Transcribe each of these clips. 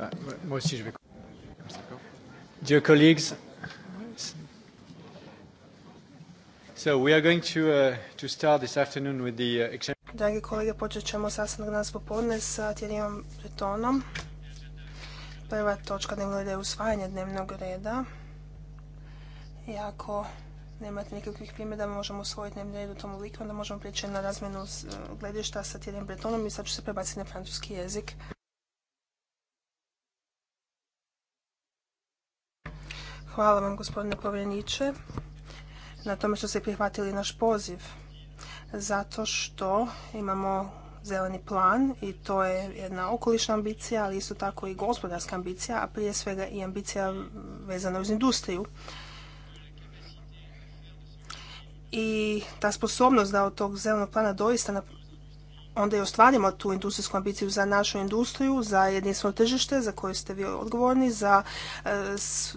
Ah, moi aussi, Dear so we are going to, uh, to start this afternoon with the uh, Dragi kolege, počet ćemo sastanak danas popodne sa Tjerinom Bretonom. Prva točka dnevnog reda je usvajanje dnevnog reda. I ako nemate nikakvih primjera, možemo usvojiti dnevni red u tom obliku, onda možemo prijeći na razmenu uh, gledišta sa tjednim Bretonom i sad ću se prebaciti na francuski jezik. Hvala vam gospodine povjereniče na tome što ste prihvatili naš poziv zato što imamo zeleni plan i to je jedna okolišna ambicija, ali isto tako i gospodarska ambicija, a prije svega i ambicija vezana uz industriju. I ta sposobnost da od tog zelenog plana doista onda i ostvarimo tu industrijsku ambiciju za našu industriju, za jedinstveno tržište za koje ste vi odgovorni, za e,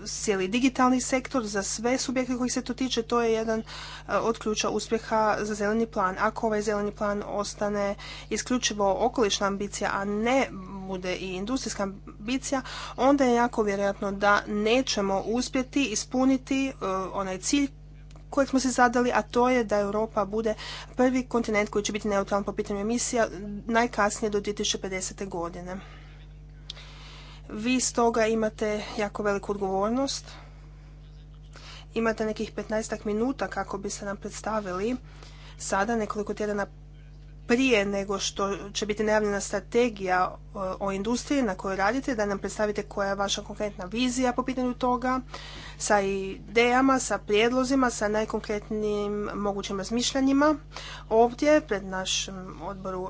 cijeli digitalni sektor, za sve subjekte koji se to tiče, to je jedan e, od ključa uspjeha za zeleni plan. Ako ovaj zeleni plan ostane isključivo okolišna ambicija, a ne bude i industrijska ambicija, onda je jako vjerojatno da nećemo uspjeti ispuniti e, onaj cilj kojeg smo si zadali, a to je da Europa bude prvi kontinent koji će biti neutralan po pitanju emisija najkasnije do 2050. godine. Vi stoga imate jako veliku odgovornost. Imate nekih 15 minuta kako bi se nam predstavili sada nekoliko tjedana prije nego što će biti najavljena strategija e, o industriji na kojoj radite, da nam predstavite koja je vaša konkretna vizija po pitanju toga, sa idejama, sa prijedlozima, sa najkonkretnijim mogućim razmišljanjima ovdje pred našim odboru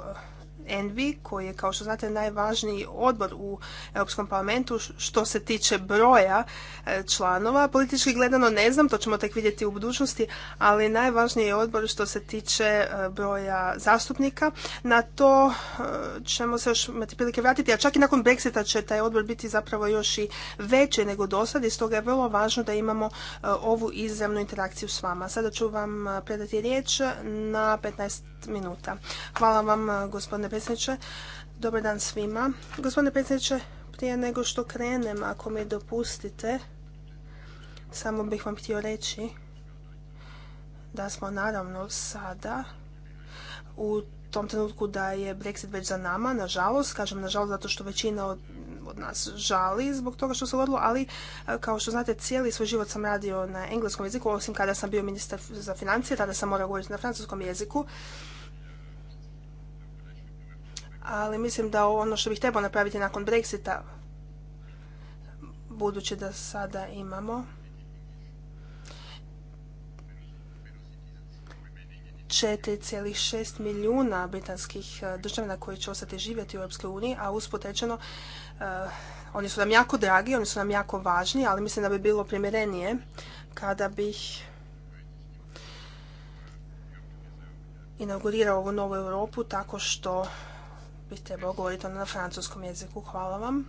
Envi, koji je, kao što znate, najvažniji odbor u Europskom parlamentu što se tiče broja e, članova. Politički gledano ne znam, to ćemo tek vidjeti u budućnosti, ali najvažniji je odbor što se tiče e, broja zastupnika. Na to e, ćemo se još imati prilike vratiti, a čak i nakon Brexita će taj odbor biti zapravo još i veći nego dosad i stoga je vrlo važno da imamo ovu izravnu interakciju s vama. Sada ću vam predati riječ na 15 minuta. Hvala vam, eh, gospodine predsjedniče. Dobar dan svima. Gospodine predsjedniče, prije nego što krenem, ako mi dopustite, samo bih vam htio reći da smo naravno sada u tom trenutku da je Brexit već za nama, nažalost, kažem nažalost zato što većina od od nas žali zbog toga što se dogodilo, ali e, kao što znate cijeli svoj život sam radio na engleskom jeziku, osim kada sam bio ministar za financije, tada sam morao govoriti na francuskom jeziku. Ali mislim da ono što bih trebao napraviti nakon Brexita, budući da sada imamo šest milijuna britanskih e, državljana koji će ostati živjeti u EU, uniji, a usput Eh, oni su nam jako dragi, oni su nam jako važni, ali mislim da bi bilo primjerenije kada bih inaugurirao ovu novu Europu tako što bi trebao govoriti ono na francuskom jeziku. Hvala vam.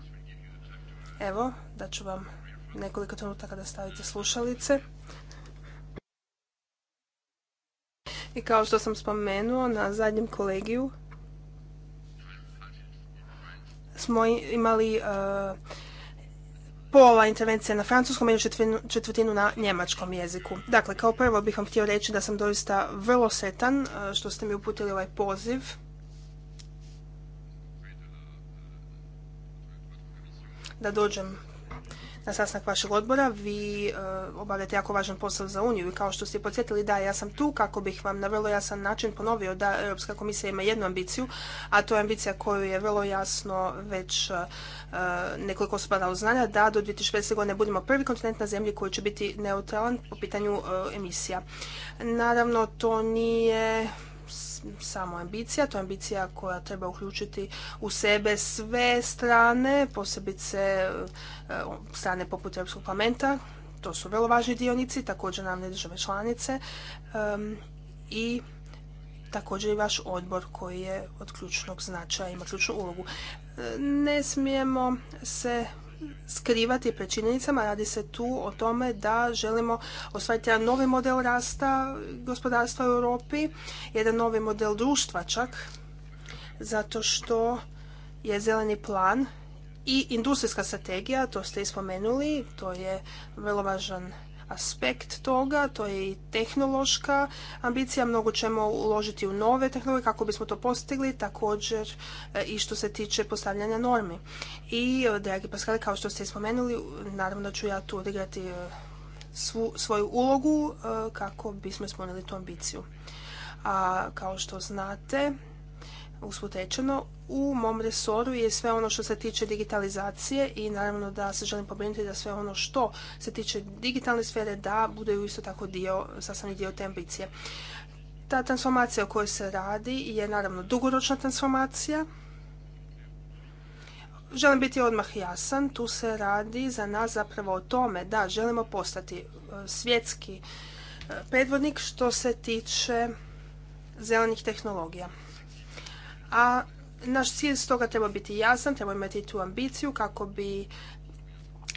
Evo, da ću vam nekoliko trenutaka da stavite slušalice. I kao što sam spomenuo na zadnjem kolegiju smo imali e, pola intervencije na francuskom i četvrtinu, četvrtinu na njemačkom jeziku. Dakle, kao prvo bih vam htio reći da sam doista vrlo setan e, što ste mi uputili ovaj poziv. Da dođem na sastanak vašeg odbora. Vi e, obavljate jako važan posao za Uniju i kao što ste podsjetili, da, ja sam tu kako bih vam na vrlo jasan način ponovio da Europska komisija ima jednu ambiciju, a to je ambicija koju je vrlo jasno već e, nekoliko osoba uznana, znanja, da do 2050. godine budemo prvi kontinent na zemlji koji će biti neutralan po pitanju e, emisija. Naravno, to nije samo ambicija, to je ambicija koja treba uključiti u sebe sve strane, posebice e, strane poput Europskog parlamenta, to su vrlo važni dionici, također nam ne države članice i također i vaš odbor koji je od ključnog značaja, ima ključnu ulogu. E, ne smijemo se skrivati pred činjenicama. Radi se tu o tome da želimo osvajati jedan novi model rasta gospodarstva u Europi, jedan novi model društva čak, zato što je zeleni plan i industrijska strategija, to ste i spomenuli, to je vrlo važan aspekt toga, to je i tehnološka ambicija, mnogo ćemo uložiti u nove tehnologije kako bismo to postigli, također e, i što se tiče postavljanja normi. I, e, dragi Pascal, kao što ste i spomenuli, naravno da ću ja tu odigrati e, svu, svoju ulogu kako bismo ispunili tu ambiciju. A kao što znate, Usputečeno. u mom resoru je sve ono što se tiče digitalizacije i naravno da se želim pobrinuti da sve ono što se tiče digitalne sfere da bude isto tako dio, sastavni dio te ambicije. Ta transformacija o kojoj se radi je naravno dugoročna transformacija. Želim biti odmah jasan, tu se radi za nas zapravo o tome da želimo postati e, svjetski e, predvodnik što se tiče zelenih tehnologija a naš cilj stoga treba biti jasan, treba imati tu ambiciju kako bi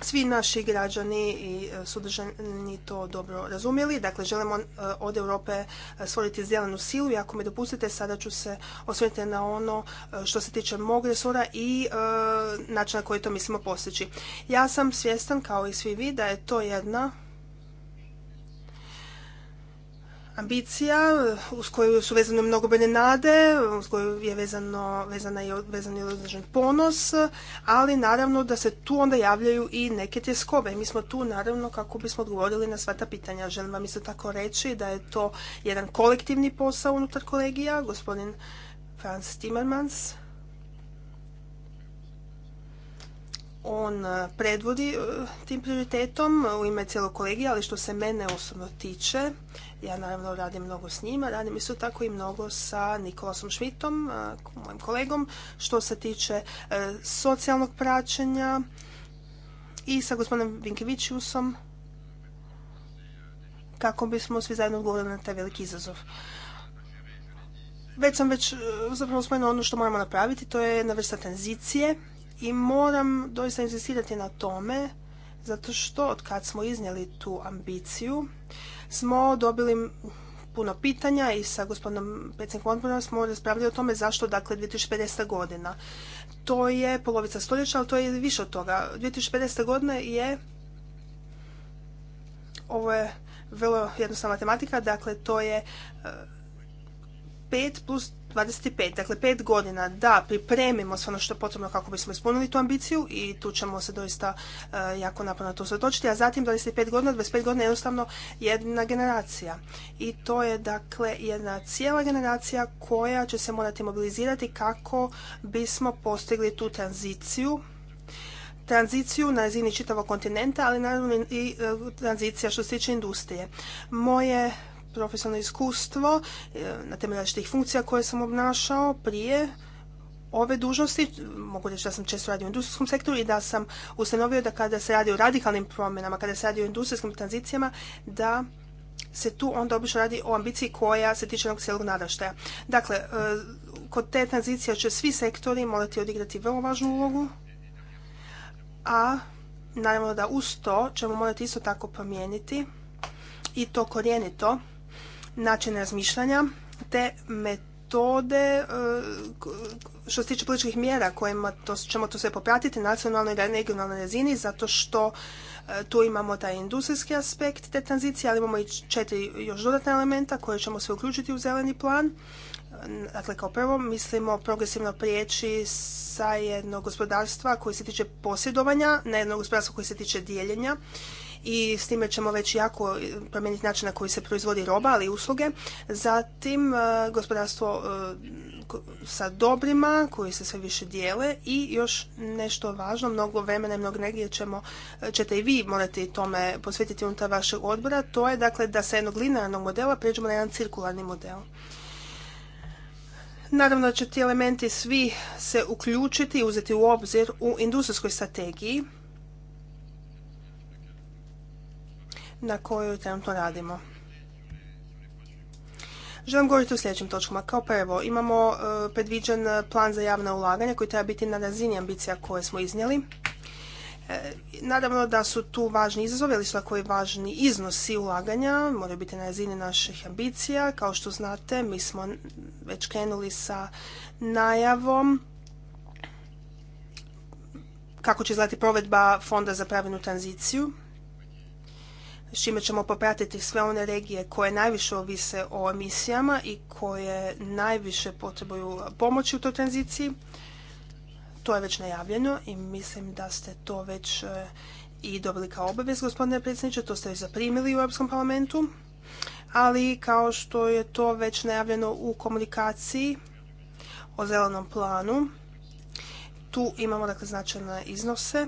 svi naši građani i e, sudržani to dobro razumjeli. Dakle, želimo e, od Europe e, stvoriti zelenu silu i ako me dopustite, sada ću se osvrnuti na ono što se tiče mog resora i načina koji to mislimo postići. Ja sam svjestan, kao i svi vi, da je to jedna ambicija uz koju su vezane mnogobrojne nade, uz koju je vezano, vezana i, vezan i određen ponos, ali naravno da se tu onda javljaju i neke tjeskobe. mi smo tu naravno kako bismo odgovorili na sva ta pitanja. Želim vam isto tako reći da je to jedan kolektivni posao unutar kolegija, gospodin Franz Timmermans on e, predvodi e, tim prioritetom u ime cijelog kolegija, ali što se mene osobno tiče, ja naravno radim mnogo s njima, radim isto tako i mnogo sa Nikolasom Šmitom, e, mojim kolegom, što se tiče socijalnog praćenja i sa gospodinom Vinkevićiusom, kako bismo svi zajedno odgovorili na taj veliki izazov. Već sam već zapravo spomenuo ono što moramo napraviti, to je jedna vrsta tranzicije i moram doista insistirati na tome, zato što od kad smo iznijeli tu ambiciju, smo dobili puno pitanja i sa gospodinom predsjednikom odbora smo raspravljali o tome zašto dakle 2050. godina. To je polovica stoljeća, ali to je više od toga. 2050. godina je ovo je vrlo jednostavna matematika, dakle to je 5 eh, plus 25, dakle 5 godina da pripremimo sve ono što je potrebno kako bismo ispunili tu ambiciju i tu ćemo se doista e, jako napravno to zatočiti, a zatim 25 godina, 25 godina je jednostavno jedna generacija. I to je dakle jedna cijela generacija koja će se morati mobilizirati kako bismo postigli tu tranziciju tranziciju na razini čitavog kontinenta, ali naravno i e, tranzicija što se tiče industrije. Moje profesionalno iskustvo e, na temelju različitih funkcija koje sam obnašao prije ove dužnosti, mogu reći da sam često radio u industrijskom sektoru i da sam ustanovio da kada se radi o radikalnim promjenama, kada se radi o industrijskim tranzicijama, da se tu onda obično radi o ambiciji koja se tiče jednog cijelog nadaštaja. Dakle, e, kod te tranzicije će svi sektori morati odigrati vrlo važnu ulogu, a naravno da uz to ćemo morati isto tako promijeniti i to korijenito načine razmišljanja te metode e, što se tiče političkih mjera kojima to, ćemo to sve popratiti na nacionalnoj i regionalnoj razini zato što e, tu imamo taj industrijski aspekt te tranzicije, ali imamo i četiri još dodatna elementa koje ćemo sve uključiti u zeleni plan. Dakle, kao prvo mislimo progresivno prijeći sa jednog gospodarstva koji se tiče posjedovanja na jednog gospodarstvo koji se tiče dijeljenja i s time ćemo već jako promijeniti način na koji se proizvodi roba, ali i usluge. Zatim e, gospodarstvo e, sa dobrima koji se sve više dijele i još nešto važno, mnogo vremena i mnogo energije ćemo, e, ćete i vi morati tome posvetiti unutar vašeg odbora, to je dakle da sa jednog linearnog modela pređemo na jedan cirkularni model. Naravno će ti elementi svi se uključiti i uzeti u obzir u industrijskoj strategiji na kojoj trenutno radimo. Želim govoriti o sljedećim točkama. Kao prvo, imamo e, predviđen plan za javna ulaganja koji treba biti na razini ambicija koje smo iznijeli. E, naravno da su tu važni izazovi, ili su tako i važni iznosi ulaganja, moraju biti na razini naših ambicija. Kao što znate, mi smo već krenuli sa najavom kako će izgledati provedba Fonda za pravilnu tranziciju s čime ćemo popratiti sve one regije koje najviše ovise o emisijama i koje najviše potrebuju pomoći u toj tranziciji. To je već najavljeno i mislim da ste to već e, i dobili kao obavez, gospodine predsjedniče, to ste već zaprimili u Europskom parlamentu, ali kao što je to već najavljeno u komunikaciji o zelenom planu, tu imamo dakle značajne iznose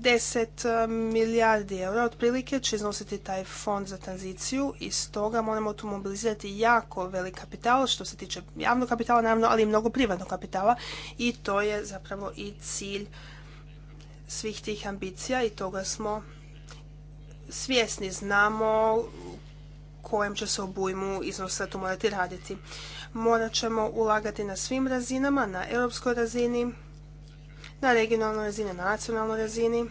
10 eh, milijardi eura otprilike će iznositi taj fond za tranziciju i stoga moramo tu mobilizirati jako velik kapital što se tiče javnog kapitala naravno, ali i mnogo privatnog kapitala i to je zapravo i cilj svih tih ambicija i toga smo svjesni, znamo kojem će se obujmu iznosa tu morati raditi. Morat ćemo ulagati na svim razinama, na europskoj razini, na regionalnoj razini, na nacionalnoj razini.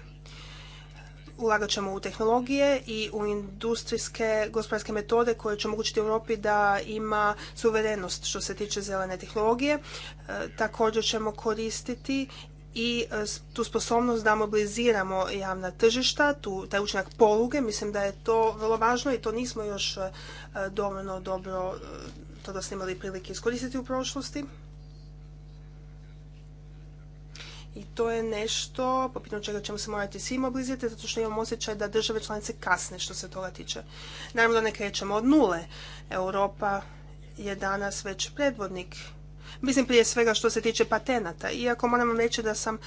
Ulagat ćemo u tehnologije i u industrijske gospodarske metode koje će omogućiti Europi da ima suverenost što se tiče zelene tehnologije. E, također ćemo koristiti i e, tu sposobnost da mobiliziramo javna tržišta, tu, taj učinak poluge, mislim da je to vrlo važno i to nismo još e, dovoljno dobro to da smo imali prilike iskoristiti u prošlosti. I to je nešto po pitanju čega ćemo se morati svi mobilizirati zato što imamo osjećaj da države članice kasne što se toga tiče. Naravno da ne krećemo od nule. Europa je danas već predvodnik Mislim prije svega što se tiče patenata. Iako moram vam reći da sam e,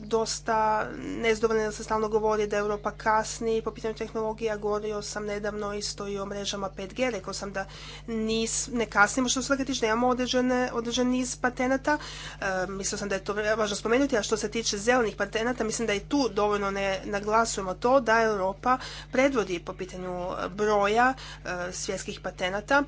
dosta nezdovoljna da se stalno govori da Europa kasni po pitanju tehnologija. Govorio sam nedavno isto i o mrežama 5G. Rekao sam da ne kasnimo što se svega tiče, da imamo određene, određen niz patenata. E, mislio sam da je to važno spomenuti. A što se tiče zelenih patenata, mislim da i tu dovoljno ne naglasujemo to da Europa predvodi po pitanju e, broja svjetskih patenata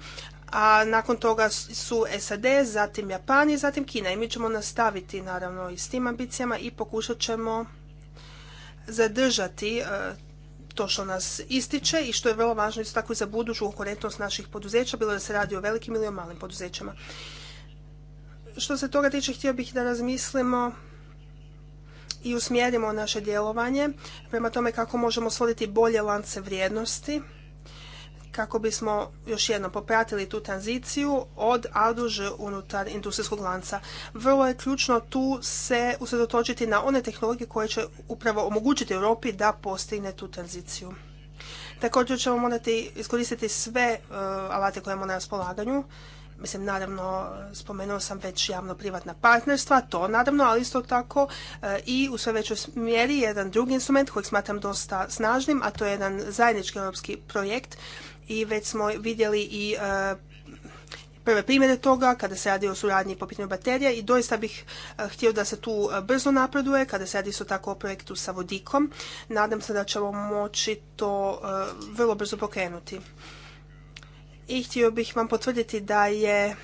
a nakon toga su SAD, zatim Japan i zatim Kina. I mi ćemo nastaviti naravno i s tim ambicijama i pokušat ćemo zadržati e, to što nas ističe i što je vrlo važno isto tako i za buduću konkurentnost naših poduzeća, bilo da se radi o velikim ili o malim poduzećima. Što se toga tiče, htio bih da razmislimo i usmjerimo naše djelovanje prema tome kako možemo svoditi bolje lance vrijednosti kako bismo još jednom popratili tu tranziciju od aduže unutar industrijskog lanca. Vrlo je ključno tu se usredotočiti na one tehnologije koje će upravo omogućiti Europi da postigne tu tranziciju. Također ćemo morati iskoristiti sve e, alate koje imamo na raspolaganju. Mislim, naravno, spomenuo sam već javno-privatna partnerstva, to naravno, ali isto tako e, i u sve većoj mjeri jedan drugi instrument kojeg smatram dosta snažnim, a to je jedan zajednički europski projekt i već smo vidjeli i e, prve primjere toga kada se radi o suradnji po pitanju baterija i doista bih e, htio da se tu e, brzo napreduje kada se radi isto tako o projektu sa vodikom. Nadam se da ćemo moći to vrlo brzo pokrenuti. I htio bih vam potvrditi da je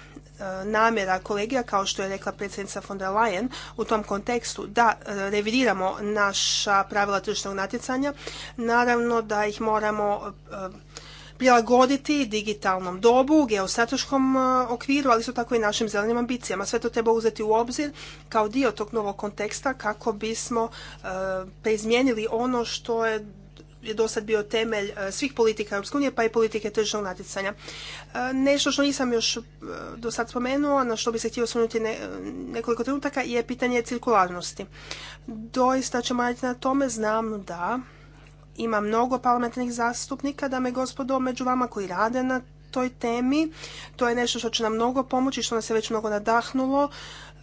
namjera kolegija, kao što je rekla predsjednica von der Leyen, u tom kontekstu da revidiramo naša pravila tržišnog natjecanja. Naravno da ih moramo prilagoditi digitalnom dobu, geostrateškom e, okviru, ali isto tako i našim zelenim ambicijama. Sve to treba uzeti u obzir kao dio tog novog konteksta kako bismo e, preizmijenili ono što je je do sad bio temelj e, svih politika Europske unije, pa i politike tržišnog natjecanja. Nešto što nisam još do sad spomenuo, na što bi se htio osvrnuti nekoliko trenutaka, je pitanje cirkularnosti. Doista ćemo raditi na tome, znam da ima mnogo parlamentarnih zastupnika, dame i gospodo, među vama koji rade na toj temi. To je nešto što će nam mnogo pomoći, što nas je već mnogo nadahnulo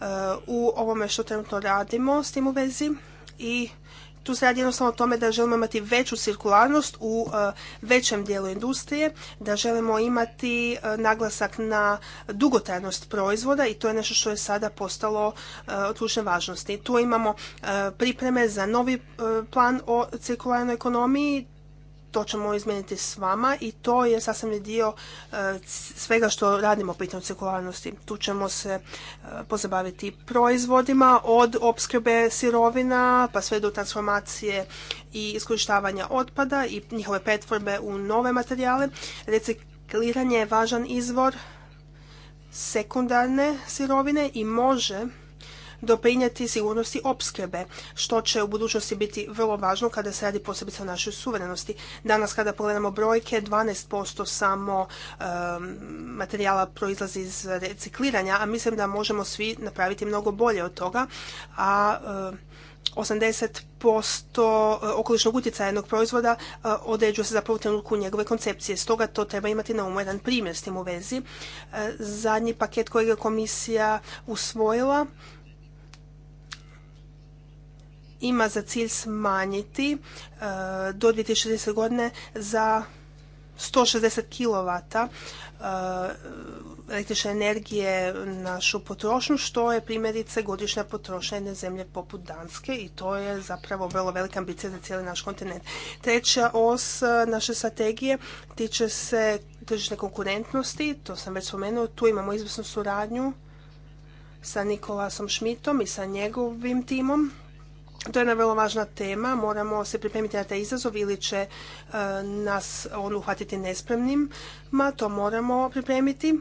e, u ovome što trenutno radimo s tim u vezi i tu se radi jednostavno o tome da želimo imati veću cirkularnost u e, većem dijelu industrije, da želimo imati e, naglasak na dugotrajnost proizvoda i to je nešto što je sada postalo e, od ključne važnosti. Tu imamo pripreme za novi plan o cirkularnoj ekonomiji, to ćemo izmijeniti s vama i to je sasvim dio e, svega što radimo pitanju cirkularnosti. Tu ćemo se e, pozabaviti proizvodima od opskrbe sirovina pa sve do transformacije i iskorištavanja otpada i njihove pretvorbe u nove materijale. Recikliranje je važan izvor sekundarne sirovine i može doprinijeti sigurnosti opskrbe, što će u budućnosti biti vrlo važno kada se radi posebice o našoj suverenosti. Danas kada pogledamo brojke, 12% samo materijala proizlazi iz recikliranja, a mislim da možemo svi napraviti mnogo bolje od toga, a osamdeset 80% e, okolišnog utjecaja jednog proizvoda e, određuje se zapravo u trenutku njegove koncepcije. Stoga to treba imati na umu jedan primjer s tim u vezi. E, zadnji paket kojeg je komisija usvojila ima za cilj smanjiti e, do 2060. godine za 160 kilovata e, električne energije našu potrošnju, što je primjerice godišnja potrošnja jedne zemlje poput Danske i to je zapravo vrlo velika ambicija za cijeli naš kontinent. Treća os e, naše strategije tiče se tržišne konkurentnosti, to sam već spomenuo, tu imamo izvrsnu suradnju sa Nikolasom Šmitom i sa njegovim timom to je jedna vrlo važna tema, moramo se pripremiti na taj izazov ili će e, nas on uhvatiti nespremnim. Ma to moramo pripremiti,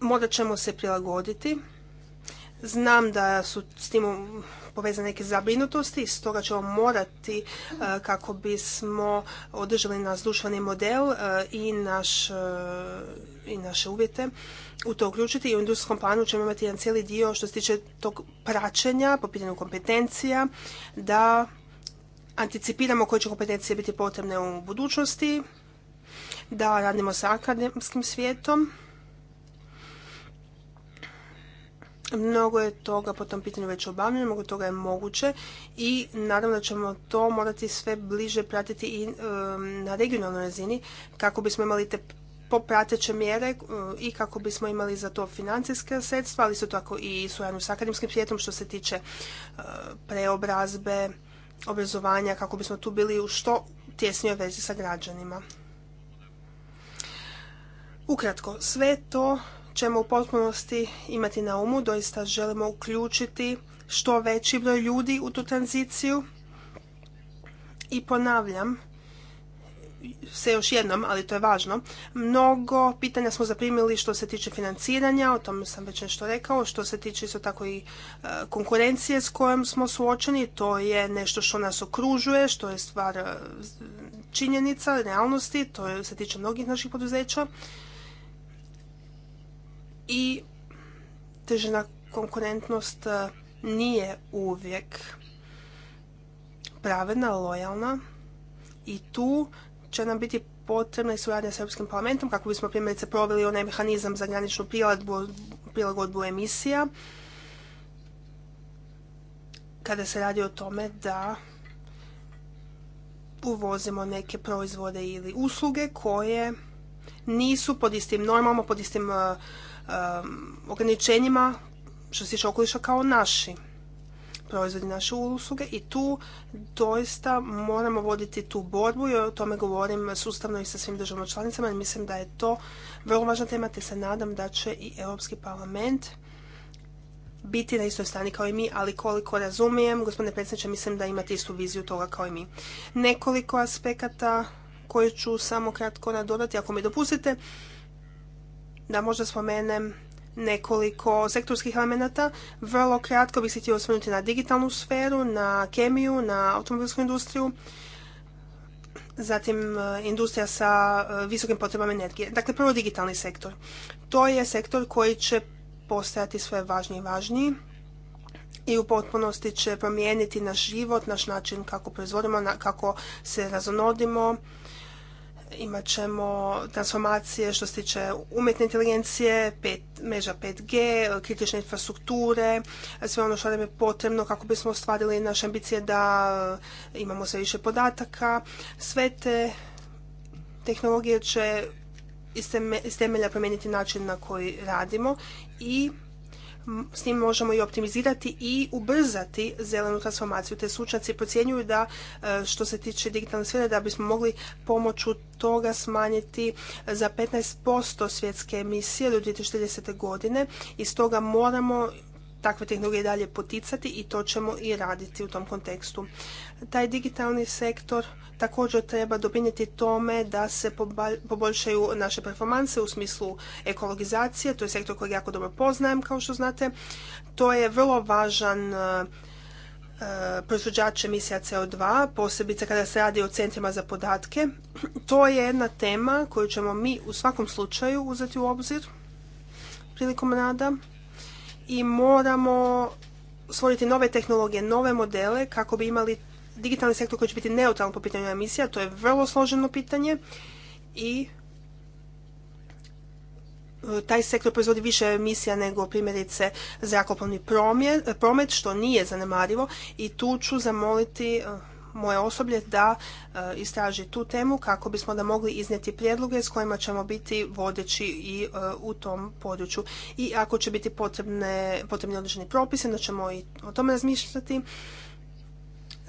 morat ćemo se prilagoditi. Znam da su s tim povezane neke zabrinutosti, stoga ćemo morati e, kako bismo održali naš društveni model e, i naš i naše uvjete u to uključiti i u industrijskom planu ćemo imati jedan cijeli dio što se tiče tog praćenja po pitanju kompetencija da anticipiramo koje će kompetencije biti potrebne u budućnosti, da radimo sa akademskim svijetom. Mnogo je toga po tom pitanju već obavljeno, mnogo toga je moguće i naravno da ćemo to morati sve bliže pratiti i na regionalnoj razini kako bismo imali te prateće mjere e, i kako bismo imali za to financijske sredstva, ali su tako i suradnju s akademskim svijetom što se tiče e, preobrazbe, obrazovanja, kako bismo tu bili u što tjesnijoj vezi sa građanima. Ukratko, sve to ćemo u potpunosti imati na umu, doista želimo uključiti što veći broj ljudi u tu tranziciju i ponavljam, se još jednom, ali to je važno, mnogo pitanja smo zaprimili što se tiče financiranja, o tome sam već nešto rekao, što se tiče isto tako i e, konkurencije s kojom smo suočeni, to je nešto što nas okružuje, što je stvar e, činjenica, realnosti, to se tiče mnogih naših poduzeća. I težina konkurentnost e, nije uvijek pravedna, lojalna i tu će nam biti potrebna i suradnja s Europskim parlamentom kako bismo primjerice proveli onaj mehanizam za graničnu prilagodbu emisija kada se radi o tome da uvozimo neke proizvode ili usluge koje nisu pod istim normama, pod istim eh, eh, ograničenjima što se tiče okoliša kao naši proizvodi naše usluge i tu doista moramo voditi tu borbu i o tome govorim sustavno i sa svim državama članicama jer mislim da je to vrlo važna tema te se nadam da će i Europski parlament biti na istoj strani kao i mi, ali koliko razumijem, gospodine predsjedniče, mislim da imate istu viziju toga kao i mi. Nekoliko aspekata koje ću samo kratko nadodati, ako mi dopustite, da možda spomenem nekoliko sektorskih elemenata. Vrlo kratko bih se htio osvrnuti na digitalnu sferu, na kemiju, na automobilsku industriju, zatim e, industrija sa e, visokim potrebama energije. Dakle, prvo digitalni sektor. To je sektor koji će postajati sve važniji i važniji i u potpunosti će promijeniti naš život, naš način kako proizvodimo, kako se razonodimo, imat ćemo transformacije što se tiče umjetne inteligencije, pet, meža 5G, kritične infrastrukture, sve ono što nam je potrebno kako bismo ostvarili naše ambicije da e, imamo sve više podataka. Sve te tehnologije će iz temelja promijeniti način na koji radimo i s njim možemo i optimizirati i ubrzati zelenu transformaciju. Te sučnaci procjenjuju da e, što se tiče digitalne sfere da bismo mogli pomoću toga smanjiti e, za 15% svjetske emisije do 2040. godine i stoga moramo takve tehnologije dalje poticati i to ćemo i raditi u tom kontekstu taj digitalni sektor također treba doprinijeti tome da se poboljšaju naše performanse u smislu ekologizacije. To je sektor koji jako dobro poznajem, kao što znate. To je vrlo važan e, e, proizvođač emisija CO2, posebice kada se radi o centrima za podatke. To je jedna tema koju ćemo mi u svakom slučaju uzeti u obzir prilikom rada i moramo stvoriti nove tehnologije, nove modele kako bi imali digitalni sektor koji će biti neutralan po pitanju emisija, to je vrlo složeno pitanje i e, taj sektor proizvodi više emisija nego primjerice zrakoplovni promet, što nije zanemarivo i tu ću zamoliti e, moje osoblje da e, istraži tu temu kako bismo da mogli iznijeti prijedloge s kojima ćemo biti vodeći i u tom području. I ako će biti potrebne, potrebni određeni propise onda ćemo i o tome razmišljati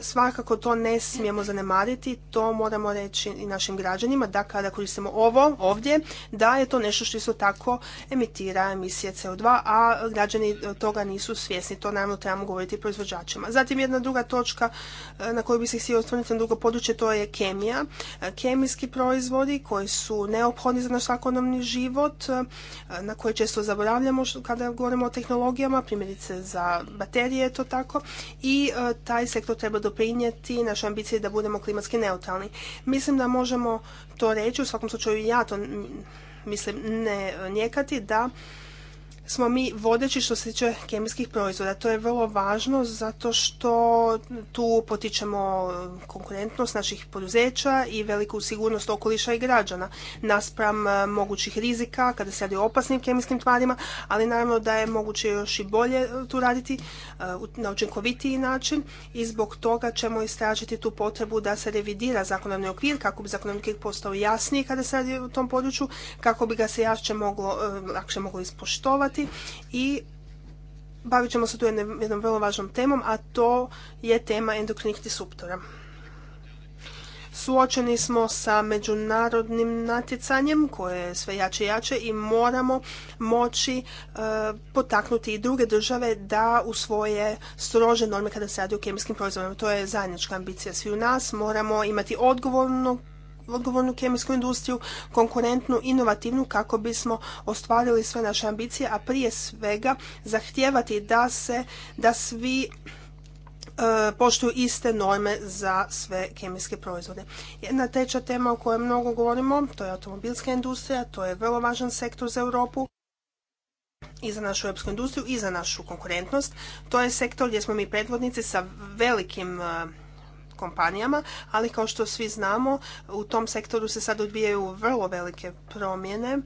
svakako to ne smijemo zanemariti, to moramo reći i našim građanima, da kada koristimo ovo ovdje, da je to nešto što isto tako emitira emisije CO2, a građani toga nisu svjesni. To naravno trebamo govoriti proizvođačima. Zatim jedna druga točka e, na koju bi se htio osvrnuti na drugo područje, to je kemija. E, kemijski proizvodi koji su neophodni za naš svakodnevni život, e, na koje često zaboravljamo kada govorimo o tehnologijama, primjerice za baterije je to tako, i taj sektor treba doprinijeti našoj ambiciji da budemo klimatski neutralni. Mislim da možemo to reći, u svakom slučaju ja to mm, mislim ne e, njekati, da smo mi vodeći što se tiče kemijskih proizvoda. To je vrlo važno zato što tu potičemo konkurentnost naših poduzeća i veliku sigurnost okoliša i građana naspram e, mogućih rizika kada se radi o opasnim kemijskim tvarima, ali naravno da je moguće još i bolje e, tu raditi e, na učinkovitiji način i zbog toga ćemo istražiti tu potrebu da se revidira zakonodavni okvir kako bi zakonodavni okvir postao jasniji kada se radi o tom području, kako bi ga se jašće moglo, lakše moglo ispoštovati i bavit ćemo se tu jednom, vrlo važnom temom, a to je tema endokrinih disruptora. Suočeni smo sa međunarodnim natjecanjem koje je sve jače i jače i moramo moći e, potaknuti i druge države da usvoje strože norme kada se radi o kemijskim proizvodima. To je zajednička ambicija svi u nas. Moramo imati odgovornog odgovornu kemijsku industriju, konkurentnu, inovativnu kako bismo ostvarili sve naše ambicije, a prije svega zahtijevati da se, da svi e, poštuju iste norme za sve kemijske proizvode. Jedna treća tema o kojoj mnogo govorimo, to je automobilska industrija, to je vrlo važan sektor za Europu i za našu europsku industriju i za našu konkurentnost. To je sektor gdje smo mi predvodnici sa velikim e, kompanijama, ali kao što svi znamo, u tom sektoru se sad odbijaju vrlo velike promjene.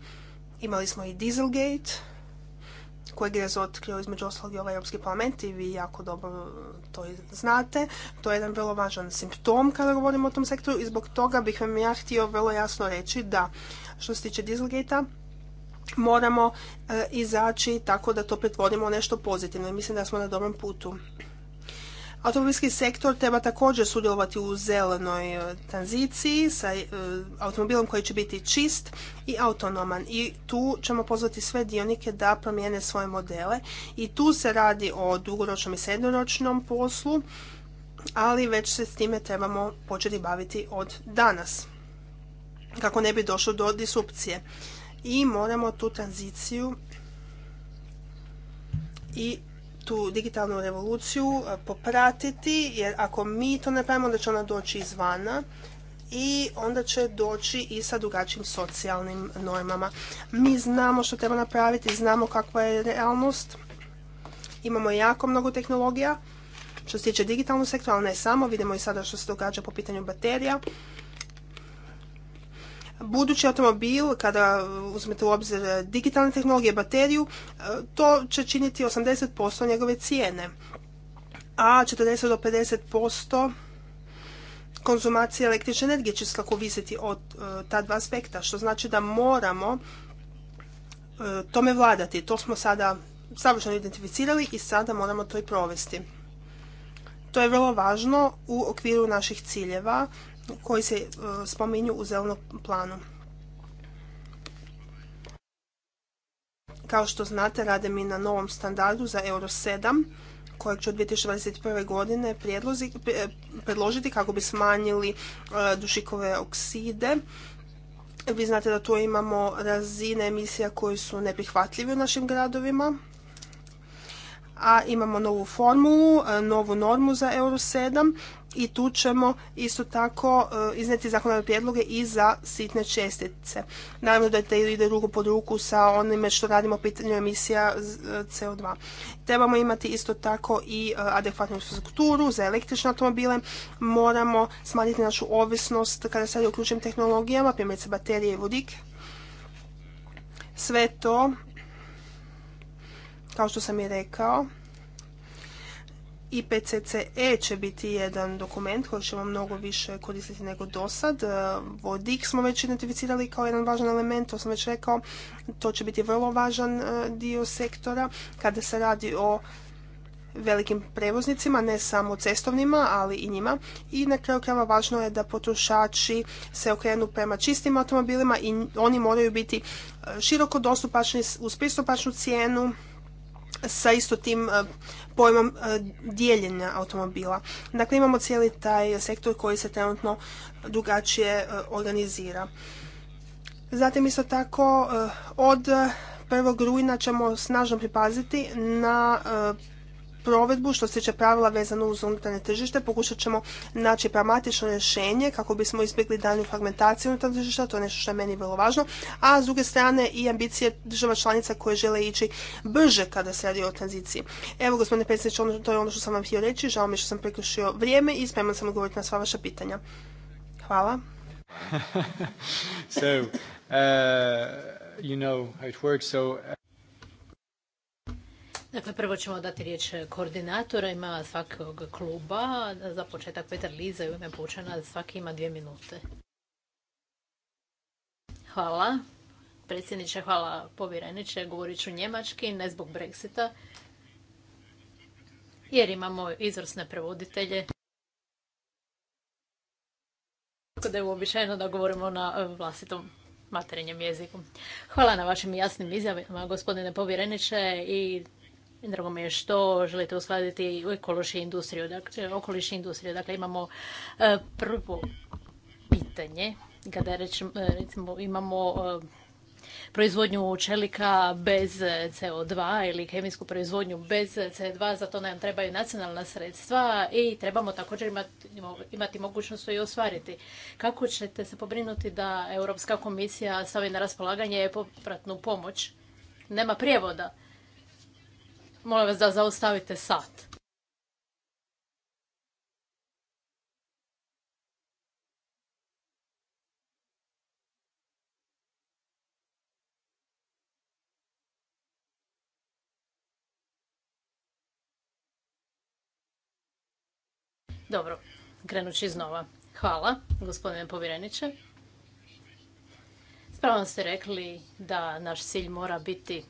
Imali smo i Dieselgate, kojeg je razotkrio između ostalog i ovaj Europski parlament i vi jako dobro to znate. To je jedan vrlo važan simptom kada govorimo o tom sektoru i zbog toga bih vam ja htio vrlo jasno reći da što se tiče dieselgate moramo e, izaći tako da to pretvorimo u nešto pozitivno i mislim da smo na dobrom putu. Automobilski sektor treba također sudjelovati u zelenoj e, tranziciji sa e, automobilom koji će biti čist i autonoman. I tu ćemo pozvati sve dionike da promijene svoje modele. I tu se radi o dugoročnom i srednjoročnom poslu, ali već se s time trebamo početi baviti od danas kako ne bi došlo do disupcije. I moramo tu tranziciju i tu digitalnu revoluciju e, popratiti, jer ako mi to ne pravimo, onda će ona doći izvana i onda će doći i sa drugačijim socijalnim normama. Mi znamo što treba napraviti, znamo kakva je realnost. Imamo jako mnogo tehnologija što se tiče digitalnog sektora, ali ne samo. Vidimo i sada što se događa po pitanju baterija budući automobil, kada uzmete u obzir e, digitalne tehnologije, bateriju, e, to će činiti 80% njegove cijene, a 40 do 50% konzumacije električne energije će slako visiti od e, ta dva aspekta, što znači da moramo tome vladati. To smo sada savršeno identificirali i sada moramo to i provesti. To je vrlo važno u okviru naših ciljeva koji se e, spominju u zelenom planu. Kao što znate, rade mi na novom standardu za Euro 7, kojeg ću od 2021. godine e, predložiti kako bi smanjili e, dušikove okside. Vi znate da tu imamo razine emisija koje su neprihvatljive u našim gradovima. A imamo novu formulu, novu normu za Euro 7 i tu ćemo isto tako e, izneti zakonodavne prijedloge i za sitne čestice. Naravno da ide ruku pod ruku sa onime što radimo po pitanju emisija e, CO2. Trebamo imati isto tako i e, adekvatnu infrastrukturu za električne automobile. Moramo smanjiti našu ovisnost kada se radi o ključnim tehnologijama, primjerice baterije i vodik. Sve to, kao što sam i rekao, IPCCE će biti jedan dokument koji ćemo mnogo više koristiti nego dosad. sad. E, vodik smo već identificirali kao jedan važan element, to sam već rekao. To će biti vrlo važan e, dio sektora kada se radi o velikim prevoznicima, ne samo cestovnima, ali i njima. I na kraju krajeva važno je da potrošači se okrenu prema čistim automobilima i oni moraju biti e, široko dostupačni uz pristupačnu cijenu sa isto tim pojmom e, dijeljenja automobila. Dakle, imamo cijeli taj sektor koji se trenutno drugačije e, organizira. Zatim isto tako e, od 1. rujna ćemo snažno pripaziti na provedbu što se tiče pravila vezano uz unutarnje tržište. Pokušat ćemo naći pragmatično rješenje kako bismo izbjegli daljnju fragmentaciju unutarnje tržišta, to je nešto što je meni vrlo važno, a s druge strane i ambicije država članica koje žele ići brže kada se radi o tranziciji. Evo, gospodine predsjedniče, ono, to je ono što sam vam htio reći. Žao mi je što sam prekršio vrijeme i spreman sam odgovoriti na sva vaša pitanja. Hvala. so, uh, you know it works, uh, Dakle, prvo ćemo dati riječ koordinatorima svakog kluba. Za početak Petar Liza i ime Pučana, svaki ima dvije minute. Hvala. Predsjedniče, hvala povjereniče. Govorit ću njemački, ne zbog Brexita, jer imamo izvrsne prevoditelje. Tako da je uobičajeno da govorimo na vlastitom materinjem jeziku. Hvala na vašim jasnim izjavama, gospodine povjereniče, i Drago mi je što želite uskladiti u i industriju. Dakle, okoliš industrije. industriju. Dakle, imamo e, prvo pitanje kada rečemo, e, recimo imamo e, proizvodnju čelika bez CO2 ili kemijsku proizvodnju bez CO2, za to nam trebaju nacionalna sredstva i trebamo također imati, imati mogućnost to i ostvariti. Kako ćete se pobrinuti da Europska komisija stavi na raspolaganje popratnu pomoć? Nema prijevoda. Molim vas da zaustavite sat. Dobro, krenući iznova. Hvala, gospodine povjereniče. vam ste rekli da naš cilj mora biti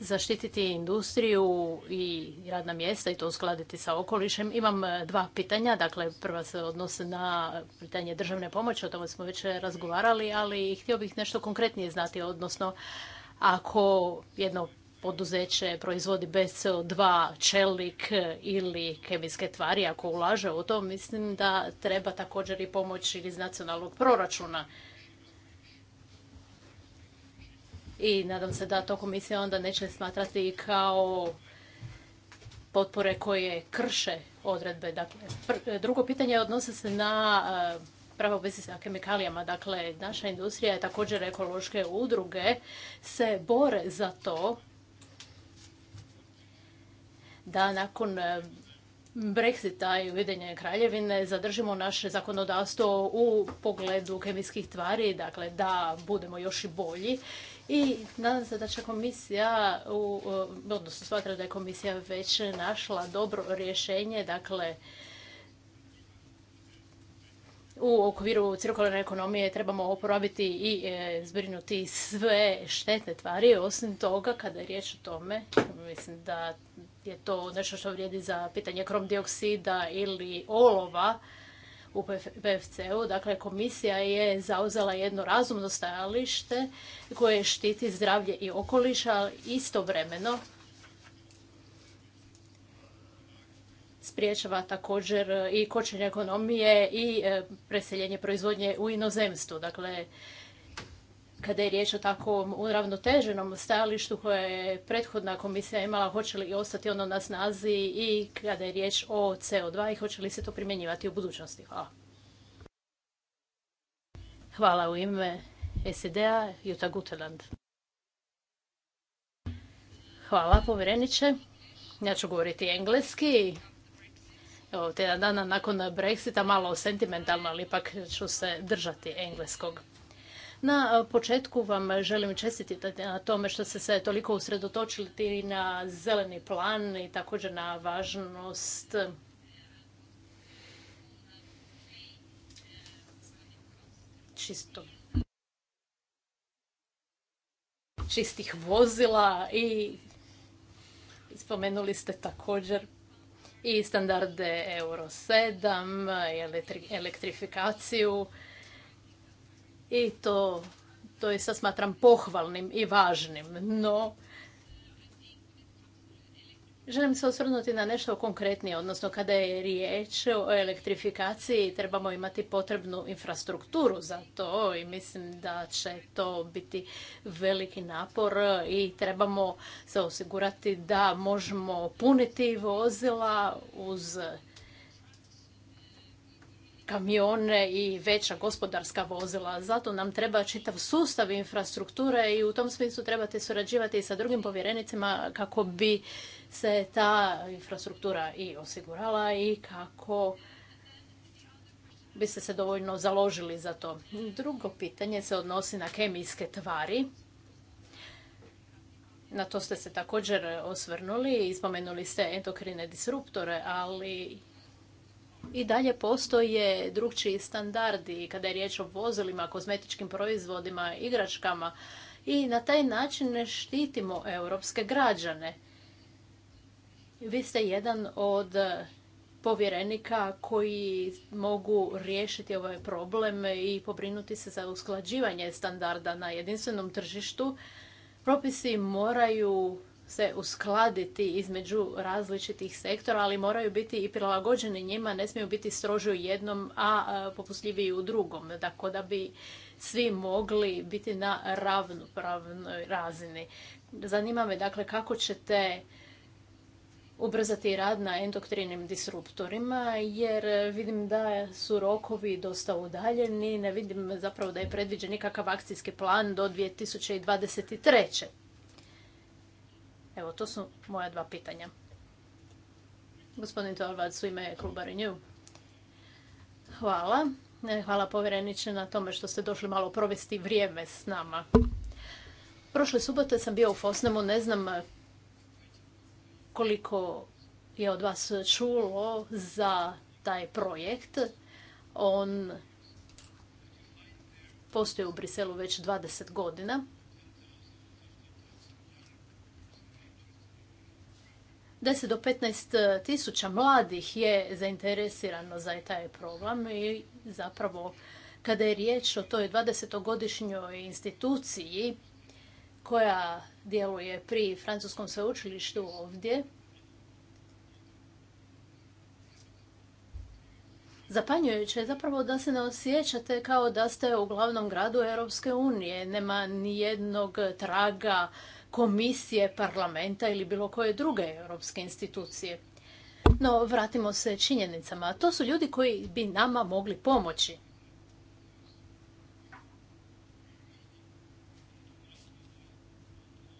zaštititi industriju i radna mjesta i to uskladiti sa okolišem. Imam e, dva pitanja, dakle prva se odnose na pitanje državne pomoći, o tome smo već razgovarali, ali htio bih nešto konkretnije znati, odnosno ako jedno poduzeće proizvodi bez CO2 čelik ili kemijske tvari, ako ulaže u to, mislim da treba također i pomoć iz nacionalnog proračuna. i nadam se da to komisija onda neće smatrati kao potpore koje krše odredbe. Dakle, drugo pitanje odnosi se na e, pravo vezi sa kemikalijama. Dakle, naša industrija i također ekološke udruge se bore za to da nakon e, Brexita i Ujedinjene kraljevine zadržimo naše zakonodavstvo u pogledu kemijskih tvari, dakle da budemo još i bolji i nadam se da će komisija, u, odnosno smatra da je komisija već našla dobro rješenje, dakle, u okviru cirkularne ekonomije trebamo oporabiti i e, zbrinuti sve štetne tvari. Osim toga, kada je riječ o tome, mislim da je to nešto što vrijedi za pitanje dioksida ili olova, u PFC-u. Dakle, komisija je zauzela jedno razumno stajalište koje štiti zdravlje i okoliš, ali istovremeno spriječava također i kočenje ekonomije i e, preseljenje proizvodnje u inozemstvu. Dakle, kada je riječ o takvom uravnoteženom stajalištu koje je prethodna komisija imala, hoće li ostati ono na snazi i kada je riječ o CO2 i hoće li se to primjenjivati u budućnosti? Hvala. Hvala u ime SED-a, Juta Guteland. Hvala, povjereniče. Ja ću govoriti engleski. Evo, dana nakon Brexita, malo sentimentalno, ali ipak ću se držati engleskog. Na e, početku vam želim čestitati na tome što ste se toliko usredotočili na zeleni plan i također na važnost e, čistog čistih vozila i spomenuli ste također i standarde Euro 7 e, i elektrifikaciju i to doista smatram pohvalnim i važnim, no Želim se osvrnuti na nešto konkretnije, odnosno kada je riječ o elektrifikaciji trebamo imati potrebnu infrastrukturu za to i mislim da će to biti veliki napor i trebamo se osigurati da možemo puniti vozila uz kamione i veća gospodarska vozila. Zato nam treba čitav sustav infrastrukture i u tom smislu trebate surađivati i sa drugim povjerenicima kako bi se ta infrastruktura i osigurala i kako biste se dovoljno založili za to. Drugo pitanje se odnosi na kemijske tvari. Na to ste se također osvrnuli i spomenuli ste endokrine disruptore, ali i dalje postoje drugčiji standardi kada je riječ o vozilima, kozmetičkim proizvodima, igračkama i na taj način ne štitimo europske građane. Vi ste jedan od povjerenika koji mogu riješiti ovaj problem i pobrinuti se za usklađivanje standarda na jedinstvenom tržištu. Propisi moraju se uskladiti između različitih sektora, ali moraju biti i prilagođeni njima, ne smiju biti stroži u jednom, a popustljiviji u drugom, tako da bi svi mogli biti na ravnopravnoj razini. Zanima me dakle kako ćete ubrzati rad na endoktrinim disruptorima, jer vidim da su rokovi dosta udaljeni, ne vidim zapravo da je predviđen nikakav akcijski plan do 2023. Evo, to su moja dva pitanja. Gospodin Torvald, su ime kluba Renew. Hvala. E, hvala povjereniče na tome što ste došli malo provesti vrijeme s nama. Prošle subote sam bio u Fosnemu, ne znam e, koliko je od vas čulo za taj projekt. On postoji u Briselu već 20 godina. 10 do 15 e, tisuća mladih je zainteresirano za taj program i zapravo kada je riječ o toj 20-godišnjoj instituciji koja djeluje pri Francuskom sveučilištu ovdje, Zapanjujuće je zapravo da se ne osjećate kao da ste u glavnom gradu Europske unije. Nema nijednog traga komisije, parlamenta ili bilo koje druge europske institucije. No, vratimo se činjenicama. To su ljudi koji bi nama mogli pomoći.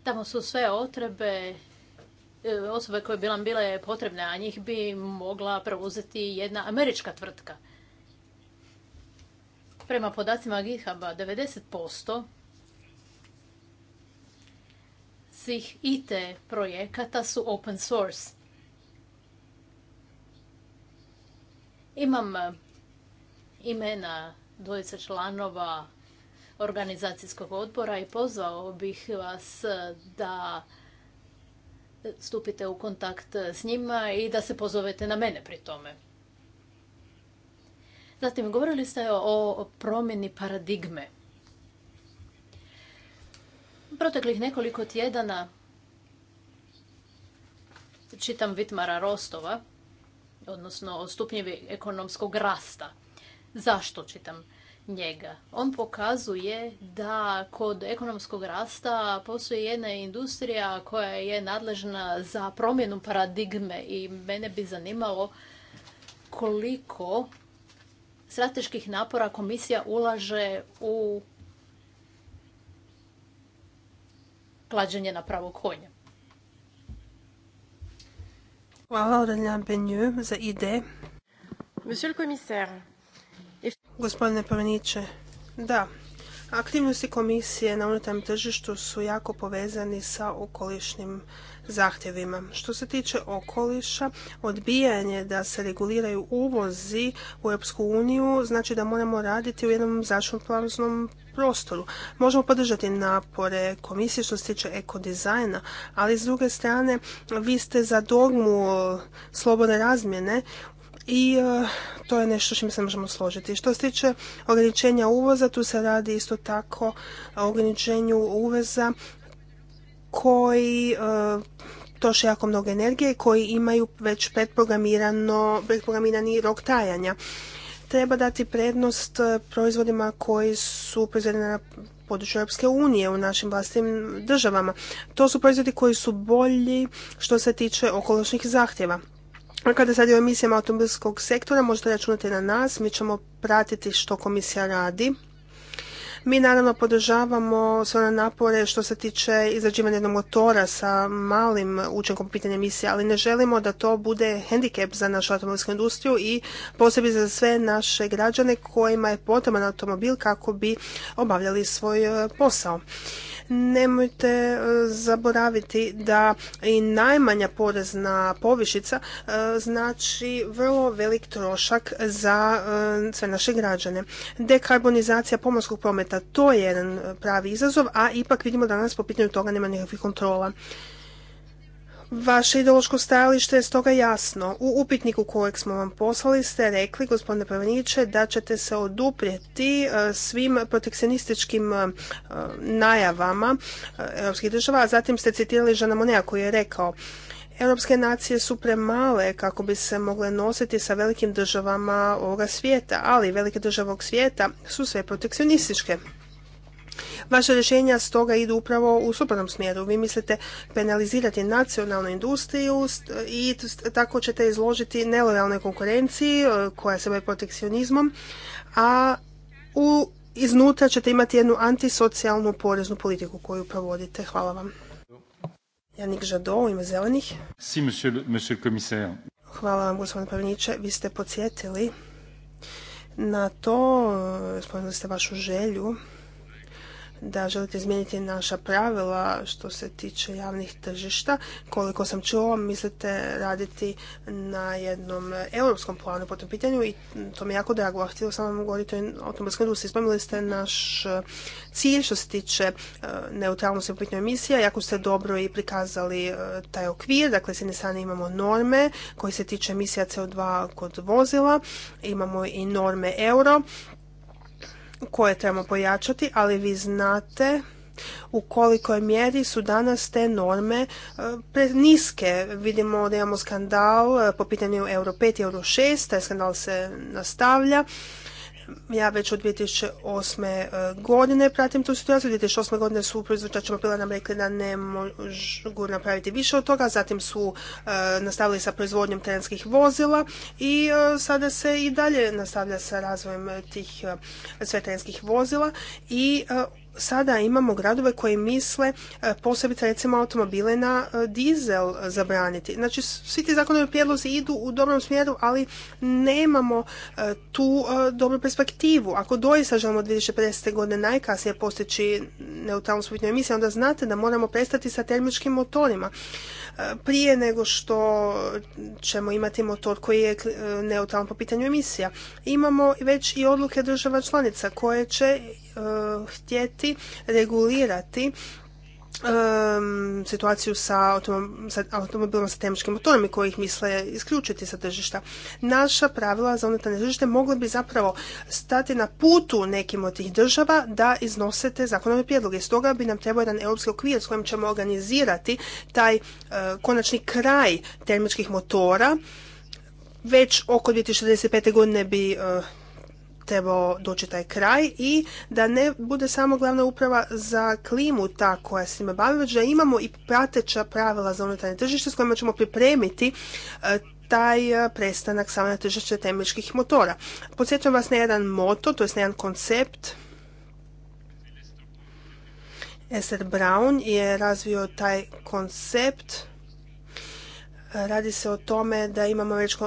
Tamo su sve otrebe, e, osobe koje bi nam bile potrebne, a njih bi mogla preuzeti jedna američka tvrtka. Prema podacima GitHuba, posto svih IT projekata su open source. Imam eh, imena dvojice članova organizacijskog odbora i pozvao bih vas eh, da stupite u kontakt eh, s njima i da se pozovete na mene pri tome. Zatim, govorili ste o promjeni paradigme. Proteklih nekoliko tjedana čitam Vitmara Rostova, odnosno o stupnjevi ekonomskog rasta. Zašto čitam njega? On pokazuje da kod ekonomskog rasta postoji jedna industrija koja je nadležna za promjenu paradigme i mene bi zanimalo koliko strateških napora komisija ulaže u klađenje na pravo konja. Hvala Aurélien Benjeux za ide. Monsieur le commissaire. Gospodine Pameniće, da, aktivnosti komisije na unutarnjem tržištu su jako povezani sa okolišnim zahtjevima. Što se tiče okoliša, odbijanje da se reguliraju uvozi u Europsku uniju znači da moramo raditi u jednom zračnom prostoru. Možemo podržati napore komisije što se tiče ekodizajna, ali s druge strane vi ste za dogmu slobodne razmjene i e, to je nešto što mi se možemo složiti. Što se tiče ograničenja uvoza, tu se radi isto tako o ograničenju uveza koji e, troše jako mnogo energije koji imaju već predprogramirani rok trajanja. Treba dati prednost e, proizvodima koji su proizvedeni na području Europske unije u našim vlastitim državama. To su proizvodi koji su bolji što se tiče okolišnih zahtjeva. Kada se radi o emisijama automobilskog sektora, možete računati na nas, mi ćemo pratiti što komisija radi mi naravno podržavamo sve one napore što se tiče izrađivanja jednog motora sa malim učinkom pitanja emisije, ali ne želimo da to bude hendikep za našu automobilsku industriju i posebno za sve naše građane kojima je potreban automobil kako bi obavljali svoj e, posao. Nemojte e, zaboraviti da i najmanja porezna povišica e, znači vrlo velik trošak za e, sve naše građane. Dekarbonizacija pomorskog prometa, to je jedan pravi izazov, a ipak vidimo danas po pitanju toga nema nikakvih kontrola. Vaše ideološko stajalište je stoga jasno. U upitniku kojeg smo vam poslali ste rekli, gospodine Pravniće, da ćete se oduprijeti e, svim protekcionističkim e, najavama e, europskih država, a zatim ste citirali Žana Monea koji je rekao Europske nacije su premale kako bi se mogle nositi sa velikim državama ovoga svijeta, ali velike države ovog svijeta su sve protekcionističke. Vaše rješenja stoga idu upravo u suprotnom smjeru. Vi mislite penalizirati nacionalnu industriju i tako ćete izložiti nelojalnoj konkurenciji e, koja se bavi protekcionizmom, a u iznutra ćete imati jednu antisocijalnu poreznu politiku koju provodite. Hvala vam. Janik Žado u ime zelenih. Si, monsieur, monsieur Hvala vam, gospodine Pravniče. Vi ste podsjetili na to, e, spomenuli ste vašu želju da želite izmijeniti naša pravila što se tiče javnih tržišta. Koliko sam čuo, mislite raditi na jednom europskom planu po tom pitanju i to mi je jako drago. Htjela sam vam govoriti o automobilskoj industriji. Spomenuli ste naš e, cilj što se tiče e, neutralnosti u pitanju emisija. Jako ste dobro i prikazali e, taj okvir. Dakle, s jedne strane imamo norme koji se tiče emisija CO2 kod vozila. Imamo i norme euro koje trebamo pojačati, ali vi znate u kolikoj mjeri su danas te norme e, niske. Vidimo da imamo skandal e, po pitanju Euro 5 i Euro 6, taj skandal se nastavlja ja već od 2008. E, godine pratim tu situaciju. 2008. godine su proizvođačima bila nam rekli da ne mogu napraviti više od toga, zatim su e, nastavili sa proizvodnjom terenskih vozila i e, sada se i dalje nastavlja sa razvojem tih sve terenskih vozila i sada imamo gradove koji misle e, posebice recimo automobile na e, dizel zabraniti. Znači svi ti zakonovi prijedlozi idu u dobrom smjeru, ali nemamo e, tu dobru perspektivu. Ako doista želimo 2050. godine najkasnije postići neutralnost uvjetnoj emisija onda znate da moramo prestati sa termičkim motorima. Prije nego što ćemo imati motor koji je neutralan po pitanju emisija. Imamo već i odluke država članica koje će Eh, htjeti regulirati situaciju sa, sa automobilom sa termičkim motorima i kojih misle isključiti sa tržišta. Naša pravila za unutarnje tržište mogla bi zapravo stati na putu nekim od tih država da iznose te zakonove prijedloge. Stoga bi nam trebao jedan europski okvir s kojim ćemo organizirati taj eh, konačni kraj termičkih motora već oko 2065. godine bi eh, trebao doći taj kraj i da ne bude samo glavna uprava za klimu ta koja se njima bavi, već da imamo i prateća pravila za unutarnje tržište s kojima ćemo pripremiti e, taj e, prestanak samo na tržište temeljskih motora. Podsjetujem vas na jedan moto, to je na jedan koncept Esther Brown je razvio taj koncept Radi se o tome da imamo američku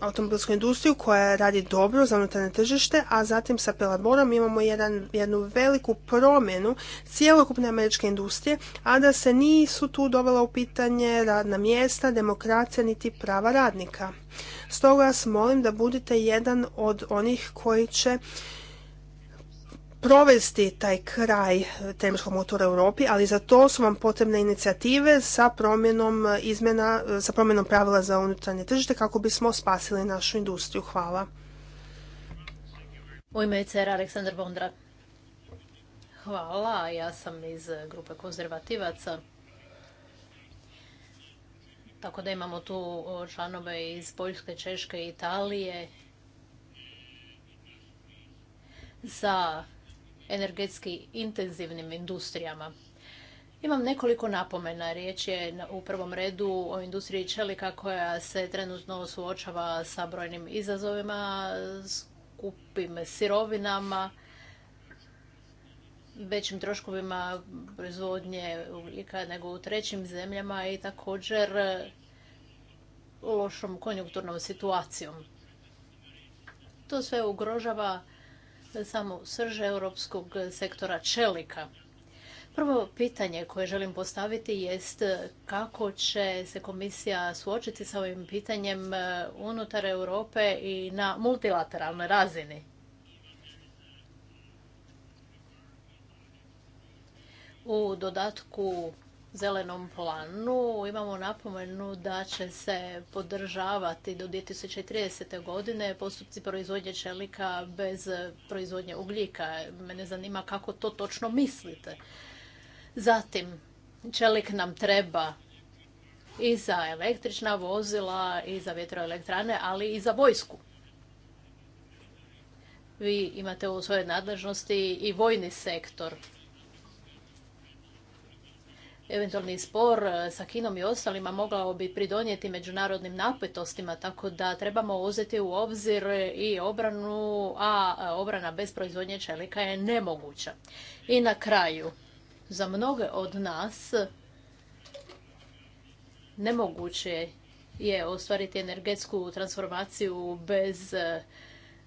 automobilsku industriju koja radi dobro za unutarnje tržište, a zatim sa Pelaborom imamo jedan, jednu veliku promjenu cijelokupne američke industrije, a da se nisu tu dovela u pitanje radna mjesta, demokracija niti prava radnika. Stoga vas molim da budite jedan od onih koji će provesti taj kraj termičkog motora u Europi, ali za to su vam potrebne inicijative sa promjenom izmjena, sa promjenom pravila za unutarnje tržište kako bismo spasili našu industriju. Hvala. U ime Aleksandar Bondra. Hvala, ja sam iz grupe konzervativaca. Tako da imamo tu članove iz Poljske, Češke, i Italije, za energetski intenzivnim industrijama. Imam nekoliko napomena. Riječ je u prvom redu o industriji čelika koja se trenutno suočava sa brojnim izazovima, skupim sirovinama, većim troškovima proizvodnje ugljika nego u trećim zemljama i također lošom konjunkturnom situacijom. To sve ugrožava samo srž europskog sektora čelika. Prvo pitanje koje želim postaviti jest kako će se komisija suočiti sa ovim pitanjem unutar Europe i na multilateralnoj razini. U dodatku zelenom planu imamo napomenu da će se podržavati do 2030. godine postupci proizvodnje čelika bez proizvodnje ugljika. Mene zanima kako to točno mislite. Zatim, čelik nam treba i za električna vozila, i za vjetroelektrane, ali i za vojsku. Vi imate u svojoj nadležnosti i vojni sektor eventualni spor e, sa Kinom i ostalima mogao bi pridonijeti međunarodnim napetostima, tako da trebamo uzeti u obzir i obranu, a e, obrana bez proizvodnje čelika je nemoguća. I na kraju, za mnoge od nas nemoguće je ostvariti energetsku transformaciju bez e,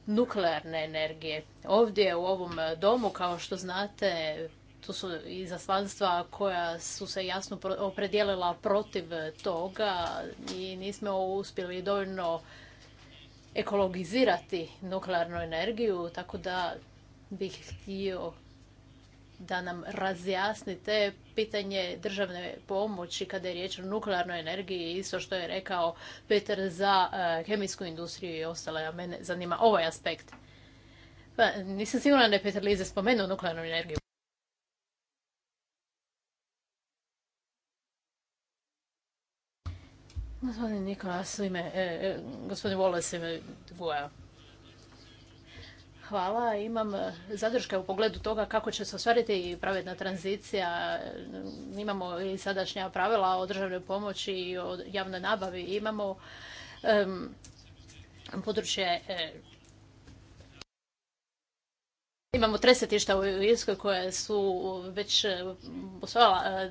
nuklearne energije. Ovdje u ovom domu, kao što znate, tu su izaslanstva koja su se jasno opredijelila protiv toga i nismo uspjeli dovoljno ekologizirati nuklearnu energiju, tako da bih htio da nam razjasnite pitanje državne pomoći kada je riječ o nuklearnoj energiji, isto što je rekao Peter za eh, kemijsku industriju i ostalo. mene zanima ovaj aspekt. Pa, nisam sigurna da je Peter Lize spomenuo nuklearnu energiju. Gospodin Nikolas e, e, gospodin Hvala. Imam e, zadrške u pogledu toga kako će se ostvariti pravedna tranzicija. Imamo i sadašnja pravila o državnoj pomoći i o javnoj nabavi. Imamo područje Imamo tresetišta u Irskoj koje su već postojala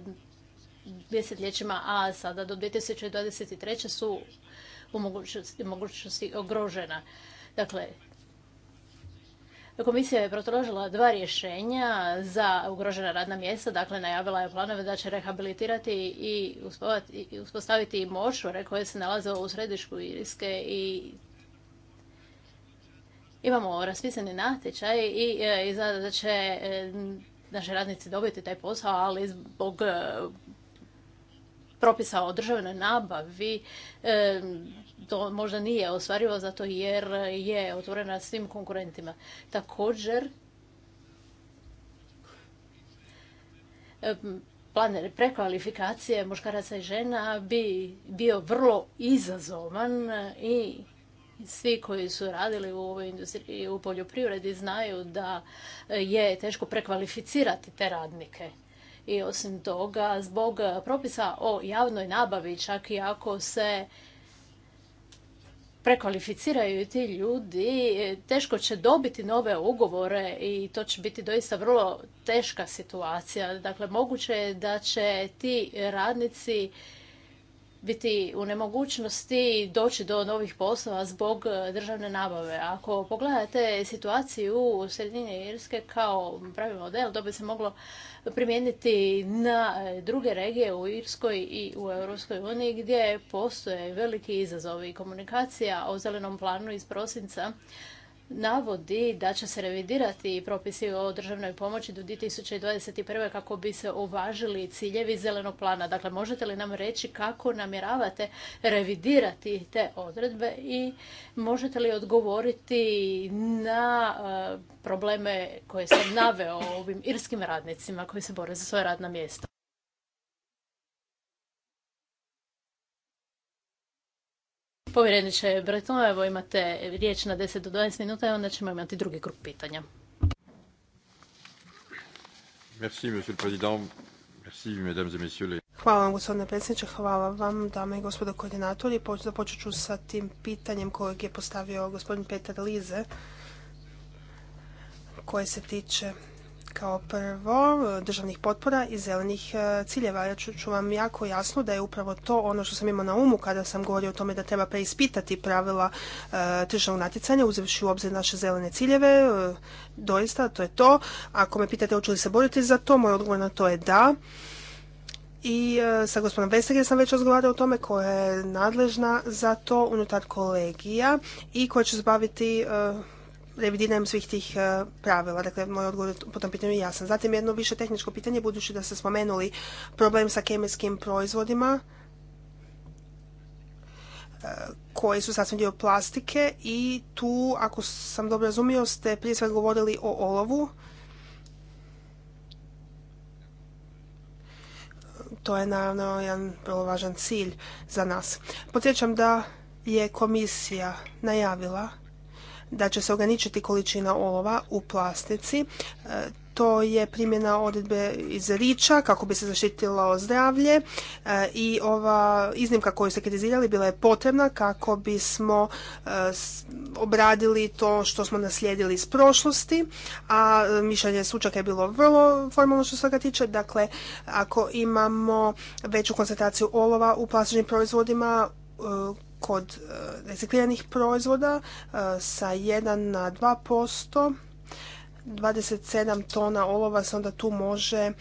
desetljećima, a sada do 2023. su u mogućnosti, mogućnosti ogrožena. Dakle, Komisija je protražila dva rješenja za ugrožena radna mjesta, dakle najavila je planove da će rehabilitirati i uspostaviti močvore koje se nalaze u središku Irske i imamo raspisani natječaj i e, izgleda da će e, naši radnici dobiti taj posao, ali zbog e, propisa o državnoj nabavi e, to možda nije ostvarivo zato jer je otvorena svim konkurentima. Također, e, plan prekvalifikacije muškaraca i žena bi bio vrlo izazovan i svi koji su radili u ovoj industriji, u poljoprivredi, znaju da je teško prekvalificirati te radnike. I osim toga, zbog propisa o javnoj nabavi, čak i ako se prekvalificiraju ti ljudi, teško će dobiti nove ugovore i to će biti doista vrlo teška situacija. Dakle, moguće je da će ti radnici biti u nemogućnosti doći do novih poslova zbog e, državne nabave. Ako pogledate situaciju u sredini Irske kao pravi model, to bi se moglo primijeniti na e, druge regije u Irskoj i u Europskoj uniji gdje postoje veliki izazovi. Komunikacija o zelenom planu iz prosinca navodi da će se revidirati propisi o državnoj pomoći do 2021. kako bi se uvažili ciljevi zelenog plana. Dakle, možete li nam reći kako namjeravate revidirati te odredbe i možete li odgovoriti na e, probleme koje sam naveo ovim irskim radnicima koji se bore za svoje radna mjesta? Povjereniče Breton, evo imate riječ na 10 do 20 minuta i onda ćemo imati drugi krug pitanja. Hvala vam gospodine predsjedniče, hvala vam dame i gospodo koordinatori. Započet ću sa tim pitanjem kojeg je postavio gospodin Petar Lize koje se tiče kao prvo, državnih potpora i zelenih e, ciljeva. Ja ću, vam jako jasno da je upravo to ono što sam imao na umu kada sam govorio o tome da treba preispitati pravila e, natjecanja, uzevši u obzir naše zelene ciljeve. E, doista, to je to. Ako me pitate hoću li se boriti za to, moj odgovor na to je da. I e, sa gospodinom Vesterger sam već razgovarao o tome koja je nadležna za to unutar kolegija i koja će zbaviti revidiranjem svih tih e, pravila. Dakle, moj odgovor po tom pitanju je jasan. Zatim jedno više tehničko pitanje, budući da ste spomenuli problem sa kemijskim proizvodima e, koji su sasvim dio plastike i tu, ako sam dobro razumio, ste prije svega govorili o olovu. To je naravno jedan vrlo važan cilj za nas. Podsjećam da je komisija najavila da će se ograničiti količina olova u plastici. E, to je primjena odredbe iz Riča kako bi se zaštitilo zdravlje e, i ova iznimka koju ste kritizirali bila je potrebna kako bismo e, obradili to što smo naslijedili iz prošlosti, a mišljenje sučaka je bilo vrlo formalno što se ga tiče. Dakle, ako imamo veću koncentraciju olova u plastičnim proizvodima kod e, recikliranih proizvoda e, sa 1 na 2%, 27 tona olova se onda tu može e,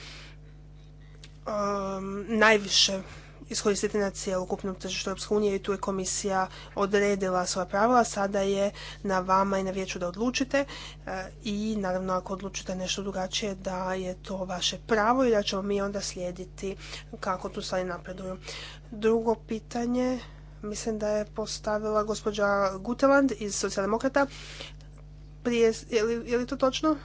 najviše iskoristiti na cijelokupnom tržištu Europske unije i tu je komisija odredila svoja pravila. Sada je na vama i na vijeću da odlučite i naravno ako odlučite nešto drugačije da je to vaše pravo i da ćemo mi onda slijediti kako tu stvari napreduju. Drugo pitanje mislim da je postavila gospođa Guteland iz socijaldemokrata. Prije, je li, je li to točno?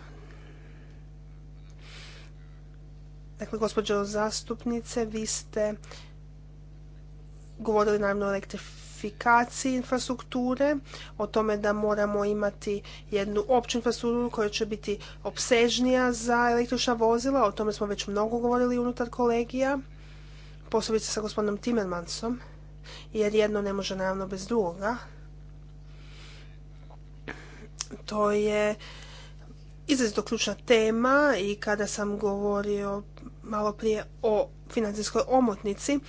Dakle, gospođo zastupnice, vi ste govorili naravno o elektrifikaciji infrastrukture, o tome da moramo imati jednu opću infrastrukturu koja će biti opsežnija za električna vozila, o tome smo već mnogo govorili unutar kolegija, posebice sa gospodinom Timmermansom jer jedno ne može naravno bez drugoga. To je izrazito ključna tema i kada sam govorio malo prije o financijskoj omotnici,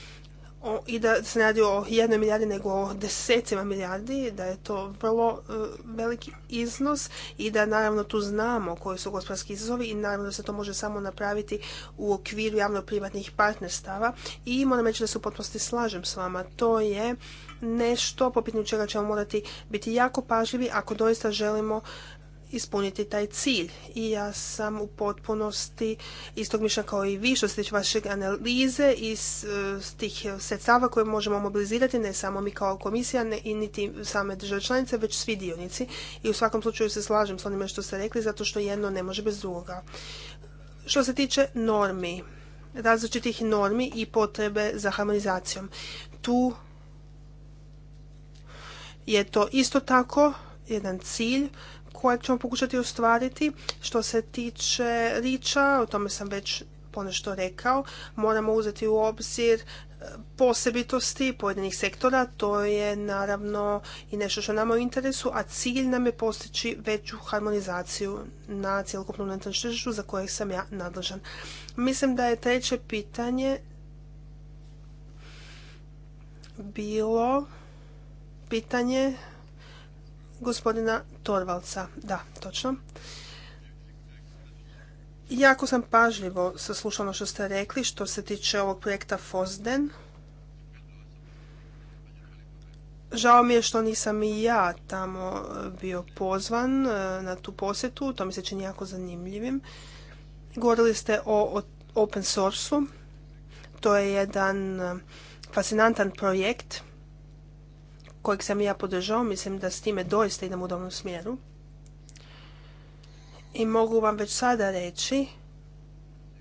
i da se radi o jednoj milijardi nego o desecima milijardi, da je to vrlo e, veliki iznos i da naravno tu znamo koji su gospodarski izazovi i naravno da se to može samo napraviti u okviru javno-privatnih partnerstava i moram reći da se u potpunosti slažem s vama. To je nešto po pitanju čega ćemo morati biti jako pažljivi ako doista želimo ispuniti taj cilj. I ja sam u potpunosti istog mišlja kao i vi što se tiče vaše analize i eh, tih sredstava koje možemo mobilizirati, ne samo mi kao komisija ne, i niti same države članice, već svi dionici. I u svakom slučaju se slažem s onime što ste rekli, zato što jedno ne može bez drugoga. Što se tiče normi, različitih normi i potrebe za harmonizacijom. Tu je to isto tako jedan cilj kojeg ćemo pokušati ostvariti. Što se tiče riča, o tome sam već ponešto rekao, moramo uzeti u obzir e, posebitosti pojedinih sektora, to je naravno i nešto što je u interesu, a cilj nam je postići veću harmonizaciju na cjelokupnom tržištu za kojeg sam ja nadležan. Mislim da je treće pitanje bilo pitanje gospodina Torvalca. Da, točno. Jako sam pažljivo saslušala ono što ste rekli što se tiče ovog projekta Fosden. Žao mi je što nisam i ja tamo e, bio pozvan e, na tu posjetu, to mi se čini jako zanimljivim. Govorili ste o open source-u, to je jedan e, fascinantan projekt kojeg sam ja podržao, mislim da s time doista idem u dobrom smjeru. I mogu vam već sada reći,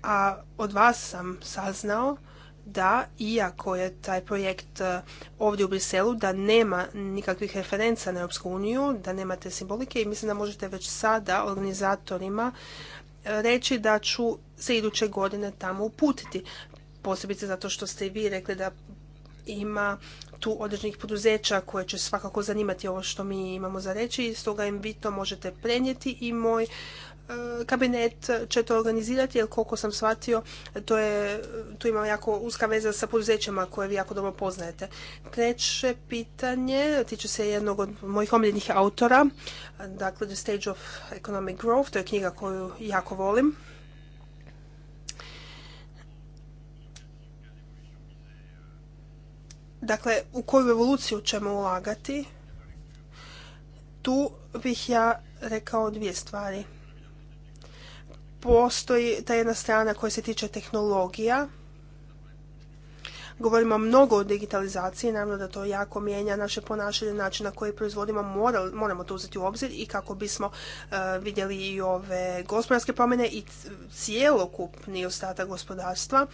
a od vas sam saznao, da iako je taj projekt e, ovdje u Briselu, da nema nikakvih referenca na Europsku uniju, da nemate simbolike i mislim da možete već sada organizatorima e, reći da ću se iduće godine tamo uputiti. Posebice zato što ste i vi rekli da ima tu određenih poduzeća koje će svakako zanimati ovo što mi imamo za reći i stoga im vi to možete prenijeti i moj e, kabinet će to organizirati, jer koliko sam shvatio, to tu ima jako uska veza sa poduzećima koje vi jako dobro poznajete. Treće pitanje tiče se jednog od mojih omiljenih autora, dakle The Stage of Economic Growth, to je knjiga koju jako volim. dakle u koju evoluciju ćemo ulagati, tu bih ja rekao dvije stvari. Postoji ta jedna strana koja se tiče tehnologija. Govorimo mnogo o digitalizaciji, naravno da to jako mijenja naše ponašanje, način na koji proizvodimo, moramo to uzeti u obzir i kako bismo e, vidjeli i ove gospodarske promjene i cijelokupni ostatak gospodarstva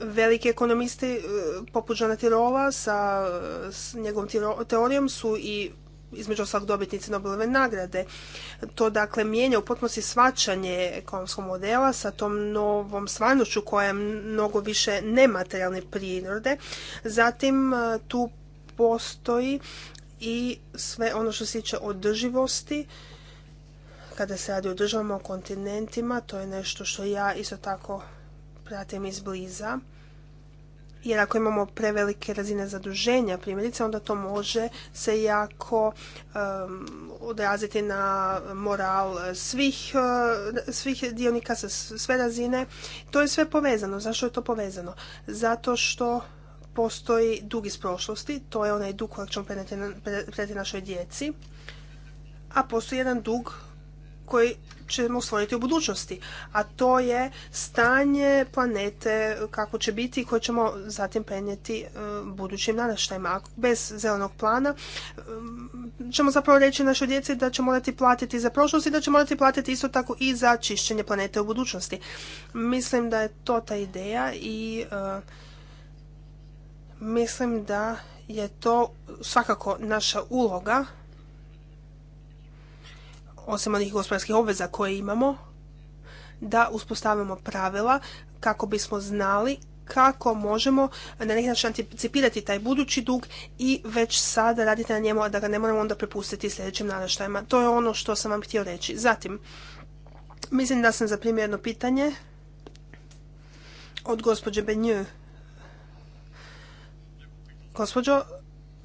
Veliki ekonomisti e, poput Žana Tirola sa s njegovom teorijom su i između ostalog dobitnici Nobelove nagrade. To dakle mijenja u potpunosti svačanje ekonomskog modela sa tom novom stvarnošću koja je mnogo više nematerijalne prirode. Zatim e, tu postoji i sve ono što se tiče održivosti kada se radi o državama, o kontinentima, to je nešto što ja isto tako pratim izbliza. Jer ako imamo prevelike razine zaduženja, primjerice, onda to može se jako odraziti na moral svih, eh, dionika sa sve razine. To je sve povezano. Zašto je to povezano? Zato što postoji dug iz prošlosti, to je onaj dug kojeg ćemo preti našoj djeci, a postoji jedan dug koji ćemo stvoriti u budućnosti, a to je stanje planete kako će biti i koje ćemo zatim prenijeti e, budućim naraštajima. Bez zelenog plana e, ćemo zapravo reći našoj djeci da će morati platiti za prošlost i da će morati platiti isto tako i za čišćenje planete u budućnosti. Mislim da je to ta ideja i e, mislim da je to svakako naša uloga osim onih gospodarskih obveza koje imamo, da uspostavimo pravila kako bismo znali kako možemo na neki način anticipirati taj budući dug i već sada raditi na njemu, a da ga ne moramo onda prepustiti sljedećim naraštajima. To je ono što sam vam htio reći. Zatim, mislim da sam zaprimio jedno pitanje od gospođe Benjue. Gospođo,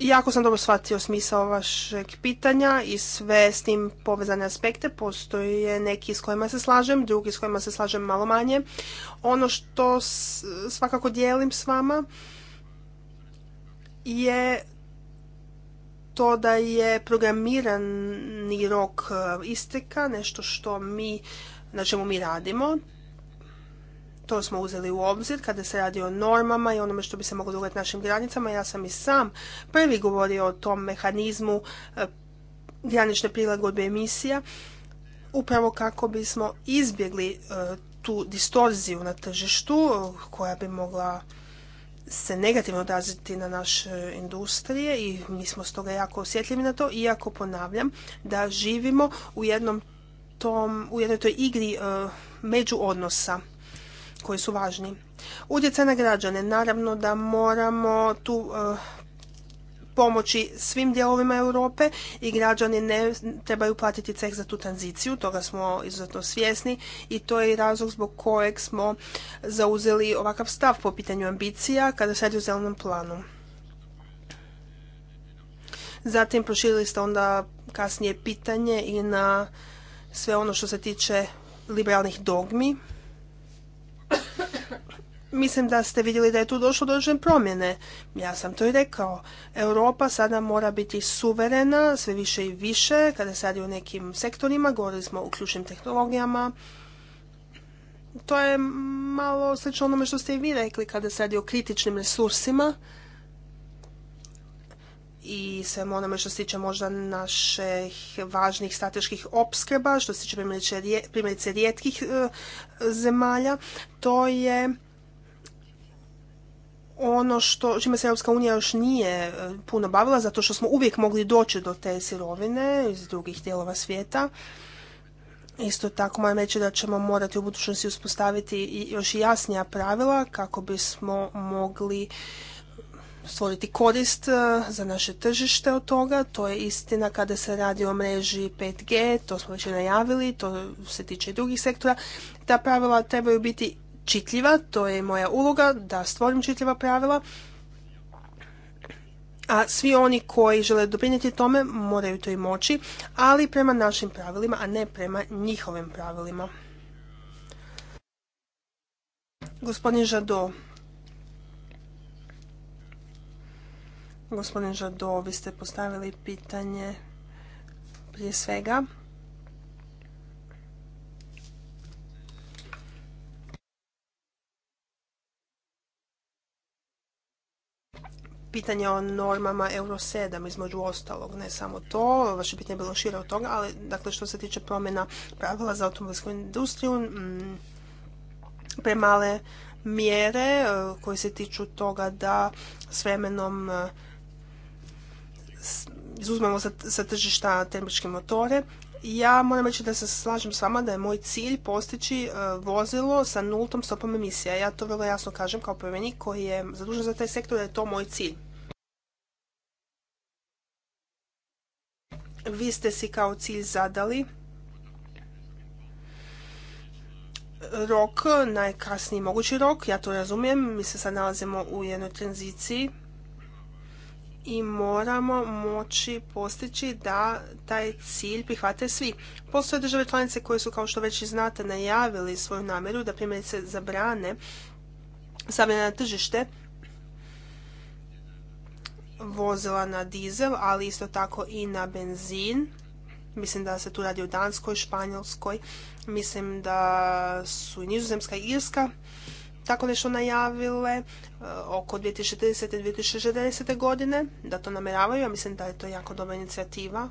Jako sam dobro shvatio smisao vašeg pitanja i sve s tim povezane aspekte. Postoje neki s kojima se slažem, drugi s kojima se slažem malo manje. Ono što svakako dijelim s vama je to da je programirani rok e, isteka, nešto što mi, na čemu mi radimo to smo uzeli u obzir kada se radi o normama i onome što bi se moglo dogoditi našim granicama. Ja sam i sam prvi govorio o tom mehanizmu e, granične prilagodbe emisija, upravo kako bismo izbjegli e, tu distorziju na tržištu e, koja bi mogla se negativno odraziti na naše industrije i mi smo stoga jako osjetljivi na to, iako ponavljam da živimo u jednom tom, u jednoj toj igri među odnosa koji su važni. Utjecaj na građane. Naravno da moramo tu eh, pomoći svim dijelovima Europe i građani ne trebaju platiti ceh za tu tranziciju, toga smo izuzetno svjesni i to je i razlog zbog kojeg smo zauzeli ovakav stav po pitanju ambicija kada se radi o zelenom planu. Zatim proširili ste onda kasnije pitanje i na sve ono što se tiče liberalnih dogmi Mislim da ste vidjeli da je tu došlo do određene promjene. Ja sam to i rekao. Europa sada mora biti suverena sve više i više kada sad radi o nekim sektorima. Govorili smo o ključnim tehnologijama. To je malo slično onome što ste i vi rekli kada se radi o kritičnim resursima i svemu onome što se tiče možda naših važnih strateških opskrba, što se tiče primjerice rijetkih e, zemalja, to je ono što, čime se Europska unija još nije e, puno bavila, zato što smo uvijek mogli doći do te sirovine iz drugih dijelova svijeta. Isto tako moram reći da ćemo morati u budućnosti uspostaviti još jasnija pravila kako bismo mogli stvoriti korist e, za naše tržište od toga. To je istina kada se radi o mreži 5G, to smo već najavili, to se tiče i drugih sektora. Ta pravila trebaju biti čitljiva, to je moja uloga da stvorim čitljiva pravila. A svi oni koji žele doprinijeti tome moraju to i moći, ali prema našim pravilima, a ne prema njihovim pravilima. Gospodin Žado Gospodin Žadovi, vi ste postavili pitanje prije svega. Pitanje o normama Euro 7 između ostalog, ne samo to, vaše pitanje je bilo šire od toga, ali dakle što se tiče promjena pravila za automobilsku industriju, mm, premale mjere eh, koje se tiču toga da s vremenom eh, izuzmemo sa, tržišta termičke motore, ja moram reći da se slažem s vama da je moj cilj postići e, vozilo sa nultom stopom emisija. Ja to vrlo jasno kažem kao povjerenik koji je zadužen za taj sektor da je to moj cilj. Vi ste si kao cilj zadali rok, najkasniji mogući rok, ja to razumijem, mi se sad nalazimo u jednoj tranziciji i moramo moći postići da taj cilj prihvate svi. Postoje države članice koje su, kao što već i znate, najavili svoju namjeru da primjerice zabrane stavljanje na tržište vozila na dizel, ali isto tako i na benzin. Mislim da se tu radi o Danskoj, Španjolskoj, mislim da su i Nizozemska i Irska tako nešto najavile e, oko 2030. i 2060. godine, da to namjeravaju, ja mislim da je to jako dobra inicijativa.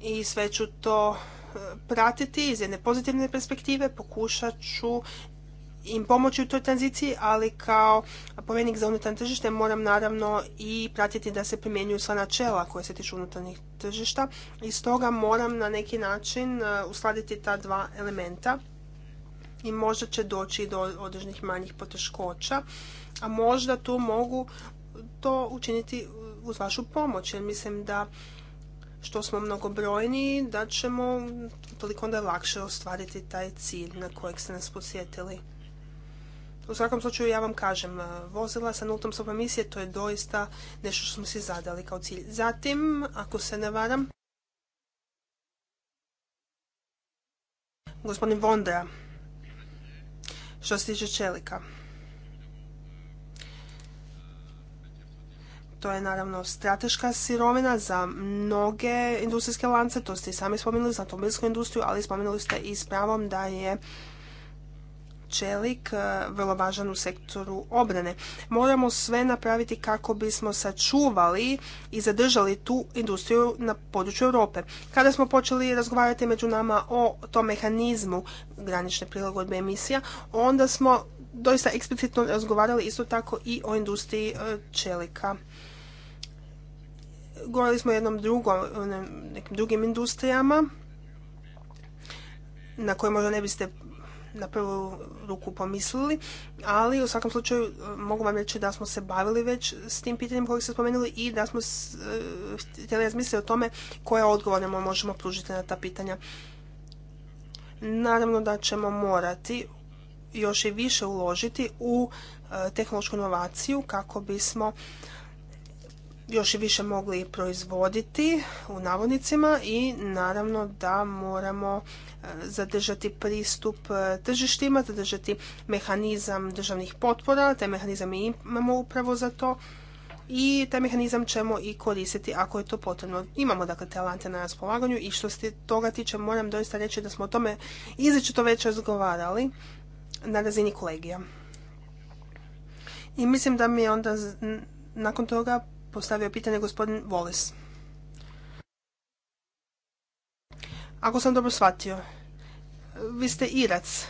I sve ću to e, pratiti iz jedne pozitivne perspektive, pokušat ću im pomoći u toj tranziciji, ali kao povjerenik za unutarnje tržište moram naravno i pratiti da se primjenjuju sva načela koje se tiču unutarnjih tržišta i stoga moram na neki način e, uskladiti ta dva elementa i možda će doći do određenih manjih poteškoća, a možda tu mogu to učiniti uz vašu pomoć, jer mislim da što smo mnogobrojni, da ćemo toliko onda lakše ostvariti taj cilj na kojeg ste nas posjetili. U svakom slučaju ja vam kažem, e, vozila sa nultom stopom emisije, to je doista nešto što smo si zadali kao cilj. Zatim, ako se ne varam, gospodin Vondra što se tiče čelika. To je naravno strateška sirovina za mnoge industrijske lance, to ste i sami spomenuli za automobilsku industriju, ali spomenuli ste i s pravom da je čelik eh, vrlo važan u sektoru obrane. Moramo sve napraviti kako bismo sačuvali i zadržali tu industriju na području Europe. Kada smo počeli razgovarati među nama o tom mehanizmu granične prilagodbe emisija, onda smo doista eksplicitno razgovarali isto tako i o industriji eh, čelika. Govorili smo o jednom drugom, nekim drugim industrijama na koje možda ne biste na prvu ruku pomislili, ali u svakom slučaju e, mogu vam reći da smo se bavili već s tim pitanjem kojeg ste spomenuli i da smo e, htjeli razmisliti o tome koje odgovore možemo pružiti na ta pitanja. Naravno da ćemo morati još i više uložiti u e, tehnološku inovaciju kako bismo još i više mogli proizvoditi u navodnicima i naravno da moramo e, zadržati pristup e, tržištima, zadržati mehanizam državnih potpora, taj mehanizam imamo upravo za to i taj mehanizam ćemo i koristiti ako je to potrebno. Imamo dakle te alante na raspolaganju i što se toga tiče moram doista reći da smo o tome izrečito već razgovarali na razini kolegija. I mislim da mi je onda nakon toga postavio pitanje gospodin Voles. Ako sam dobro shvatio, vi ste Irac,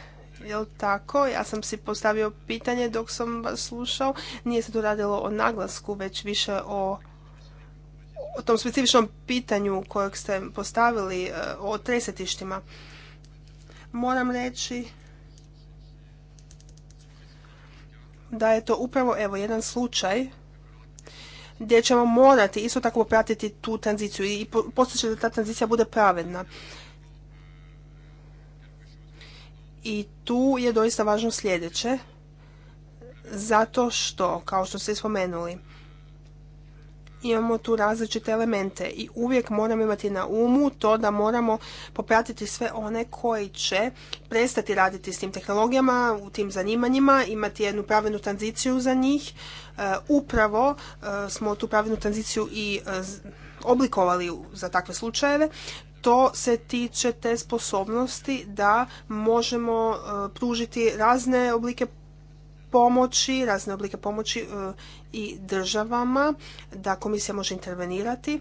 jel tako? Ja sam si postavio pitanje dok sam vas slušao. Nije se tu radilo o naglasku, već više o o tom specifičnom pitanju kojeg ste postavili e, o tresetištima. Moram reći da je to upravo evo jedan slučaj gdje ćemo morati isto tako pratiti tu tranziciju i postići da ta tranzicija bude pravedna. I tu je doista važno sljedeće, zato što, kao što ste spomenuli, imamo tu različite elemente i uvijek moramo imati na umu to da moramo popratiti sve one koji će prestati raditi s tim tehnologijama, u tim zanimanjima, imati jednu pravilnu tranziciju za njih. E, upravo e, smo tu pravilnu tranziciju i e, oblikovali za takve slučajeve to se tiče te sposobnosti da možemo pružiti razne oblike pomoći, razne oblike pomoći e, i državama da komisija može intervenirati.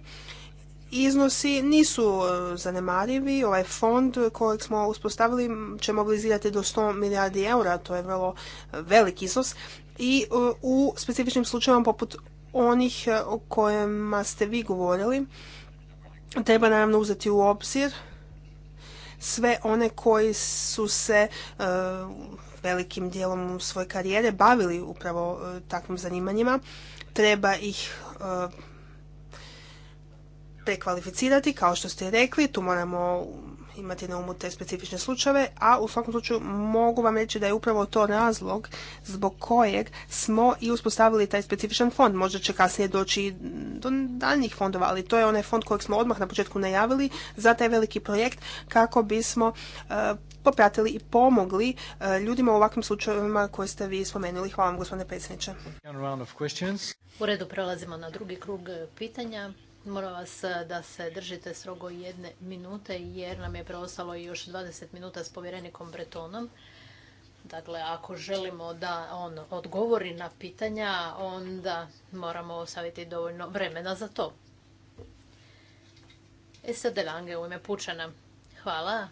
Iznosi nisu e, zanemarivi. Ovaj fond kojeg smo uspostavili će mobilizirati do 100 milijardi eura, to je vrlo e, velik iznos. I u specifičnim slučajevima poput onih o kojima ste vi govorili, treba naravno uzeti u obzir sve one koji su se velikim dijelom svoje karijere bavili upravo e, takvim zanimanjima. Treba ih e, prekvalificirati, kao što ste rekli, tu moramo imati na umu te specifične slučajeve, a u svakom slučaju mogu vam reći da je upravo to razlog zbog kojeg smo i uspostavili taj specifičan fond. Možda će kasnije doći do daljnjih fondova, ali to je onaj fond kojeg smo odmah na početku najavili za taj veliki projekt kako bismo e, popratili i pomogli e, ljudima u ovakvim slučajevima koje ste vi spomenuli. Hvala vam, gospodine predsjedniče. U redu prelazimo na drugi krug e, pitanja. Moram vas e, da se držite srogo jedne minute jer nam je preostalo još 20 minuta s povjerenikom Bretonom. Dakle, ako želimo da on odgovori na pitanja, onda moramo ostaviti dovoljno vremena za to. E sad Lange u ime Pučana. Hvala.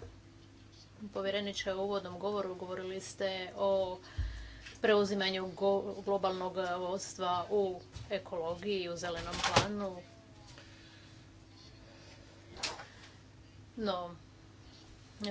Povjereniče, u uvodnom govoru govorili ste o preuzimanju globalnog vodstva u ekologiji, u zelenom planu, No,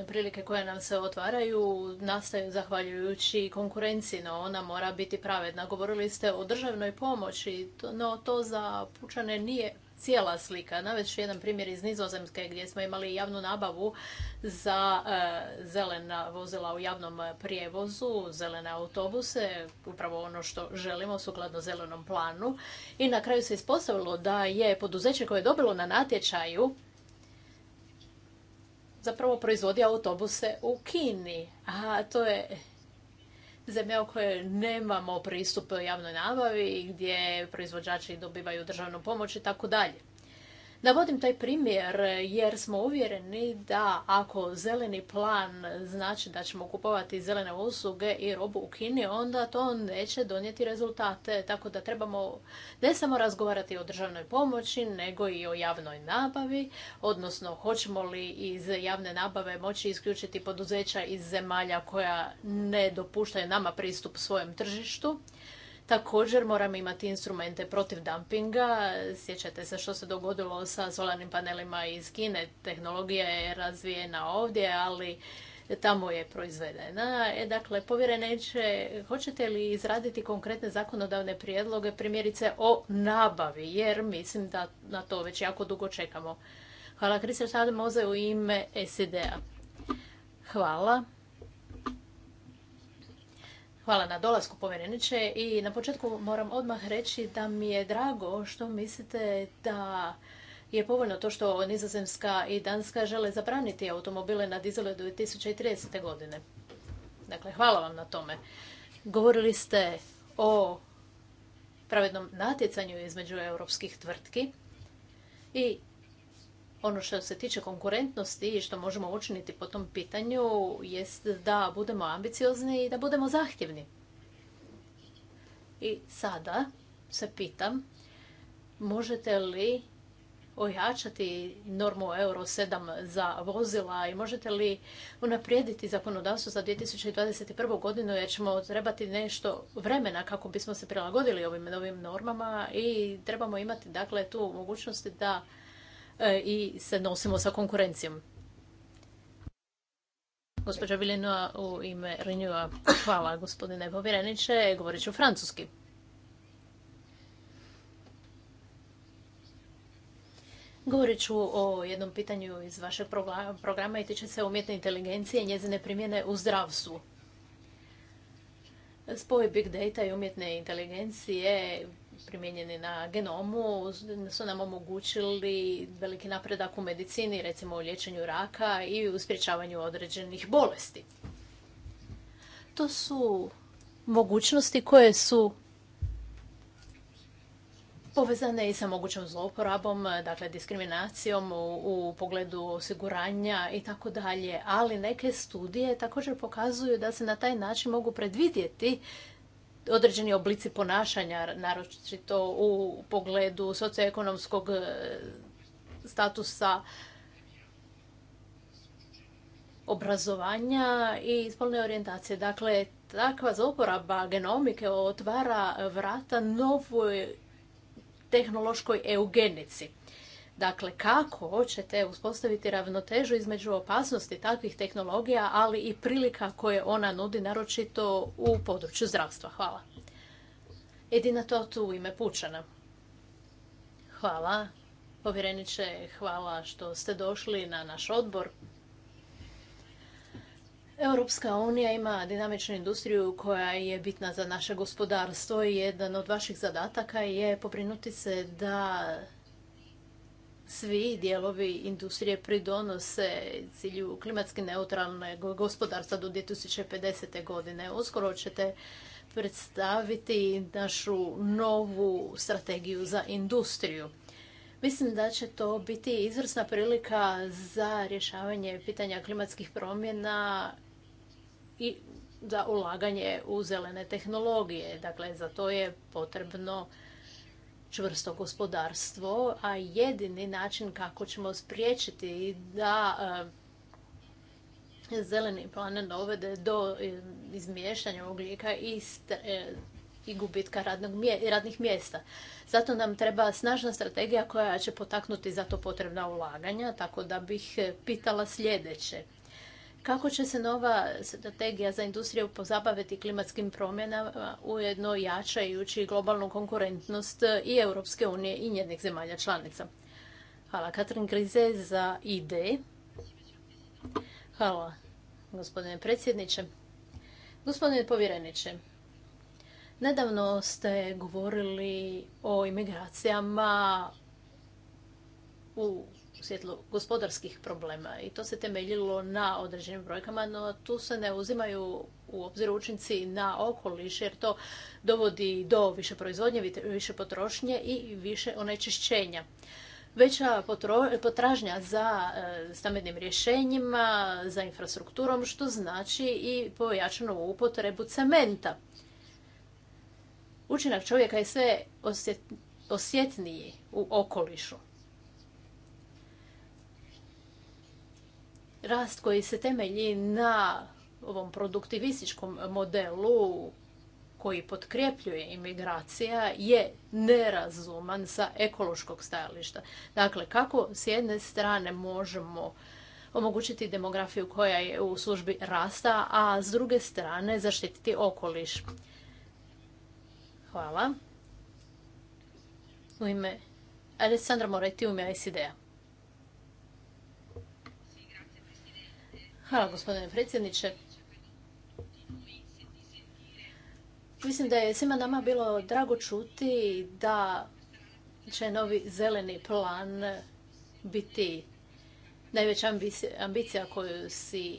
prilike koje nam se otvaraju nastaju zahvaljujući konkurenciji, no ona mora biti pravedna. Govorili ste o državnoj pomoći, no to za pučane nije cijela slika. Naveć jedan primjer iz Nizozemske gdje smo imali javnu nabavu za e, zelena vozila u javnom prijevozu, zelene autobuse, upravo ono što želimo sukladno zelenom planu. I na kraju se ispostavilo da je poduzeće koje je dobilo na natječaju zapravo proizvodi autobuse u Kini, a to je zemlja u kojoj nemamo pristup javnoj nabavi, gdje proizvođači dobivaju državnu pomoć i tako dalje. Navodim taj primjer jer smo uvjereni da ako zeleni plan znači da ćemo kupovati zelene usluge i robu u Kini, onda to neće donijeti rezultate. Tako da trebamo ne samo razgovarati o državnoj pomoći, nego i o javnoj nabavi, odnosno hoćemo li iz javne nabave moći isključiti poduzeća iz zemalja koja ne dopuštaju nama pristup svojem tržištu Također moramo imati instrumente protiv dumpinga. Sjećate se što se dogodilo sa solarnim panelima iz Kine. Tehnologija je razvijena ovdje, ali tamo je proizvedena. E, dakle, će, hoćete li izraditi konkretne zakonodavne prijedloge, primjerice o nabavi, jer mislim da na to već jako dugo čekamo. Hvala, Kristel Šademoze u ime SID-a. Hvala. Hvala na dolasku povjereniče i na početku moram odmah reći da mi je drago što mislite da je povoljno to što Nizozemska i Danska žele zabraniti automobile na dizelu do 2030. godine. Dakle, hvala vam na tome. Govorili ste o pravednom natjecanju između europskih tvrtki i ono što se tiče konkurentnosti i što možemo učiniti po tom pitanju jest da budemo ambiciozni i da budemo zahtjevni. I sada se pitam, možete li ojačati normu Euro 7 za vozila i možete li unaprijediti zakonodavstvo za 2021. godinu jer ćemo trebati nešto vremena kako bismo se prilagodili ovim novim normama i trebamo imati dakle tu mogućnost da E, i se nosimo sa konkurencijom. Gospođa Vilinova, u ime Renjua. Hvala gospodine povjereniče. Govorit ću francuski. Govorit ću o jednom pitanju iz vašeg programa i tiče se umjetne inteligencije i njezine primjene u zdravstvu. Spoj big data i umjetne inteligencije primijenjeni na genomu su nam omogućili veliki napredak u medicini, recimo u liječenju raka i u sprječavanju određenih bolesti. To su mogućnosti koje su povezane i sa mogućom zlouporabom, dakle diskriminacijom u, u pogledu osiguranja i tako dalje, ali neke studije također pokazuju da se na taj način mogu predvidjeti određeni oblici ponašanja, naročito u pogledu socioekonomskog e, statusa obrazovanja i spolne orijentacije. Dakle, takva zlouporaba genomike otvara vrata novoj tehnološkoj eugenici. Dakle, kako ćete uspostaviti ravnotežu između opasnosti takvih tehnologija, ali i prilika koje ona nudi, naročito u području zdravstva? Hvala. Edina to tu u ime Pučana. Hvala. Povjereniče, hvala što ste došli na naš odbor. Europska unija ima dinamičnu industriju koja je bitna za naše gospodarstvo i jedan od vaših zadataka je poprinuti se da svi dijelovi industrije pridonose cilju klimatski neutralne gospodarstva do 2050. godine. Uskoro ćete predstaviti našu novu strategiju za industriju. Mislim da će to biti izvrsna prilika za rješavanje pitanja klimatskih promjena i za ulaganje u zelene tehnologije. Dakle, za to je potrebno čvrsto gospodarstvo, a jedini način kako ćemo spriječiti da e, zeleni plan dovede do e, izmještanja ugljika i e, i gubitka radnog radnih mjesta. Zato nam treba snažna strategija koja će potaknuti za to potrebna ulaganja, tako da bih pitala sljedeće. Kako će se nova strategija za industriju pozabaviti klimatskim promjenama ujedno jačajući globalnu konkurentnost i Europske unije i njenih zemalja članica? Hvala Katrin Grize za ide. Hvala gospodine predsjedniče. Gospodine povjereniče, nedavno ste govorili o imigracijama u svjetlu gospodarskih problema i to se temeljilo na određenim brojkama, no tu se ne uzimaju u obzir učinci na okoliš jer to dovodi do više proizvodnje, više potrošnje i više onečišćenja. Veća potražnja za e, stambenim rješenjima, za infrastrukturom, što znači i pojačanu upotrebu cementa. Učinak čovjeka je sve osjetniji u okolišu. rast koji se temelji na ovom produktivističkom modelu koji potkrepljuje imigracija je nerazuman sa ekološkog stajališta. Dakle, kako s jedne strane možemo omogućiti demografiju koja je u službi rasta, a s druge strane zaštititi okoliš. Hvala. U ime Alessandra Moretti, u ime a Hvala gospodine predsjedniče. Mislim da je svima nama bilo drago čuti da će novi zeleni plan biti najveća ambicija, koju si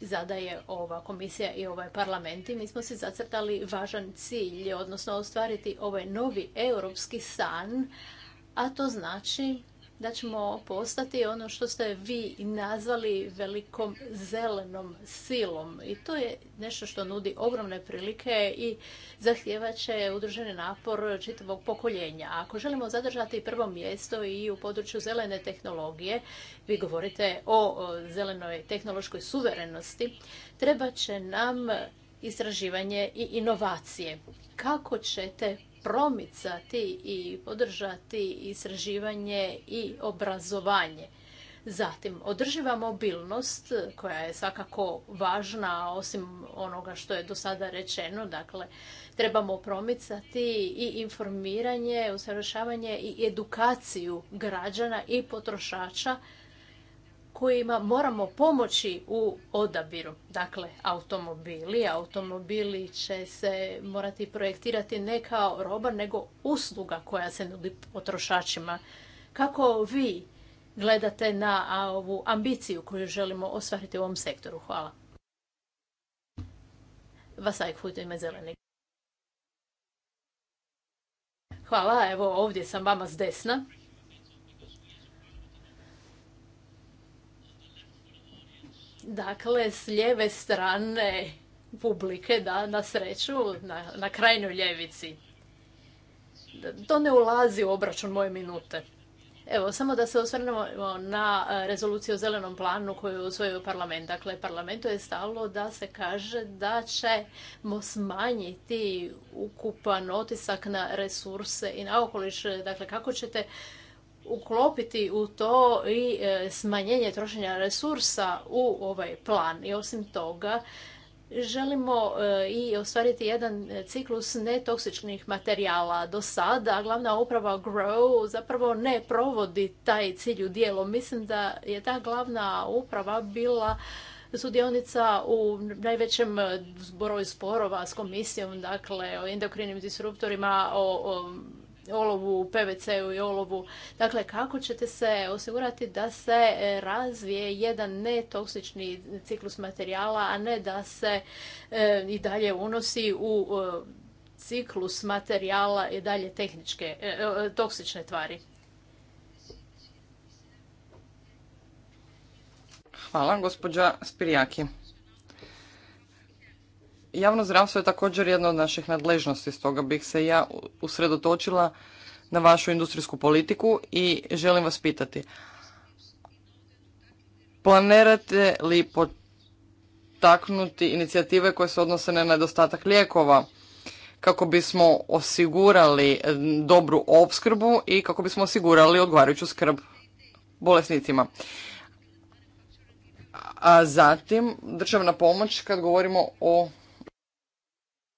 zadaje ova komisija i ovaj parlament. I mi smo si zacrtali važan cilj, odnosno ostvariti ovaj novi europski san, a to znači da ćemo postati ono što ste vi nazvali velikom zelenom silom. I to je nešto što nudi ogromne prilike i će udruženi napor čitavog pokoljenja. Ako želimo zadržati prvo mjesto i u području zelene tehnologije, vi govorite o zelenoj tehnološkoj suverenosti, treba će nam istraživanje i inovacije. Kako ćete promicati i podržati istraživanje i obrazovanje. Zatim, održiva mobilnost koja je svakako važna osim onoga što je do sada rečeno. Dakle, trebamo promicati i informiranje, usavršavanje i edukaciju građana i potrošača kojima moramo pomoći u odabiru. Dakle, automobili. Automobili će se morati projektirati ne kao roba, nego usluga koja se nudi potrošačima. Kako vi gledate na ovu ambiciju koju želimo ostvariti u ovom sektoru? Hvala. ime Zeleni. Hvala, evo ovdje sam vama s desna. Dakle, s lijeve strane publike, da, na sreću, na, na krajnjoj ljevici. To ne ulazi u obračun moje minute. Evo, samo da se osvrnemo na e, rezoluciju o zelenom planu koju je usvojio parlament. Dakle, parlamentu je stalo da se kaže da ćemo smanjiti ukupan otisak na resurse i na okoliš. Dakle, kako ćete uklopiti u to i e, smanjenje trošenja resursa u ovaj plan. I osim toga, želimo e, i ostvariti jedan ciklus netoksičnih materijala. Do sada glavna uprava GROW zapravo ne provodi taj cilj u dijelu. Mislim da je ta glavna uprava bila sudionica u najvećem broju sporova s komisijom, dakle o endokrinim disruptorima, o olovu, PVC-u i olovu. Dakle, kako ćete se osigurati da se e, razvije jedan netoksični ciklus materijala, a ne da se e, i dalje unosi u e, ciklus materijala i dalje tehničke, toksične tvari? Hvala, gospođa Spirijaki. Javno zdravstvo je također jedna od naših nadležnosti, stoga bih se ja usredotočila na vašu industrijsku politiku i želim vas pitati. Planirate li potaknuti inicijative koje se odnose na nedostatak lijekova kako bismo osigurali e, dobru opskrbu i kako bismo osigurali odgovarajuću skrb bolesnicima? A zatim državna pomoć kad govorimo o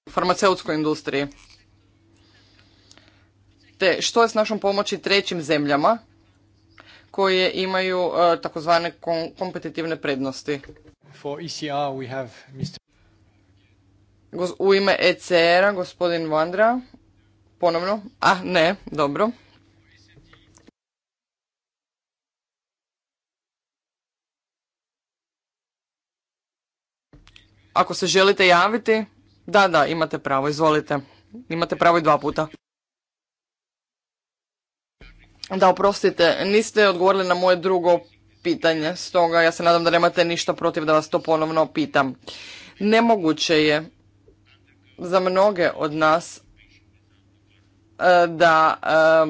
farmaceutskoj industriji. Te što je s našom pomoći trećim zemljama koje imaju e, takozvane kompetitivne prednosti. E u ime ECR-a gospodin Vandra. Ponovno? A, ne, dobro. Ako se želite javiti, da, da, imate pravo, izvolite. Imate pravo i dva puta. Da, oprostite, niste odgovorili na moje drugo pitanje, stoga ja se nadam da nemate ništa protiv da vas to ponovno pitam. Nemoguće je za mnoge od nas e, da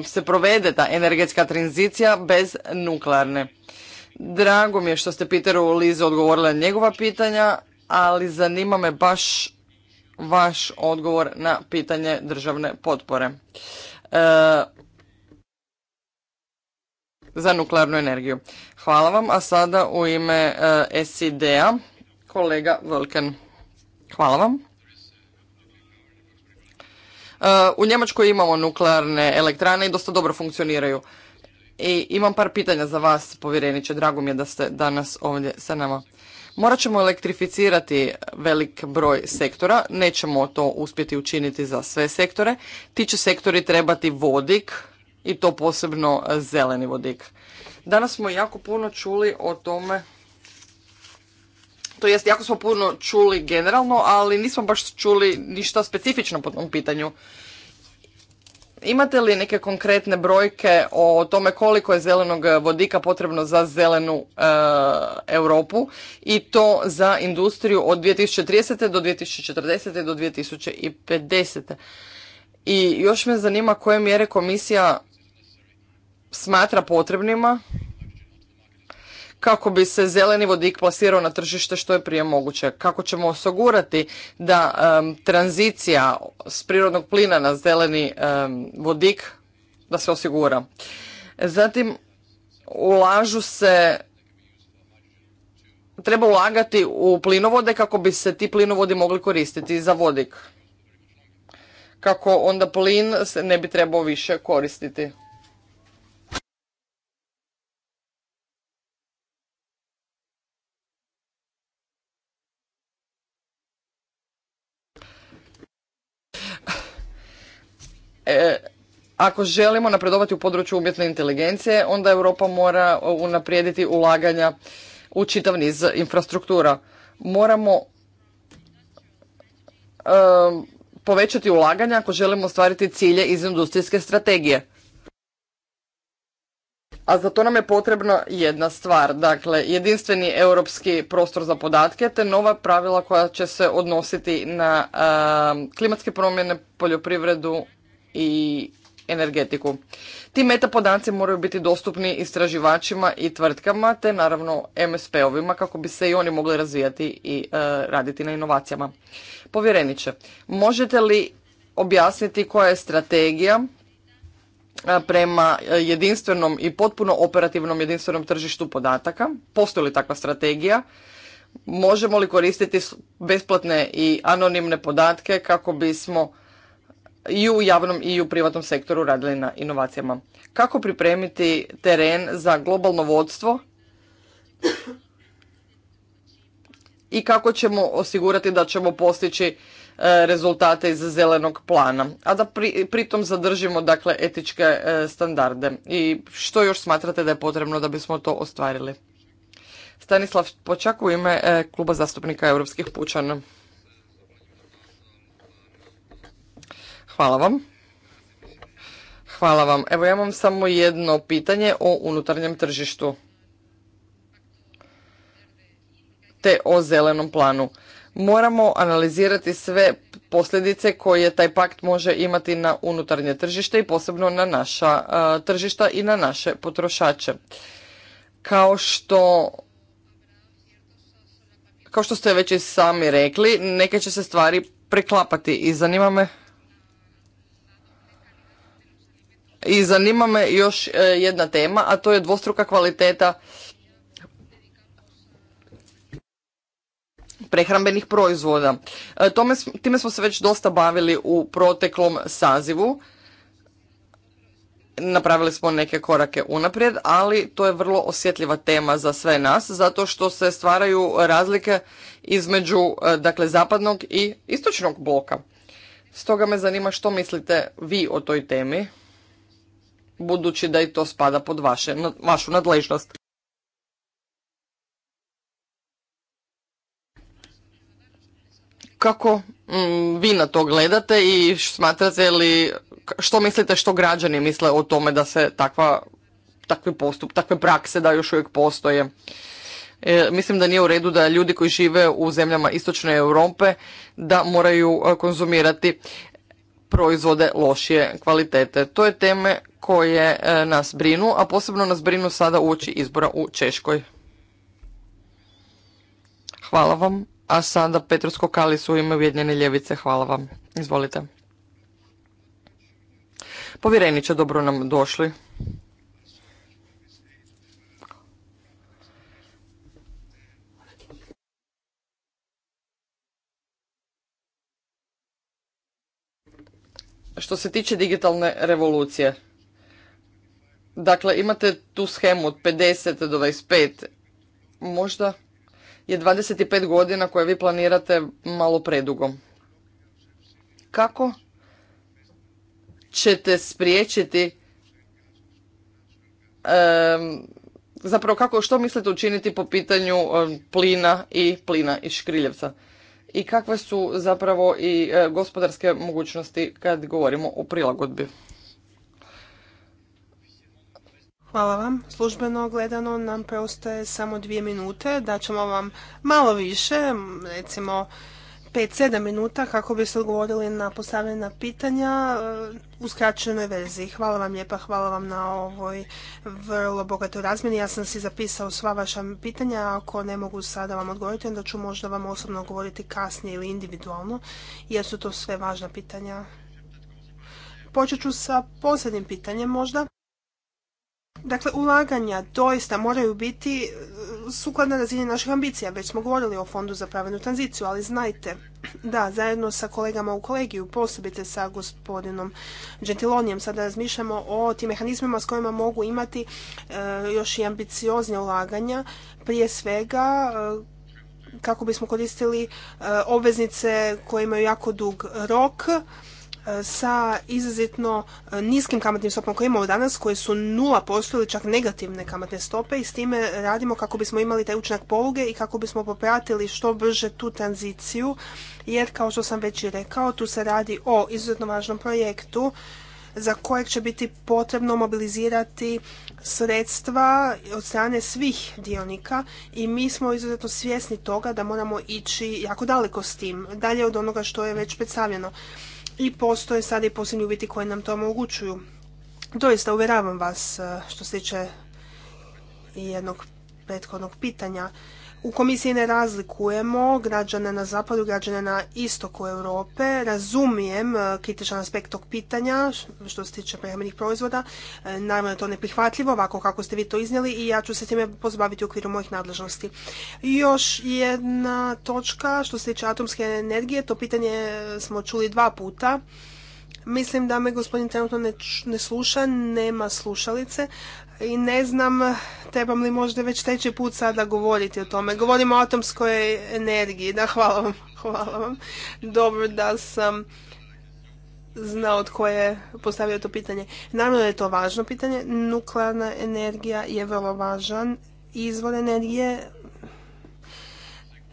e, se provede ta energetska tranzicija bez nuklearne. Drago mi je što ste Peteru Lizu odgovorili na njegova pitanja, ali zanima me baš vaš odgovor na pitanje državne potpore e, za nuklearnu energiju. Hvala vam, a sada u ime e, SID-a kolega Völken. Hvala vam. E, u Njemačkoj imamo nuklearne elektrane i dosta dobro funkcioniraju. I imam par pitanja za vas, povjereniče. Drago mi je da ste danas ovdje sa nama. Morat ćemo elektrificirati velik broj sektora, nećemo to uspjeti učiniti za sve sektore. Ti će sektori trebati vodik i to posebno zeleni vodik. Danas smo jako puno čuli o tome, to jest jako smo puno čuli generalno, ali nismo baš čuli ništa specifično po tom pitanju. Imate li neke konkretne brojke o tome koliko je zelenog vodika potrebno za zelenu e, Europu i to za industriju od 2030. do 2040. do 2050. I još me zanima koje mjere komisija smatra potrebnima kako bi se zeleni vodik plasirao na tržište što je prije moguće. Kako ćemo osigurati da tranzicija s prirodnog plina na zeleni vodik da se osigura. Zatim ulažu se treba ulagati u plinovode kako bi se ti plinovodi mogli koristiti za vodik. Kako onda plin se ne bi trebao više koristiti. E, ako želimo napredovati u području umjetne inteligencije, onda Europa mora unaprijediti ulaganja u čitav niz infrastruktura. Moramo e, povećati ulaganja ako želimo ostvariti cilje iz industrijske strategije. A za to nam je potrebna jedna stvar, dakle jedinstveni europski prostor za podatke te nova pravila koja će se odnositi na e, klimatske promjene, poljoprivredu, i energetiku. Ti meta podaci moraju biti dostupni istraživačima i tvrtkama te naravno MSP-ovima kako bi se i oni mogli razvijati i e, raditi na inovacijama. Povjereniče, možete li objasniti koja je strategija e, prema jedinstvenom i potpuno operativnom jedinstvenom tržištu podataka? Postoji li takva strategija? Možemo li koristiti besplatne i anonimne podatke kako bismo i u javnom i u privatnom sektoru radili na inovacijama. Kako pripremiti teren za globalno vodstvo i kako ćemo osigurati da ćemo postići e, rezultate iz zelenog plana, a da pri, pritom zadržimo dakle etičke e, standarde i što još smatrate da je potrebno da bismo to ostvarili? Stanislav Počak u ime e, Kluba zastupnika Europskih pučana. Hvala vam. Hvala vam. Evo ja imam samo jedno pitanje o unutarnjem tržištu. Te o zelenom planu. Moramo analizirati sve posljedice koje taj pakt može imati na unutarnje tržište i posebno na naša e, tržišta i na naše potrošače. Kao što kao što ste već i sami rekli, neke će se stvari preklapati i zanima me I zanima me još e, jedna tema, a to je dvostruka kvaliteta prehrambenih proizvoda. E, time smo se već dosta bavili u proteklom sazivu. Napravili smo neke korake unaprijed, ali to je vrlo osjetljiva tema za sve nas, zato što se stvaraju razlike između e, dakle, zapadnog i istočnog bloka. Stoga me zanima što mislite vi o toj temi budući da i to spada pod vašu nadležnost. Kako mm, vi na to gledate i smatrate li, što mislite što građani misle o tome da se takva, takvi postup, takve prakse da još uvijek postoje? E, mislim da nije u redu da ljudi koji žive u zemljama istočne Europe da moraju e, konzumirati proizvode lošije kvalitete. To je teme koje e, nas brinu, a posebno nas brinu sada uoči izbora u Češkoj. Hvala vam. A sada Petrosko Kalis u ime Ujedinjene ljevice. Hvala vam. Izvolite. Povjereniče, dobro nam došli. što se tiče digitalne revolucije. Dakle, imate tu schemu od 50 do 25. Možda je 25 godina koje vi planirate malo predugo. Kako ćete spriječiti zapravo kako, što mislite učiniti po pitanju plina i plina iz škriljevca? i kakve su zapravo i e, gospodarske mogućnosti kad govorimo o prilagodbi. Hvala vam. Službeno gledano nam preostaje samo dvije minute. Daćemo vam malo više, recimo 5-7 minuta kako bi se odgovorili na postavljena pitanja e, u skraćenoj verziji. Hvala vam lijepa, hvala vam na ovoj vrlo bogatoj razmjeni. Ja sam si zapisao sva vaša pitanja, ako ne mogu sada vam odgovoriti, onda ću možda vam osobno govoriti kasnije ili individualno, jer su to sve važna pitanja. Počet ću sa posljednim pitanjem možda. Dakle, ulaganja doista moraju biti e, sukladna razini naših ambicija. Već smo govorili o Fondu za pravednu tranziciju, ali znajte da zajedno sa kolegama u kolegiju, posebice sa gospodinom Gentilonijem, sada razmišljamo o tim mehanizmima s kojima mogu imati e, još i ambicioznija ulaganja, prije svega e, kako bismo koristili obveznice koje imaju jako dug rok sa izuzetno e, niskim kamatnim stopama koje imamo danas, koje su 0% ili čak negativne kamatne stope i s time radimo kako bismo imali taj učinak poluge i kako bismo popratili što brže tu tranziciju, jer kao što sam već i rekao, tu se radi o izuzetno važnom projektu za kojeg će biti potrebno mobilizirati sredstva od strane svih dionika i mi smo izuzetno svjesni toga da moramo ići jako daleko s tim, dalje od onoga što je već predstavljeno i postoje sada i posebni uvjeti koji nam to omogućuju. Doista uvjeravam vas e, što se tiče jednog prethodnog pitanja. U komisiji ne razlikujemo građane na zapadu, građane na istoku Europe. Razumijem e, kritičan aspekt tog pitanja što se tiče prehrambenih proizvoda. E, naravno je to neprihvatljivo ovako kako ste vi to iznijeli i ja ću se time pozbaviti u okviru mojih nadležnosti. Još jedna točka što se tiče atomske energije. To pitanje smo čuli dva puta. Mislim da me gospodin trenutno ne, ne sluša, nema slušalice i ne znam trebam li možda već treći put sada govoriti o tome. Govorimo o atomskoj energiji. Da, hvala vam. Dobro da sam znao tko je postavio to pitanje. Naravno je to važno pitanje. Nuklearna energija je vrlo važan izvor energije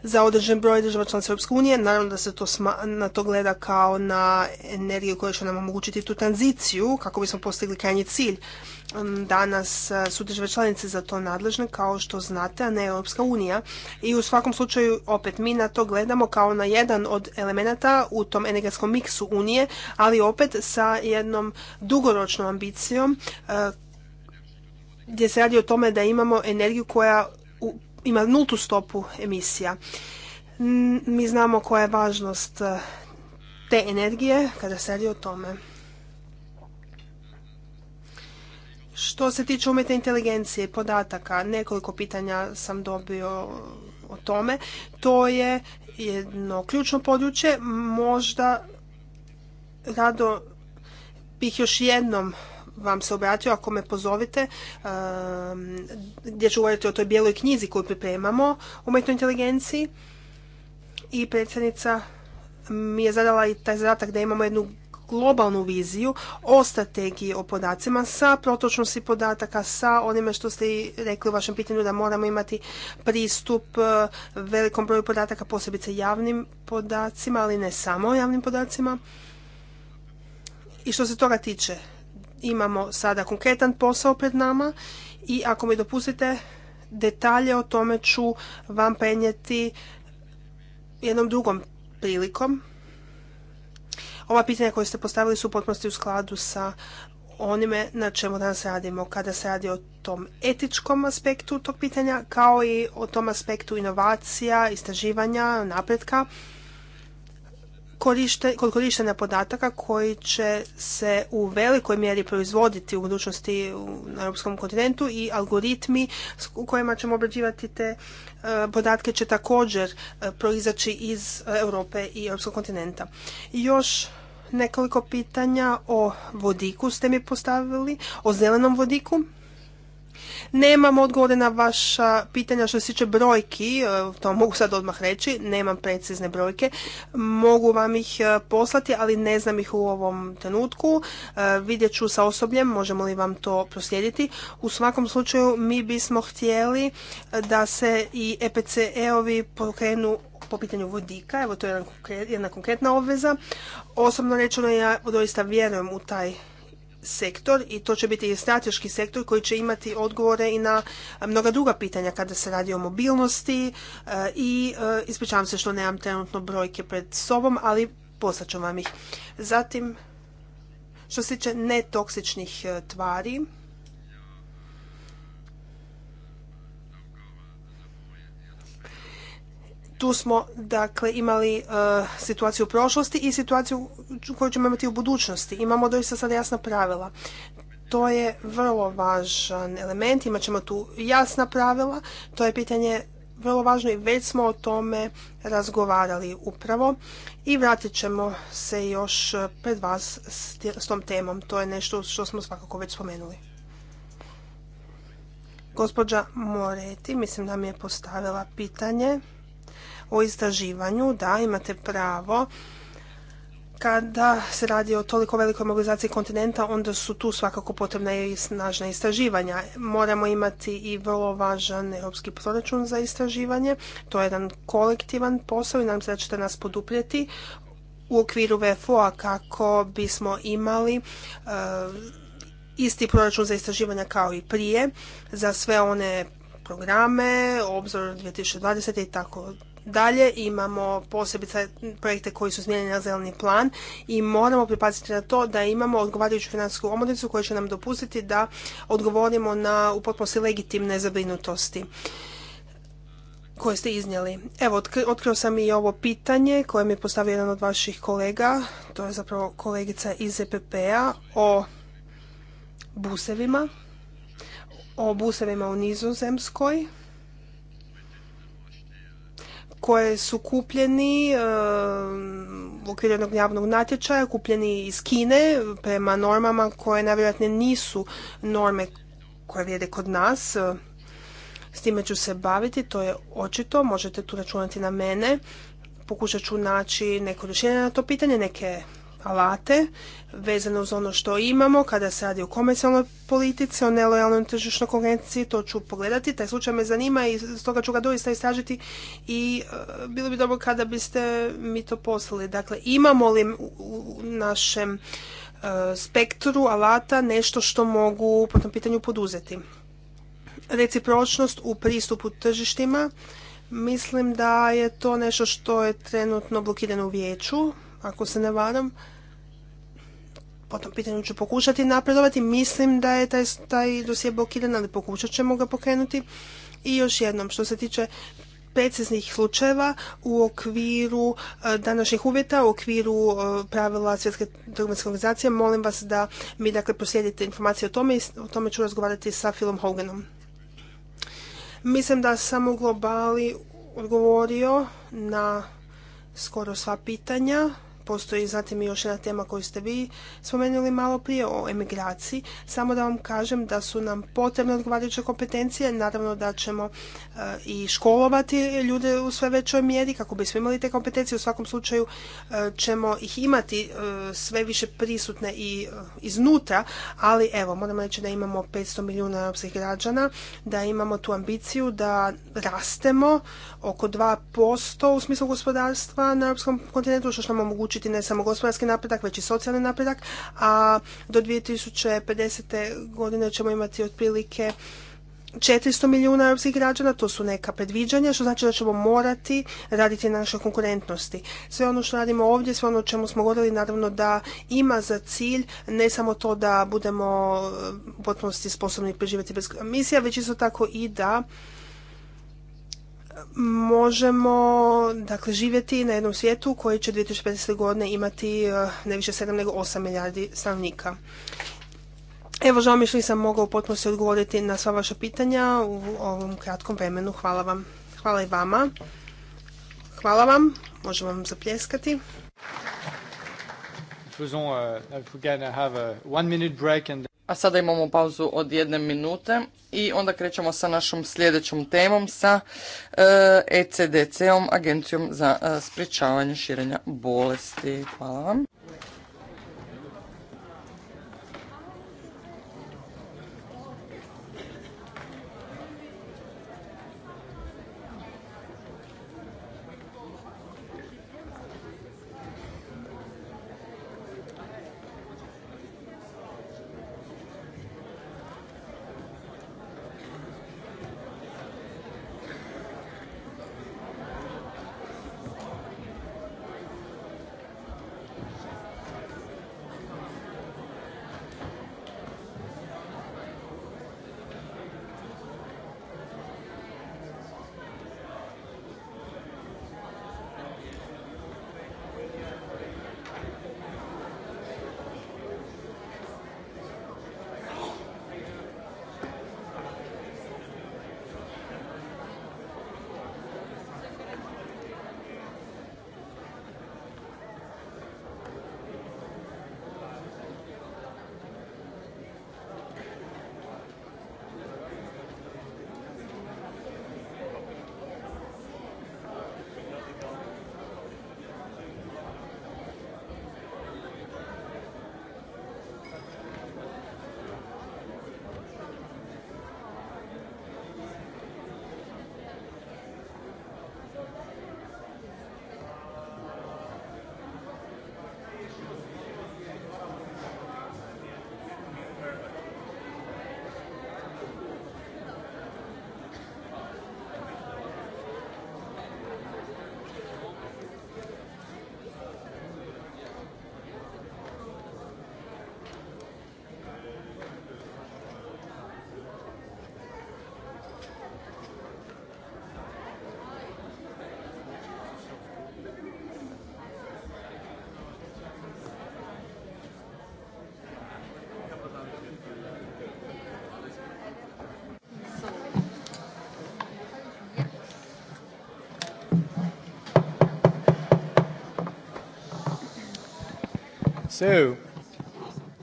za određen broj država članica Europske unije. Naravno da se to na to gleda kao na energiju koja će nam omogućiti tu tranziciju kako bismo postigli krajnji cilj. Mm, Danas e, su države članice za to nadležne kao što znate, a ne Europska unija. I u svakom slučaju opet mi na to gledamo kao na jedan od elemenata u tom energetskom miksu unije, ali opet sa jednom dugoročnom ambicijom e, gdje se radi o tome da imamo energiju koja ima nultu stopu emisija. Mi znamo koja je važnost eh, te energije kada se radi o tome. Što se tiče umjetne inteligencije i podataka, nekoliko pitanja sam dobio o tome. To je jedno ključno područje. Možda rado bih još jednom vam se obratio ako me pozovite ehm, gdje ću govoriti o toj bijeloj knjizi koju pripremamo o umjetnoj inteligenciji i predsjednica mi je zadala i taj zadatak da imamo jednu globalnu viziju o strategiji o podacima sa protočnosti podataka, sa onime što ste i rekli u vašem pitanju da moramo imati pristup e, velikom broju podataka, posebice javnim podacima, ali ne samo javnim podacima. I što se toga tiče, imamo sada konkretan posao pred nama i ako mi dopustite detalje o tome ću vam prenijeti jednom drugom prilikom. Ova pitanja koje ste postavili su u potpunosti u skladu sa onime na čemu danas radimo kada se radi o tom etičkom aspektu tog pitanja kao i o tom aspektu inovacija, istraživanja, napretka kod korištenja podataka koji će se u velikoj mjeri proizvoditi u budućnosti na europskom kontinentu i algoritmi u kojima ćemo obrađivati te e, podatke će također e, proizaći iz Europe i europskog kontinenta. Još nekoliko pitanja o vodiku ste mi postavili, o zelenom vodiku. Nemam odgovore na vaša pitanja što se tiče brojki, e, to mogu sad odmah reći, nemam precizne brojke, mogu vam ih e, poslati, ali ne znam ih u ovom trenutku. E, vidjet ću sa osobljem, možemo li vam to proslijediti. U svakom slučaju mi bismo htjeli da se i EPCE-ovi pokrenu po pitanju vodika, evo to je jedna konkretna obveza. Osobno rečeno ja doista vjerujem u taj sektor i to će biti i strateški sektor koji će imati odgovore i na mnoga druga pitanja kada se radi o mobilnosti e, i e, ispričavam se što nemam trenutno brojke pred sobom, ali poslat ću vam ih. Zatim, što se tiče netoksičnih e, tvari, tu smo dakle imali uh, situaciju u prošlosti i situaciju koju ćemo imati u budućnosti. Imamo doista sada jasna pravila. To je vrlo važan element, imat ćemo tu jasna pravila, to je pitanje vrlo važno i već smo o tome razgovarali upravo i vratit ćemo se još pred vas s tom temom. To je nešto što smo svakako već spomenuli. Gospođa Moreti, mislim da mi je postavila pitanje o istraživanju, da imate pravo kada se radi o toliko velikoj mobilizaciji kontinenta, onda su tu svakako potrebna i snažna istraživanja. Moramo imati i vrlo važan europski proračun za istraživanje. To je jedan kolektivan posao i nadam se da ćete nas poduprijeti u okviru VFO-a kako bismo imali e, isti proračun za istraživanja kao i prije, za sve one programe, obzor 2020 i tako Dalje imamo posebice projekte koji su smijenjeni na zeleni plan i moramo pripaziti na to da imamo odgovarajuću financijsku omotnicu koja će nam dopustiti da odgovorimo na u potpunosti legitimne zabrinutosti koje ste iznijeli. Evo, otkrio sam i ovo pitanje koje mi je postavio jedan od vaših kolega, to je zapravo kolegica iz EPP-a, o busevima, o busevima u Nizozemskoj koje su kupljeni e, u okviru jednog javnog natječaja, kupljeni iz Kine prema normama koje najvjerojatnije nisu norme koje vrijede kod nas. E, s time ću se baviti, to je očito, možete tu računati na mene. Pokušat ću naći neko rješenje na to pitanje, neke alate vezano uz ono što imamo kada se radi o komercijalnoj politici, o nelojalnoj tržišnoj konkurenciji, to ću pogledati. Taj slučaj me zanima i stoga ću ga doista istražiti i e, bilo bi dobro kada biste mi to poslali. Dakle, imamo li u našem e, spektru alata nešto što mogu po tom pitanju poduzeti. Recipročnost u pristupu tržištima. Mislim da je to nešto što je trenutno blokirano u vijeću, ako se ne varam po tom pitanju ću pokušati napredovati. Mislim da je taj, taj dosje blokiran, ali pokušat ćemo ga pokrenuti. I još jednom, što se tiče preciznih slučajeva u okviru e, današnjih uvjeta, u okviru e, pravila Svjetske trgovinske organizacije, molim vas da mi dakle proslijedite informacije o tome i o tome ću razgovarati sa Filom Hoganom. Mislim da sam u globali odgovorio na skoro sva pitanja postoji zatim još jedna tema koju ste vi spomenuli malo prije o emigraciji. Samo da vam kažem da su nam potrebne odgovarajuće kompetencije. Naravno da ćemo eh, i školovati ljude u sve većoj mjeri kako bismo imali te kompetencije. U svakom slučaju eh, ćemo ih imati eh, sve više prisutne i iznutra, ali evo, moramo reći da imamo 500 milijuna europskih građana, da imamo tu ambiciju da rastemo oko 2% u smislu gospodarstva na europskom kontinentu, što nam omogućuje omogućiti ne samo gospodarski napredak, već i socijalni napredak, a do 2050. godine ćemo imati otprilike 400 milijuna europskih građana, to su neka predviđanja, što znači da ćemo morati raditi na našoj konkurentnosti. Sve ono što radimo ovdje, sve ono o čemu smo govorili, naravno da ima za cilj ne samo to da budemo u potpunosti sposobni preživjeti bez misija, već isto tako i da možemo dakle, živjeti na jednom svijetu koji će 2050. godine imati eh, ne više 7 nego 8 milijardi stanovnika. Evo, žao mi što sam mogao potpuno se odgovoriti na sva vaša pitanja u ovom kratkom vremenu. Hvala vam. Hvala i vama. Hvala vam. Možemo vam zapljeskati. Euh, a sada imamo pauzu od jedne minute i onda krećemo sa našom sljedećom temom sa ECDC-om, eh, e Agencijom za eh, sprječavanje širenja bolesti. Hvala vam.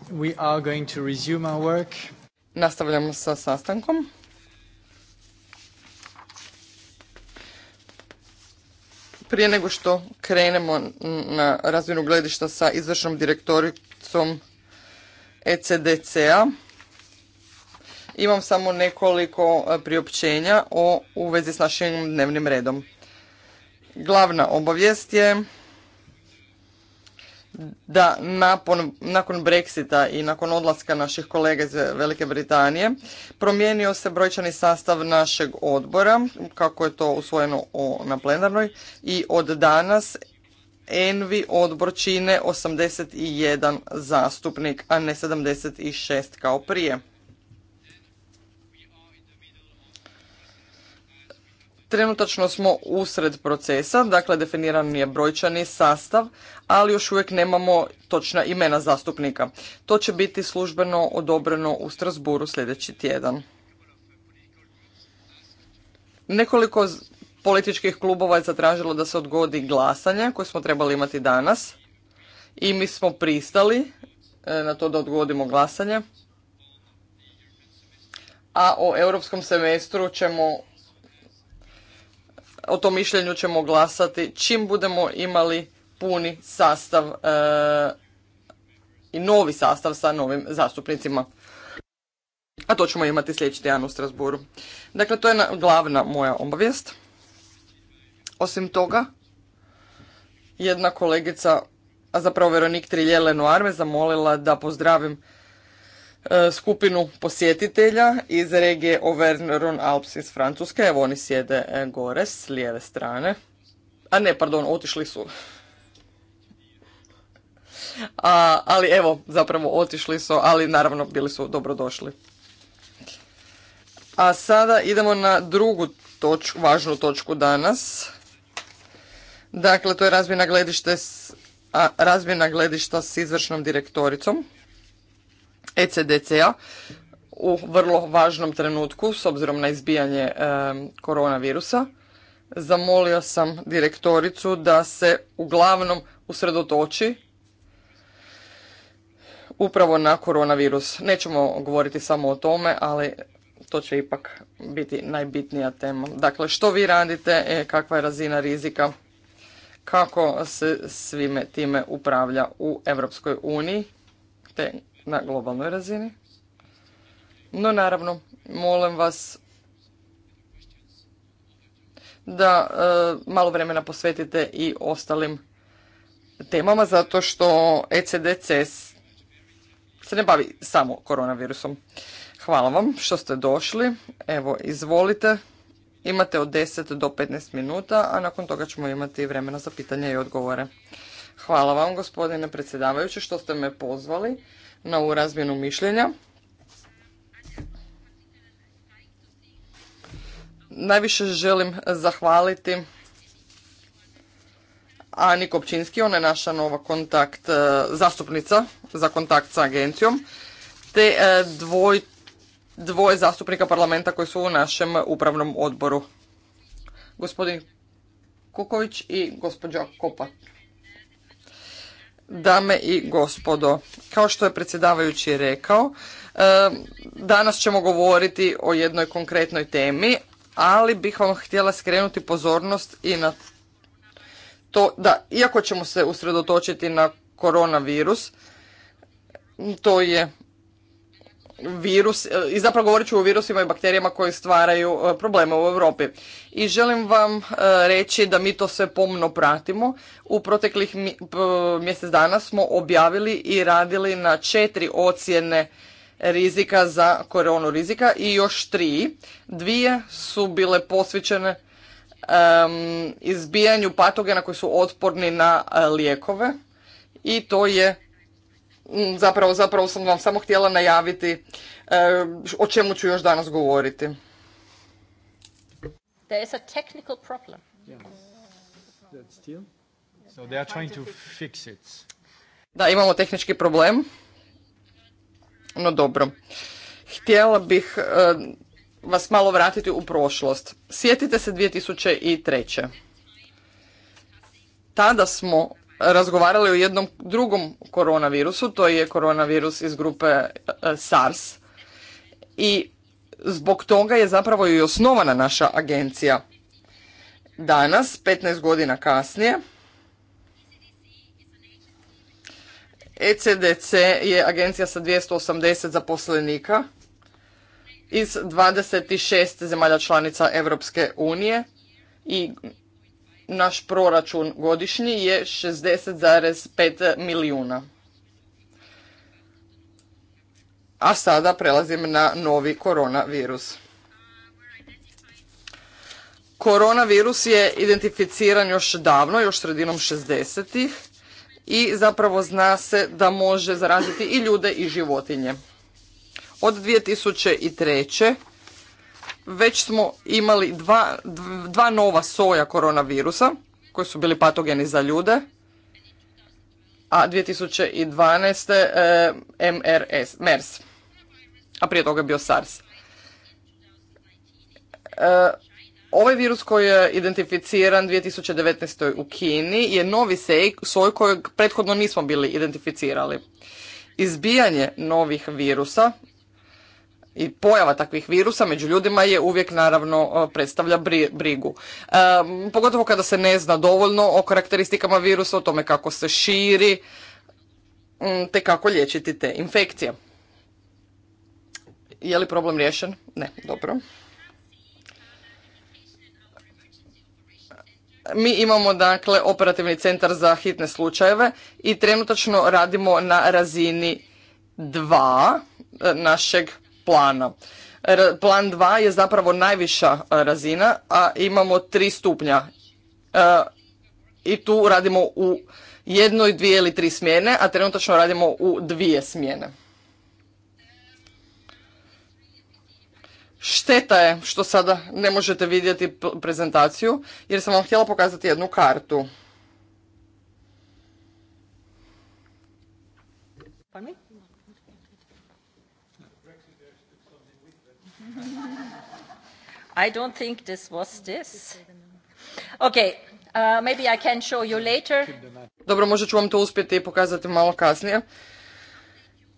we Nastavljamo sa sastankom. Prije nego što krenemo na razvinu gledišta sa izvršnom direktoricom ECDC-a, imam samo nekoliko e, priopćenja o, u vezi s našim dnevnim redom. Glavna obavijest je da nakon Brexita i nakon odlaska naših kolega iz Velike Britanije promijenio se brojčani sastav našeg odbora, kako je to usvojeno na plenarnoj, i od danas Envi odbor čine 81 zastupnik, a ne 76 kao prije. Trenutačno smo usred procesa, dakle definiran je brojčani sastav, ali još uvijek nemamo točna imena zastupnika. To će biti službeno odobreno u Strasburu sljedeći tjedan. Nekoliko političkih klubova je zatražilo da se odgodi glasanje koje smo trebali imati danas i mi smo pristali e, na to da odgodimo glasanje. A o europskom semestru ćemo o tom mišljenju ćemo glasati čim budemo imali puni sastav e, i novi sastav sa novim zastupnicima. A to ćemo imati sljedeći tjedan u Strasburu. Dakle, to je glavna moja obavijest. Osim toga, jedna kolegica, a zapravo Veronik Triljele Noarme, zamolila da pozdravim E, skupinu posjetitelja iz regije auvergne rhône Alps iz Francuske. Evo oni sjede e, gore s lijeve strane. A ne, pardon, otišli su. A, ali evo, zapravo otišli su, ali naravno bili su dobrodošli. A sada idemo na drugu točku, važnu točku danas. Dakle, to je razmjena gledišta razmjena gledišta s izvršnom direktoricom. ECDC-a u vrlo važnom trenutku s obzirom na izbijanje koronavirusa. Zamolio sam direktoricu da se uglavnom usredotoči upravo na koronavirus. Nećemo govoriti samo o tome, ali to će ipak biti najbitnija tema. Dakle, što vi radite, e, kakva je razina rizika, kako se svime time upravlja u Europskoj uniji, te na globalnoj razini. No naravno, molim vas da e, malo vremena posvetite i ostalim temama, zato što ECDC se ne bavi samo koronavirusom. Hvala vam što ste došli. Evo, izvolite. Imate od 10 do 15 minuta, a nakon toga ćemo imati vremena za pitanja i odgovore. Hvala vam, gospodine predsjedavajući, što ste me pozvali na ovu razmjenu mišljenja. Najviše želim zahvaliti Ani Kopčinski, ona je naša nova kontakt, e, zastupnica za kontakt sa agencijom, te e, dvoj, dvoje zastupnika parlamenta koji su u našem upravnom odboru. Gospodin Kuković i gospođa Kopa. Dame i gospodo, kao što je predsjedavajući rekao, e, danas ćemo govoriti o jednoj konkretnoj temi, ali bih vam htjela skrenuti pozornost i na to da, iako ćemo se usredotočiti na koronavirus, to je virus, e, i zapravo govorit ću o virusima i bakterijama koji stvaraju e, probleme u Europi. I želim vam e, reći da mi to sve pomno pratimo. U proteklih mjesec dana smo objavili i radili na četiri ocjene rizika za koronu rizika i još tri. Dvije su bile posvećene izbijanju patogena koji su otporni na lijekove i to je Mm, zapravo, zapravo sam vam samo htjela najaviti e, o čemu ću još danas govoriti. Da, imamo tehnički problem. No dobro. Htjela bih e, vas malo vratiti u prošlost. Sjetite se 2003. Tada smo razgovarali o jednom drugom koronavirusu, to je koronavirus iz grupe e, SARS. I zbog toga je zapravo i osnovana naša agencija. Danas, 15 godina kasnije, ECDC je agencija sa 280 zaposlenika iz 26 zemalja članica Europske unije i naš proračun godišnji je 60,5 milijuna. A sada prelazim na novi koronavirus. Koronavirus je identificiran još davno, još sredinom 60-ih i zapravo zna se da može zaraziti i ljude i životinje. Od 2003 već smo imali dva, dva nova soja koronavirusa koji su bili patogeni za ljude, a 2012. E, MRS, MERS, a prije toga je bio SARS. E, ovaj virus koji je identificiran 2019. u Kini je novi soj kojeg prethodno nismo bili identificirali. Izbijanje novih virusa i pojava takvih virusa među ljudima je uvijek naravno predstavlja brigu. pogotovo kada se ne zna dovoljno o karakteristikama virusa, o tome kako se širi, mm, te kako liječiti te infekcije. Je li problem riješen? Ne, dobro. Mi imamo dakle operativni centar za hitne slučajeve i trenutačno radimo na razini 2 e, našeg plana. Plan 2 je zapravo najviša e, razina, a imamo tri stupnja. E, I tu radimo u jednoj, dvije ili tri smjene, a trenutačno radimo u dvije smjene. Šteta je što sada ne možete vidjeti prezentaciju, jer sam vam htjela pokazati jednu kartu. I don't think this was this. Okay, uh, maybe I can show you later. Dobro, možda ću vam to uspjeti i pokazati malo kasnije.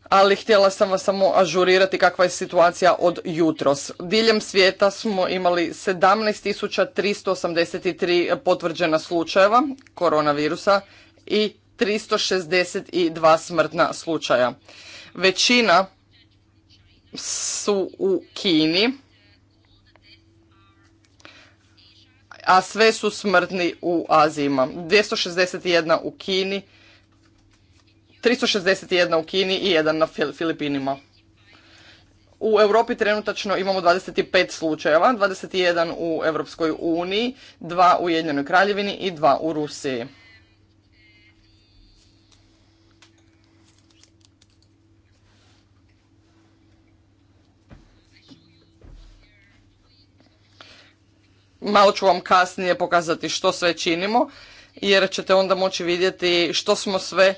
Ali htjela sam vas samo ažurirati kakva je situacija od jutros. Diljem svijeta smo imali 17.383 potvrđena slučajeva koronavirusa i 362 smrtna slučaja. Većina su u Kini a sve su smrtni u Azijima. 261 u Kini, 361 u Kini i jedan na Filipinima. U Europi trenutačno imamo 25 slučajeva, 21 u Europskoj uniji, 2 u Ujedinjenoj kraljevini i 2 u Rusiji. Malo ću vam kasnije pokazati što sve činimo, jer ćete onda moći vidjeti što smo sve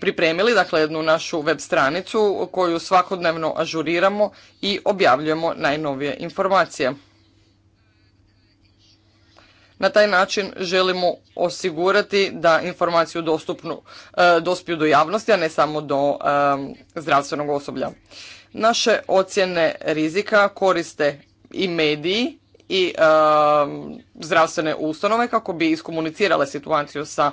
pripremili, dakle jednu našu web stranicu koju svakodnevno ažuriramo i objavljujemo najnovije informacije. Na taj način želimo osigurati da informaciju dostupnu, e, dospiju do javnosti, a ne samo do e, zdravstvenog osoblja. Naše ocjene rizika koriste i mediji i e, zdravstvene ustanove kako bi iskomunicirale situaciju sa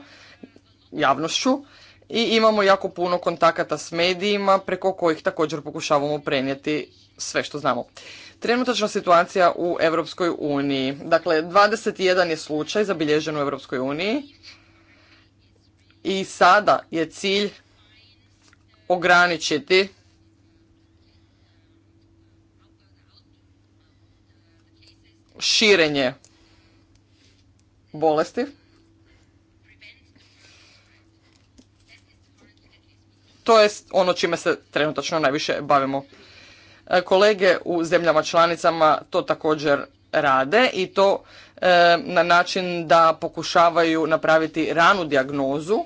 javnošću i imamo jako puno kontakata s medijima preko kojih također pokušavamo prenijeti sve što znamo. Trenutačna situacija u Europskoj uniji. Dakle, 21 je slučaj zabilježen u Europskoj uniji i sada je cilj ograničiti širenje bolesti. To je ono čime se trenutačno najviše bavimo. E, kolege u zemljama članicama to također rade i to e, na način da pokušavaju napraviti ranu dijagnozu,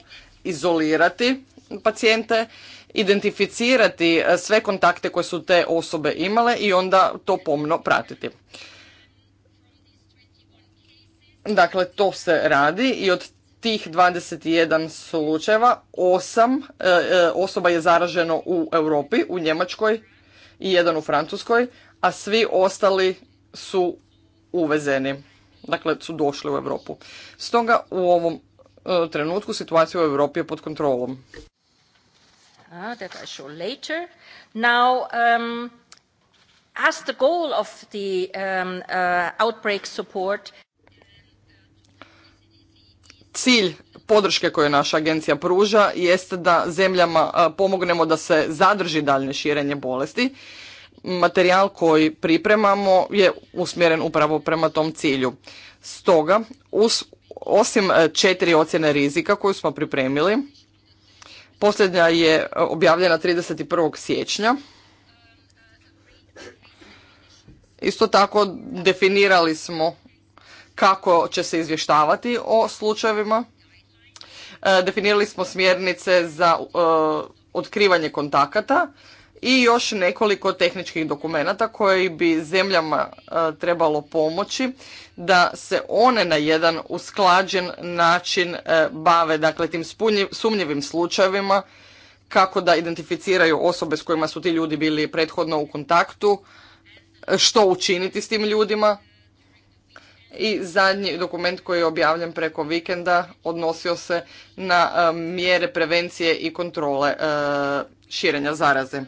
izolirati pacijente, identificirati e, sve kontakte koje su te osobe imale i onda to pomno pratiti. Dakle, to se radi i od tih 21 slučajeva osam e, e, osoba je zaraženo u Europi, u Njemačkoj i jedan u Francuskoj, a svi ostali su uvezeni. Dakle, su došli u Europu. Stoga u ovom e, trenutku situacija u Europi je pod kontrolom. Ah, that later. Now, um, as the goal of the um, uh, outbreak support cilj podrške koju naša agencija pruža jest da zemljama pomognemo da se zadrži daljnje širenje bolesti. Materijal koji pripremamo je usmjeren upravo prema tom cilju. Stoga, osim e, četiri ocjene rizika koju smo pripremili, posljednja je e, objavljena 31. siječnja. Isto tako definirali smo kako će se izvještavati o slučajevima. E, definirali smo smjernice za e, otkrivanje kontakata i još nekoliko tehničkih dokumenata koji bi zemljama e, trebalo pomoći da se one na jedan usklađen način bave dakle tim sumnjivim slučajevima kako da identificiraju osobe s kojima su ti ljudi bili prethodno u kontaktu, što učiniti s tim ljudima i zadnji dokument koji je objavljen preko vikenda odnosio se na e, mjere prevencije i kontrole e, širenja zaraze.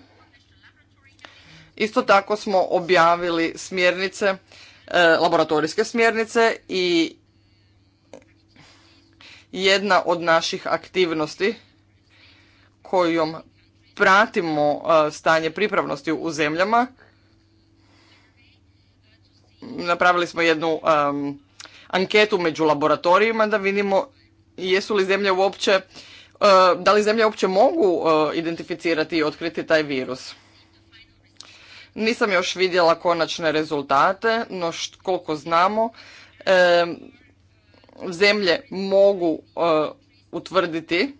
Isto tako smo objavili smjernice, e, laboratorijske smjernice i jedna od naših aktivnosti kojom pratimo stanje pripravnosti u zemljama napravili smo jednu um, anketu među laboratorijima da vidimo jesu li zemlje uopće, uh, da li zemlje uopće mogu uh, identificirati i otkriti taj virus. Nisam još vidjela konačne rezultate, no koliko znamo, um, zemlje mogu uh, utvrditi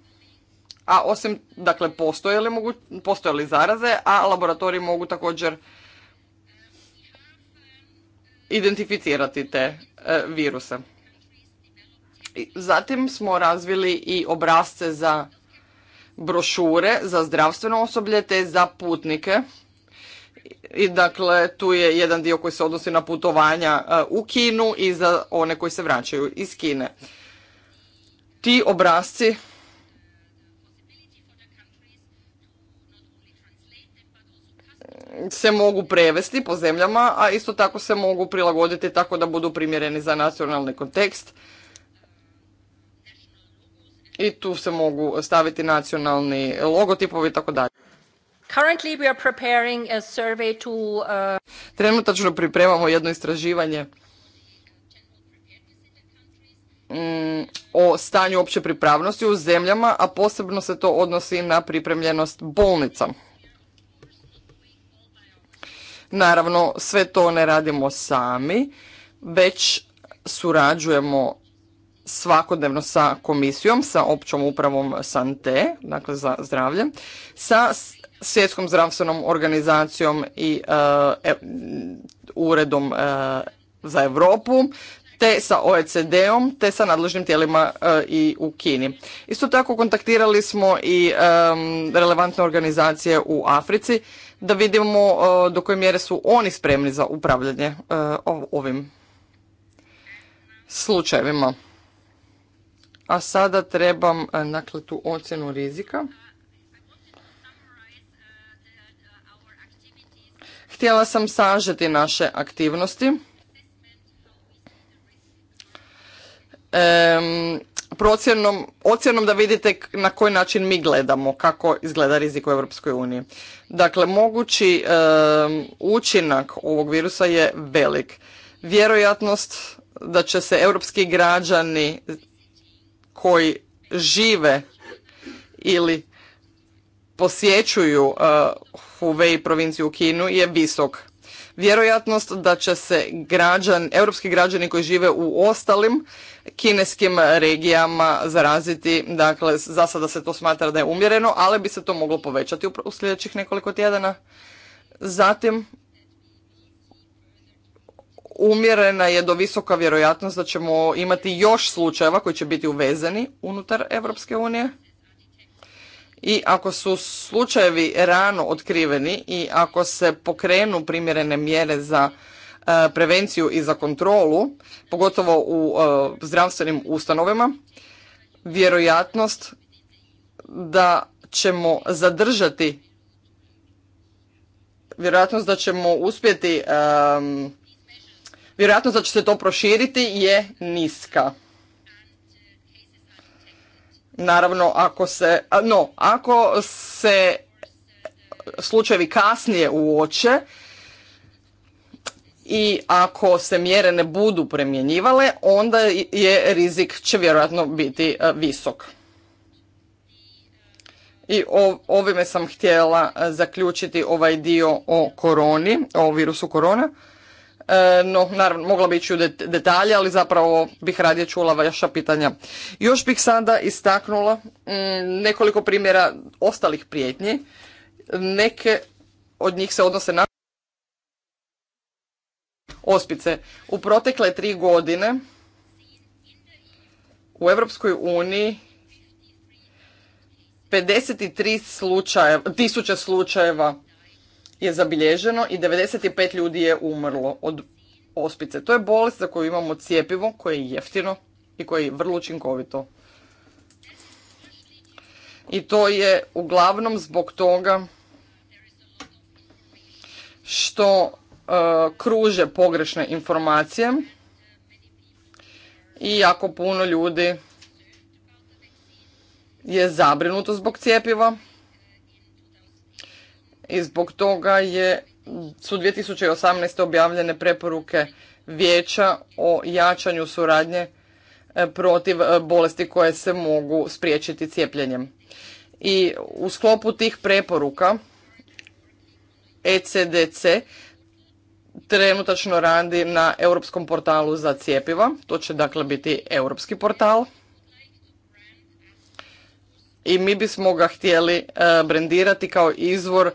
a osim, dakle, postoje li, mogu, postoje li zaraze, a laboratoriji mogu također identificirati te e, viruse. Zatim smo razvili i obrazce za brošure za zdravstveno osoblje te za putnike. I dakle, tu je jedan dio koji se odnosi na putovanja e, u Kinu i za one koji se vraćaju iz Kine. Ti obrazci se mogu prevesti po zemljama, a isto tako se mogu prilagoditi tako da budu primjereni za nacionalni kontekst. I tu se mogu staviti nacionalni logotipovi i tako dalje. Currently uh, Trenutačno pripremamo jedno istraživanje mm, o stanju opće pripravnosti u zemljama, a posebno se to odnosi na pripremljenost bolnica. Naravno, sve to ne radimo sami, već surađujemo svakodnevno sa komisijom, sa općom upravom Sante, dakle za zdravlje, sa svjetskom zdravstvenom organizacijom i e, e, uredom e, za Europu, te sa OECD-om, te sa nadležnim tijelima i u Kini. Isto tako kontaktirali smo i relevantne organizacije u Africi da vidimo e, do koje mjere su oni spremni za upravljanje e, ovim slučajevima. A sada trebam e, dakle, tu ocjenu rizika. Htjela sam sažeti naše aktivnosti procjenom, ocjenom da vidite na koji način mi gledamo, kako izgleda rizik u Europskoj uniji. Dakle, mogući učinak ovog virusa je velik. Vjerojatnost da će se europski građani koji žive ili posjećuju uh, provinciju u Kinu je visok. Vjerojatnost da će se građan, europski građani koji žive u ostalim kineskim regijama zaraziti. Dakle, za sada se to smatra da je umjereno, ali bi se to moglo povećati u sljedećih nekoliko tjedana. Zatim, umjerena je do visoka vjerojatnost da ćemo imati još slučajeva koji će biti uvezeni unutar Europske unije. I ako su slučajevi rano otkriveni i ako se pokrenu primjerene mjere za E, prevenciju i za kontrolu, pogotovo u e, zdravstvenim ustanovama, vjerojatnost da ćemo zadržati vjerojatnost da ćemo uspjeti e, vjerojatnost da će se to proširiti je niska naravno ako se no ako se slučajevi kasnije uoče i ako se mjere ne budu premjenjivale, onda je rizik će vjerojatno biti e, visok. I ovime sam htjela e, zaključiti ovaj dio o koroni, o virusu korona. E, no, naravno, mogla bi ići u detalje, ali zapravo bih radije čula vaša pitanja. Još bih sada istaknula mm, nekoliko primjera ostalih prijetnji. Neke od njih se odnose na ospice. U protekle tri godine u Europskoj uniji 53 slučajeva, tisuća slučajeva je zabilježeno i 95 ljudi je umrlo od ospice. To je bolest za koju imamo cijepivo koje je jeftino i koje je vrlo učinkovito. I to je uglavnom zbog toga što E, kruže pogrešne informacije i jako puno ljudi je zabrinuto zbog cijepiva i zbog toga je, su 2018. objavljene preporuke vijeća o jačanju suradnje e, protiv e, bolesti koje se mogu spriječiti cijepljenjem. I u sklopu tih preporuka ECDC trenutačno radi na europskom portalu za cijepiva. To će dakle biti europski portal. I mi bismo ga htjeli e, brendirati kao izvor e,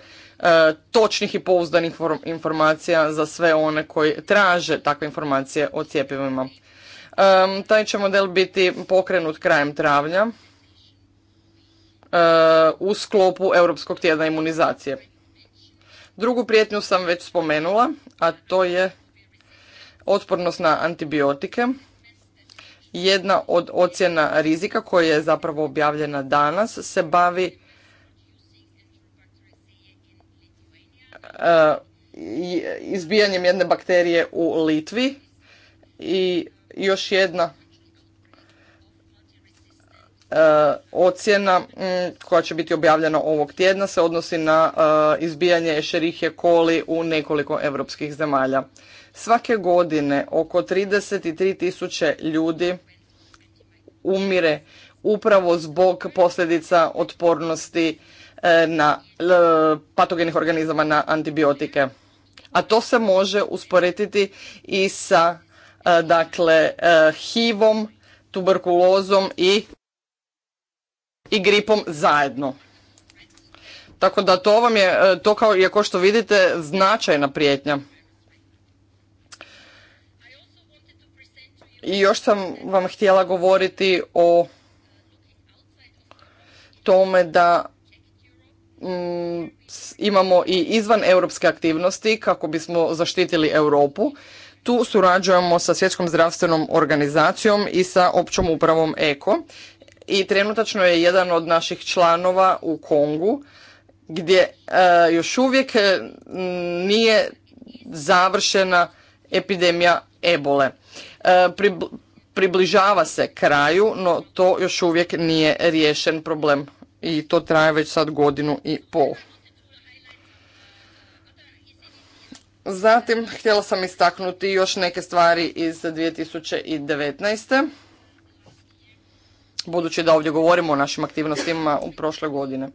točnih i pouzdanih informacija za sve one koji traže takve informacije o cijepivima. E, taj će model biti pokrenut krajem travnja u sklopu Europskog tjedna imunizacije. Drugu prijetnju sam već spomenula, a to je otpornost na antibiotike. Jedna od ocjena rizika koja je zapravo objavljena danas se bavi e, izbijanjem jedne bakterije u Litvi i još jedna E, ocjena mm, koja će biti objavljena ovog tjedna se odnosi na e, izbijanje šerihje koli u nekoliko europskih zemalja. Svake godine oko 33 tisuće ljudi umire upravo zbog posljedica otpornosti e, na patogenih organizama na antibiotike. A to se može usporediti i sa dakle, hiv tuberkulozom i i gripom zajedno. Tako da to vam je, e, to kao, što vidite, značajna prijetnja. I još sam vam htjela govoriti o tome da mm, imamo i izvan europske aktivnosti kako bismo zaštitili Europu. Tu surađujemo sa Svjetskom zdravstvenom organizacijom i sa općom upravom EKO i trenutačno je jedan od naših članova u Kongu gdje e, još uvijek e, nije završena epidemija ebole. E, približava se kraju, no to još uvijek nije riješen problem i to traje već sad godinu i pol. Zatim htjela sam istaknuti još neke stvari iz 2019 budući da ovdje govorimo o našim aktivnostima u prošle godine.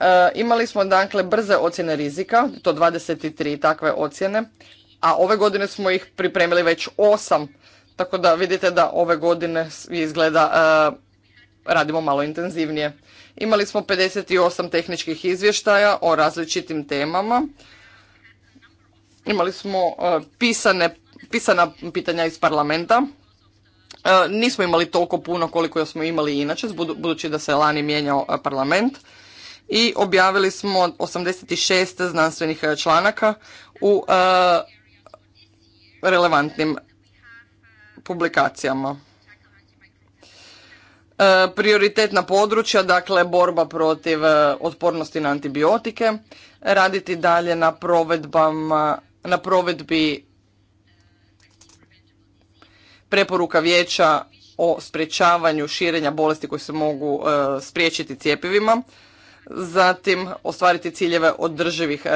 E, imali smo dakle brze ocjene rizika, to 23 takve ocjene, a ove godine smo ih pripremili već 8, tako da vidite da ove godine izgleda e, radimo malo intenzivnije. Imali smo 58 tehničkih izvještaja o različitim temama. Imali smo e, pisane, pisana pitanja iz parlamenta E, nismo imali toliko puno koliko smo imali inače, budući da se lani mijenjao e, parlament. I objavili smo 86 znanstvenih e, članaka u relevantnim publikacijama. Prioritetna područja, dakle borba protiv otpornosti na antibiotike, raditi dalje na provedbama, na provedbi preporuka vijeća o sprječavanju širenja bolesti koje se mogu e, spriječiti cjepivima, zatim ostvariti ciljeve održivih e,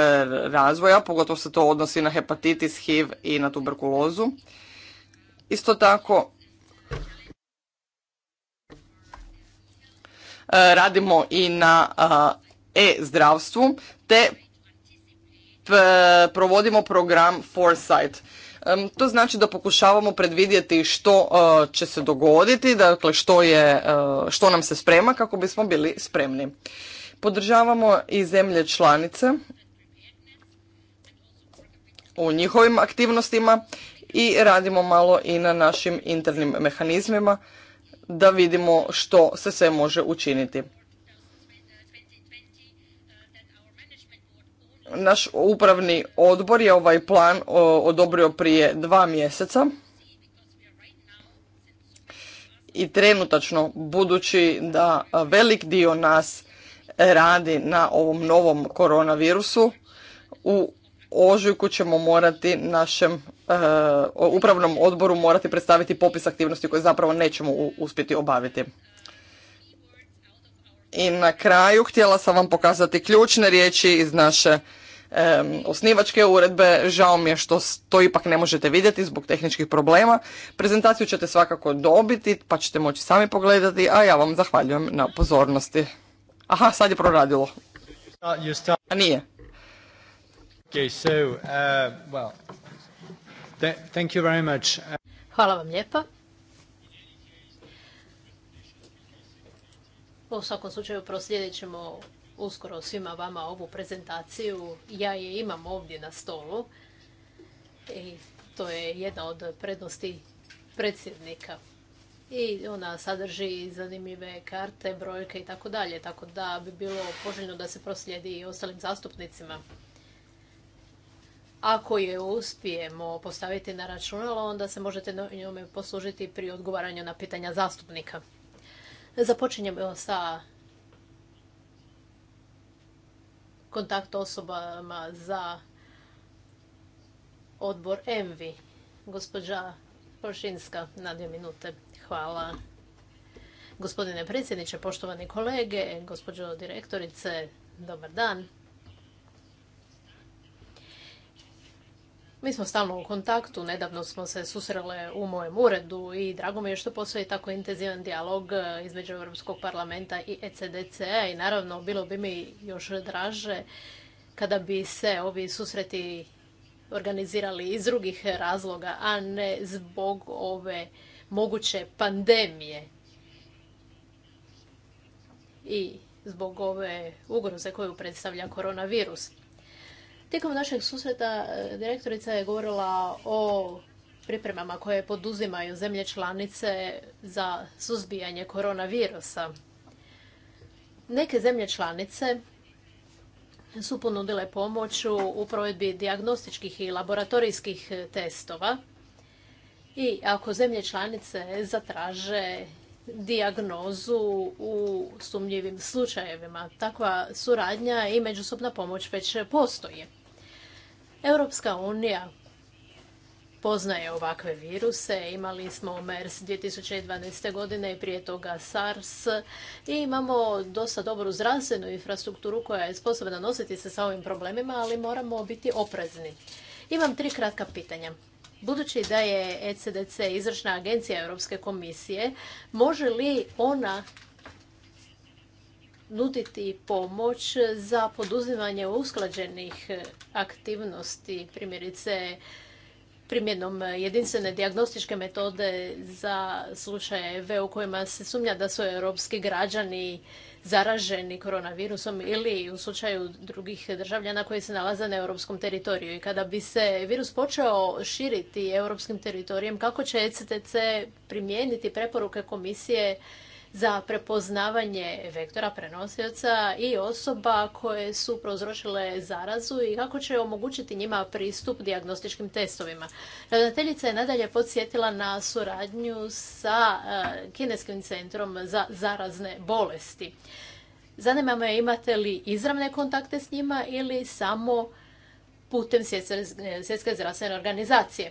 razvoja, pogotovo se to odnosi na hepatitis, HIV i na tuberkulozu. Isto tako e, radimo i na e, e-zdravstvu te provodimo program Foresight to znači da pokušavamo predvidjeti što e, će se dogoditi, dakle što, je, e, što nam se sprema kako bismo bili spremni. Podržavamo i zemlje članice u njihovim aktivnostima i radimo malo i na našim internim mehanizmima da vidimo što se sve može učiniti. Naš upravni odbor je ovaj plan odobrio prije dva mjeseca i trenutačno budući da velik dio nas radi na ovom novom koronavirusu u ožujku ćemo morati našem e, upravnom odboru morati predstaviti popis aktivnosti koje zapravo nećemo uspjeti obaviti. I na kraju htjela sam vam pokazati ključne riječi iz naše osnivačke uredbe. Žao mi je što to ipak ne možete vidjeti zbog tehničkih problema. Prezentaciju ćete svakako dobiti pa ćete moći sami pogledati, a ja vam zahvaljujem na pozornosti. Aha, sad je proradilo. A nije. Uh, Hvala vam lijepa. U svakom slučaju proslijedit ćemo uskoro svima vama ovu prezentaciju. Ja je imam ovdje na stolu i to je jedna od prednosti predsjednika. I ona sadrži zanimljive karte, brojke i tako dalje, tako da bi bilo poželjno da se proslijedi i ostalim zastupnicima. Ako je uspijemo postaviti na računalo, onda se možete njome poslužiti pri odgovaranju na pitanja zastupnika. Započinjemo sa kontakt osobama za odbor ENVI. Gospođa Pošinska, na dvije minute. Hvala. Gospodine predsjedniče, poštovani kolege, gospođo direktorice, dobar dan. Mi smo stalno u kontaktu, nedavno smo se susrele u mojem uredu i drago mi je što postoji tako intenzivan dijalog e, između Europskog parlamenta i ECDC-a i naravno bilo bi mi još draže kada bi se ovi susreti organizirali iz drugih razloga, a ne zbog ove moguće pandemije i zbog ove ugroze koju predstavlja koronavirus. Tijekom našeg susreta e, direktorica je govorila o pripremama koje poduzimaju zemlje članice za suzbijanje koronavirusa. Neke zemlje članice su ponudile pomoć u provedbi dijagnostičkih i laboratorijskih testova i ako zemlje članice zatraže dijagnozu u sumnjivim slučajevima. Takva suradnja i međusobna pomoć već postoji. Europska unija poznaje ovakve viruse. Imali smo MERS 2012. godine i prije toga SARS i imamo dosta dobru zdravstvenu infrastrukturu koja je sposobna nositi se sa ovim problemima, ali moramo biti oprezni. Imam tri kratka pitanja. Budući da je ECDC izvršna agencija Europske komisije, može li ona nuditi pomoć za poduzimanje usklađenih aktivnosti, primjerice primjenom jedinstvene diagnostičke metode za slučajeve u kojima se sumnja da su europski građani zaraženi koronavirusom ili u slučaju drugih državljana koji se nalaze na europskom teritoriju. I kada bi se virus počeo širiti europskim teritorijem, kako će ECTC primijeniti preporuke komisije za prepoznavanje vektora prenosioca i osoba koje su prouzročile zarazu i kako će omogućiti njima pristup dijagnostičkim testovima. Ravnateljica je nadalje podsjetila na suradnju sa e, Kineskim centrom za zarazne bolesti. Zanima me imate li izravne kontakte s njima ili samo putem Svjetske zdravstvene organizacije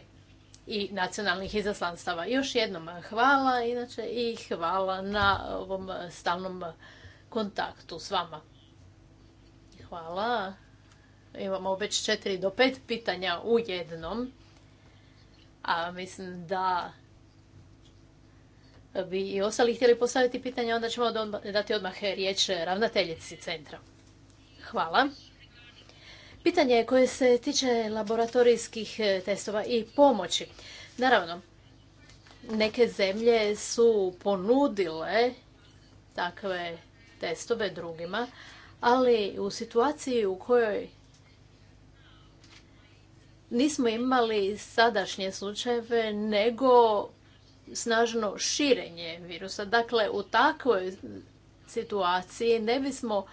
i nacionalnih izaslanstava. Još jednom hvala inače i hvala na ovom stalnom kontaktu s vama. Hvala. Imamo već četiri do pet pitanja u jednom. A mislim da bi i ostali htjeli postaviti pitanje, onda ćemo dati odmah riječ ravnateljici centra. Hvala. Pitanje koje se tiče laboratorijskih e, testova i pomoći. Naravno, neke zemlje su ponudile takve testove drugima, ali u situaciji u kojoj nismo imali sadašnje slučajeve, nego snažno širenje virusa. Dakle, u takvoj situaciji ne bismo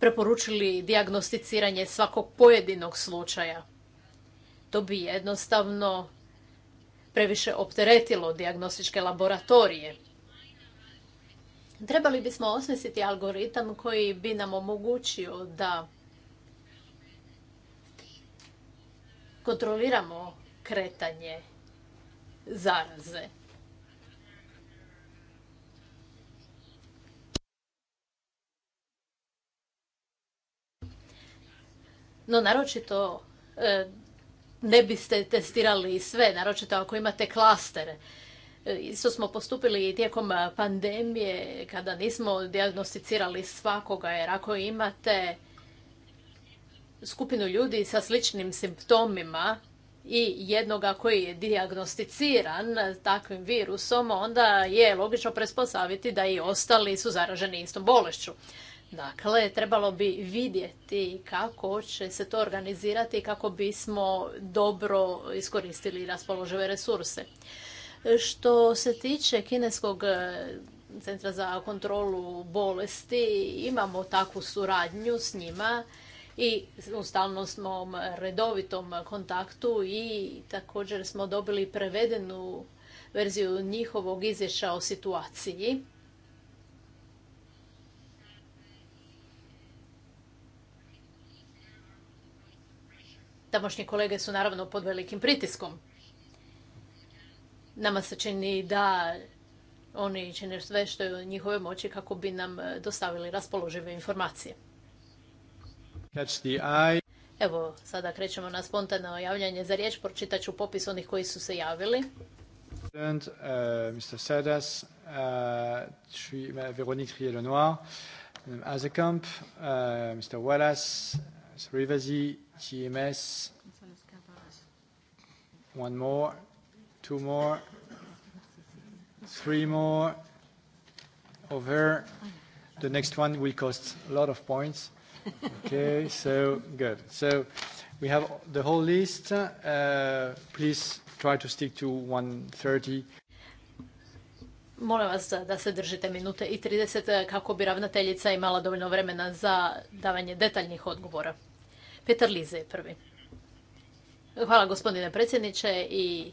preporučili diagnosticiranje svakog pojedinog slučaja. To bi jednostavno previše opteretilo diagnostičke laboratorije. Trebali bismo osmisliti algoritam koji bi nam omogućio da kontroliramo kretanje zaraze. No naročito e, ne biste testirali sve, naročito ako imate klastere. E, isto smo postupili i tijekom pandemije kada nismo diagnosticirali svakoga jer ako imate skupinu ljudi sa sličnim simptomima i jednoga koji je diagnosticiran takvim virusom, onda je logično pretpostaviti da i ostali su zaraženi istom bolešću. Dakle, trebalo bi vidjeti kako će se to organizirati kako bismo dobro iskoristili raspoložive resurse. Što se tiče kineskog e, centra za kontrolu bolesti, imamo takvu suradnju s njima i u stalnom smo redovitom kontaktu i također smo dobili prevedenu verziju njihovog izvješća o situaciji Tamošnji kolege su naravno pod velikim pritiskom. Nama se čini da oni čine sve što je u njihove moći kako bi nam e, dostavili raspoložive informacije. Evo, sada krećemo na spontano javljanje za riječ. Pročitat ću popis onih koji su se javili. Mr. Sadas, Azekamp, Mr. Wallace, GMS, One more, two more, three more over. The next one will cost a lot of points. Okay, so good. So we have the whole list. Uh, please try to stick to 130. Molim vas da se držite minute i 30 kako bi ravnateljica imala dovoljno vremena za davanje detaljnih odgovora. Petar Lize je prvi. Hvala gospodine predsjedniče i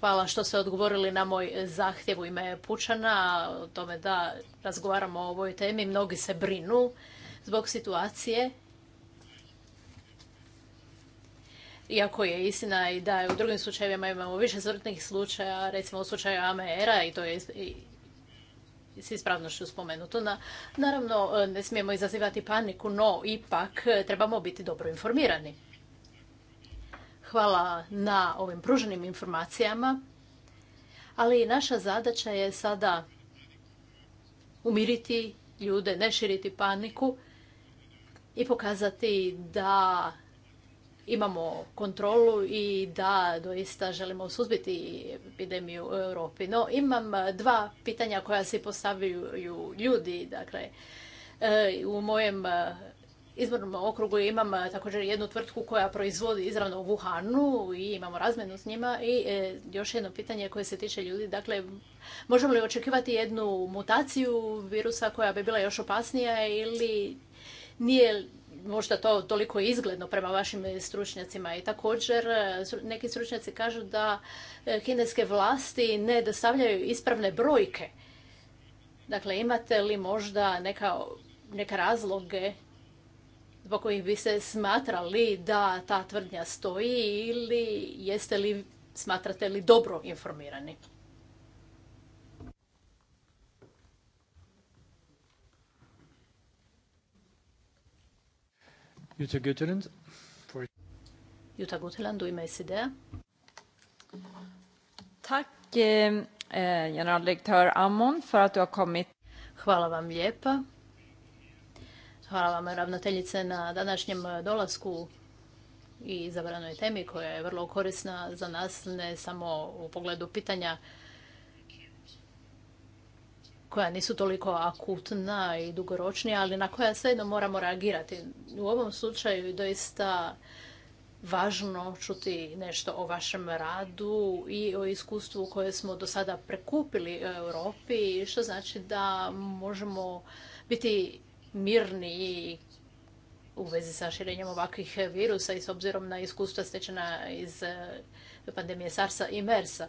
hvala što ste odgovorili na moj zahtjev u ime Pučana o tome da razgovaramo o ovoj temi. Mnogi se brinu zbog situacije Iako je istina i da u drugim slučajevima imamo više zvrtnih slučaja, recimo u slučaju amer i to je s ispravnošću spomenuto. Na, naravno, e, ne smijemo izazivati paniku, no ipak e, trebamo biti dobro informirani. Hvala na ovim pruženim informacijama, ali naša zadaća je sada umiriti ljude, ne širiti paniku i pokazati da imamo kontrolu i da doista želimo suzbiti epidemiju u Europi. No, imam dva pitanja koja se postavljaju ljudi. Dakle, e, u mojem e, izbornom okrugu imam e, također jednu tvrtku koja proizvodi izravno u Wuhanu i imamo razmenu s njima. I još jedno pitanje koje se tiče ljudi. Dakle, možemo li očekivati jednu mutaciju virusa koja bi bila još opasnija ili nije možda to toliko izgledno prema vašim stručnjacima i također e, neki stručnjaci kažu da e, kineske vlasti ne dostavljaju ispravne brojke. Dakle, imate li možda neka, neka razloge zbog kojih bi se smatrali da ta tvrdnja stoji ili jeste li, smatrate li dobro informirani? Jutta Götterlund. For... Jutta du u er ime SID-a. Tack eh, eh generaldirektör Ammon för att du har kommit. Hvala vam lijepa. Hvala vam ravnateljice na današnjem dolasku i zabranoj temi koja je vrlo korisna za nas ne samo u pogledu pitanja koja nisu toliko akutna i dugoročnija, ali na koja jedno moramo reagirati. U ovom slučaju je doista važno čuti nešto o vašem radu i o iskustvu koje smo do sada prekupili u Europi, što znači da možemo biti mirni u vezi sa širenjem ovakvih virusa i s obzirom na iskustva stečena iz eh, pandemije SARS-a i MERS-a.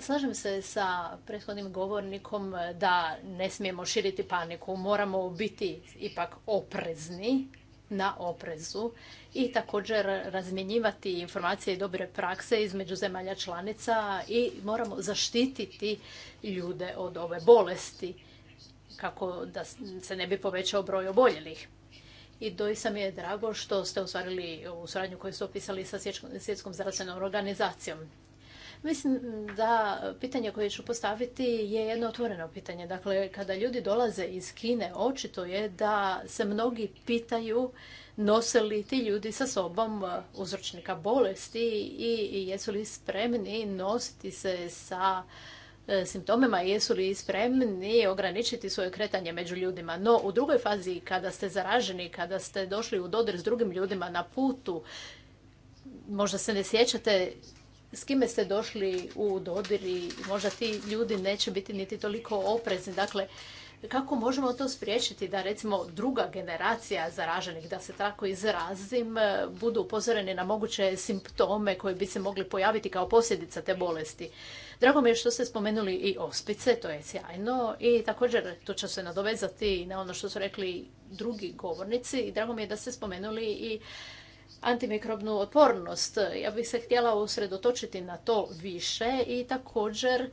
Slažem se sa prethodnim govornikom da ne smijemo širiti paniku, moramo biti ipak oprezni na oprezu i također razmjenjivati informacije i dobre prakse između zemalja članica i moramo zaštititi ljude od ove bolesti kako da se ne bi povećao broj oboljelih. I doista mi je drago što ste ostvarili u suradnju koju ste opisali sa Svjetskom zdravstvenom organizacijom. Mislim da pitanje koje ću postaviti je jedno otvoreno pitanje. Dakle, kada ljudi dolaze iz Kine, očito je da se mnogi pitaju nose li ti ljudi sa sobom e, uzročnika bolesti i jesu li spremni nositi se sa e, simptomima i jesu li spremni ograničiti svoje kretanje među ljudima. No, u drugoj fazi, kada ste zaraženi, kada ste došli u dodir s drugim ljudima na putu, možda se ne sjećate s kime ste došli u dodir i možda ti ljudi neće biti niti toliko oprezni. Dakle, kako možemo to spriječiti da recimo druga generacija zaraženih, da se tako izrazim, budu upozoreni na moguće simptome koji bi se mogli pojaviti kao posljedica te bolesti. Drago mi je što ste spomenuli i ospice, to je sjajno. I također, to će se nadovezati na ono što su rekli drugi govornici. I drago mi je da ste spomenuli i antimikrobnu otpornost. Ja bih se htjela usredotočiti na to više i također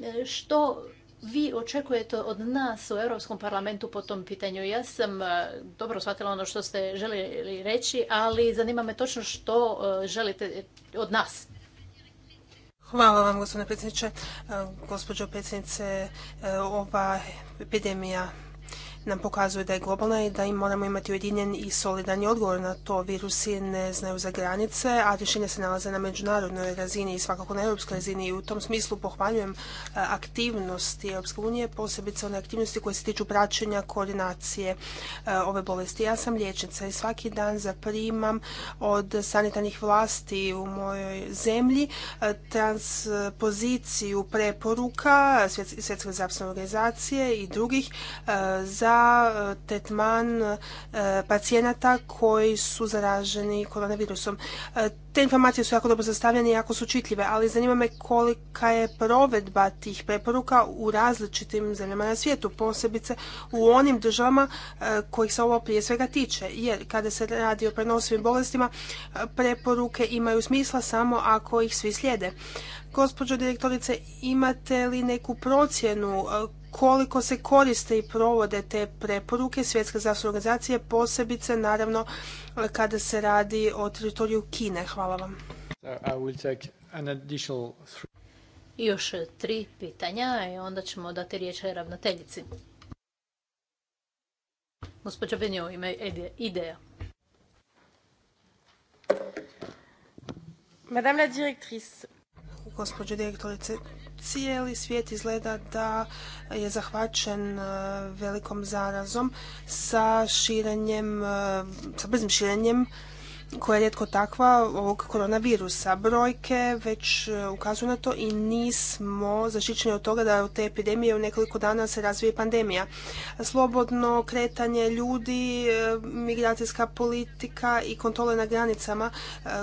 e, što vi očekujete od nas u Europskom parlamentu po tom pitanju? Ja sam e, dobro shvatila ono što ste željeli reći, ali zanima me točno što e, želite od nas. Hvala vam, gospodine predsjedniče. Gospođo predsjednice, ova epidemija nam pokazuje da je globalna i da im moramo imati ujedinjen i solidan odgovor na to. Virusi ne znaju za granice, a rješenja se nalaze na međunarodnoj razini i svakako na europskoj razini. I u tom smislu pohvaljujem e, aktivnosti Europske unije, posebice one aktivnosti koje se tiču praćenja koordinacije e, ove bolesti. Ja sam liječnica i svaki dan zaprimam od sanitarnih vlasti u mojoj zemlji e, transpoziciju preporuka Svjetske zdravstvene organizacije i drugih za tetman tretman e, pacijenata koji su zaraženi koronavirusom. E, te informacije su jako dobro zastavljene i jako su čitljive, ali zanima me kolika je provedba tih preporuka u različitim zemljama na svijetu, posebice u onim državama e, kojih se ovo prije svega tiče. Jer kada se radi o prenosivim bolestima, preporuke imaju smisla samo ako ih svi slijede. Gospođo direktorice, imate li neku procjenu koliko se koriste i provode te preporuke Svjetske zdravstvene organizacije, posebice naravno kada se radi o teritoriju Kine. Hvala vam. I još tri pitanja i onda ćemo dati riječ ravnateljici. Gospođa Benio, ima ideja. Madame la directrice. Gospođo direktorice, cijeli svijet izgleda da je zahvaćen e, velikom zarazom sa širenjem, e, sa brzim širenjem koja je rijetko takva ovog koronavirusa. Brojke već e, ukazuju na to i nismo zaštićeni od toga da od te epidemije u nekoliko dana se razvije pandemija. Slobodno kretanje ljudi, migracijska politika i kontrole na granicama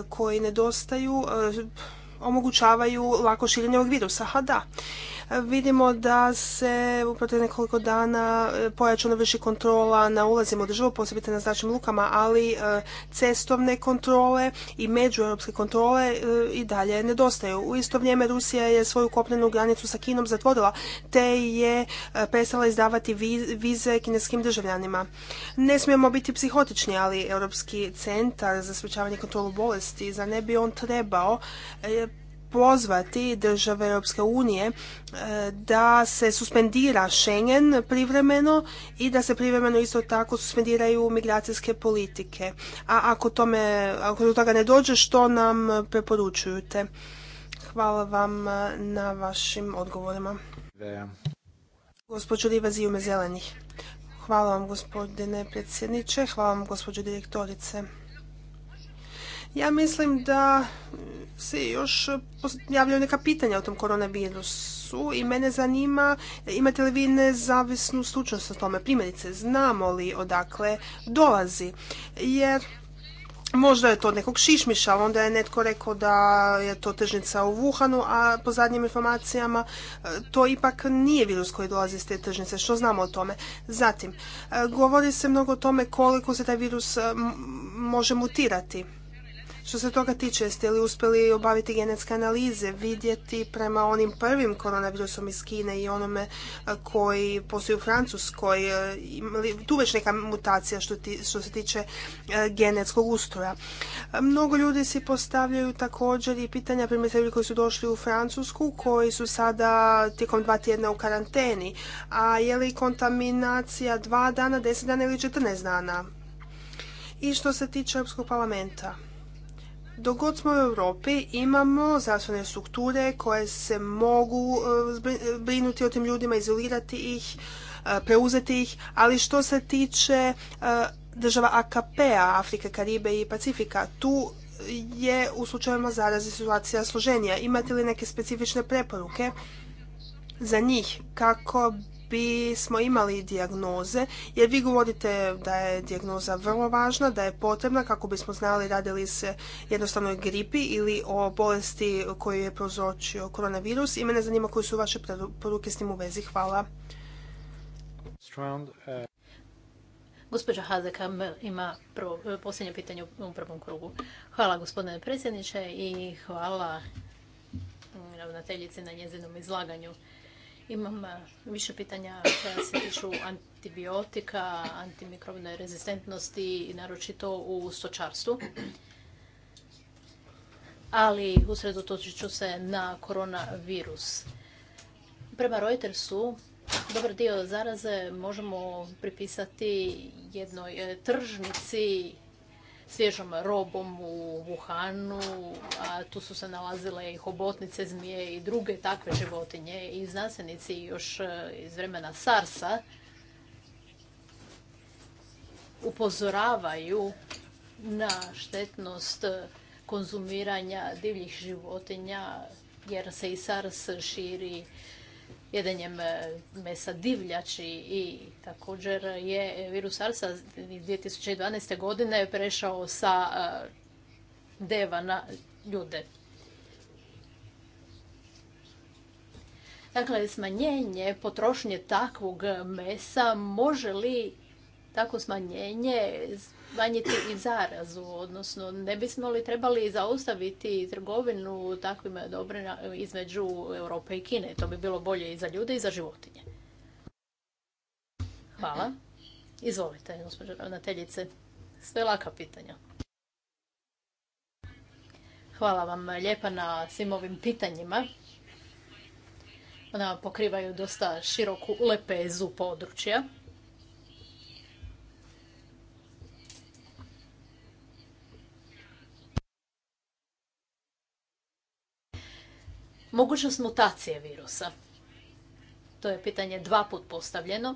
koji nedostaju omogućavaju lako širenje ovog virusa. Ha da. Vidimo da se u nekoliko dana e, pojačano vrši kontrola na ulazima u državu, posebite na značnim lukama, ali e, cestovne kontrole i međueuropske kontrole e, i dalje nedostaju. U isto vrijeme Rusija je svoju kopnenu granicu sa Kinom zatvorila, te je prestala izdavati vize kineskim državljanima. Ne smijemo biti psihotični, ali Europski centar za sprečavanje kontrolu bolesti, za ne bi on trebao pozvati države Europske unije e, da se suspendira Schengen privremeno i da se privremeno isto tako suspendiraju migracijske politike. A ako, tome, ako do toga ne dođe, što nam preporučujete? Hvala vam e, na vašim odgovorima. Gospođo Rivazi u Zelenih. Hvala vam gospodine predsjedniče, hvala vam gospođo direktorice. Ja mislim da se još javljaju neka pitanja o tom koronavirusu i mene zanima imate li vi nezavisnu stručnost o tome. Primjerice, znamo li odakle dolazi? Jer Možda je to od nekog šišmiša, onda je netko rekao da je to tržnica u Wuhanu, a po zadnjim informacijama e, to ipak nije virus koji dolazi iz te tržnice, što znamo o tome. Zatim, e, govori se mnogo o tome koliko se taj virus e, može mutirati. Što se toga tiče, jeste li uspjeli obaviti genetske analize, vidjeti prema onim prvim koronavirusom iz Kine i onome e, koji postoji u Francuskoj, e, tu već neka mutacija što, ti, se tiče e, genetskog ustroja. Mnogo ljudi si postavljaju također i pitanja primjerice ljudi koji su došli u Francusku, koji su sada tijekom dva tjedna u karanteni, a je li kontaminacija dva dana, deset dana ili četrnaest dana? I što se tiče Europskog parlamenta, dok god smo u Europi imamo zdravstvene strukture koje se mogu e, e, brinuti o tim ljudima, izolirati ih, e, preuzeti ih, ali što se tiče država AKP-a, Afrike, Karibe i Pacifika, tu je u slučajevima zaraze situacija složenija. Imate li neke specifične preporuke za njih kako bismo imali dijagnoze, jer vi govorite da je dijagnoza vrlo važna, da je potrebna kako bismo znali radi li se jednostavno o gripi ili o bolesti koju je prouzročio koronavirus. I mene zanima koje su vaše poruke s tim u vezi. Hvala. Eh, Gospođa Hazekam ima prvo, eh, posljednje pitanje u prvom krugu. Hvala gospodine predsjedniče i hvala mm, ravnateljici na njezinom izlaganju. Imam e, više pitanja koja se tiču antibiotika, antimikrobne rezistentnosti i naročito u stočarstvu. Ali usredotočit ću se na koronavirus. Prema Reutersu, dobar dio zaraze možemo pripisati jednoj e, tržnici svježom robom u Wuhanu, a tu su se nalazile i hobotnice, zmije i druge takve životinje i znanstvenici još e, iz vremena Sarsa upozoravaju na štetnost konzumiranja divljih životinja jer se i SARS širi jedanjem e, mesa divljači i također je virus ARSA iz 2012. godine prešao sa e, deva na ljude. Dakle, smanjenje potrošnje takvog mesa može li tako smanjenje smanjiti i zarazu, odnosno ne bismo li trebali zaustaviti trgovinu takvim dobrima između Europe i Kine. To bi bilo bolje i za ljude i za životinje. Hvala. Izvolite, gospođo ravnateljice. Sve laka pitanja. Hvala vam lijepa na svim ovim pitanjima. Ona pokrivaju dosta široku lepezu područja. mogućnost mutacije virusa. To je pitanje dva put postavljeno.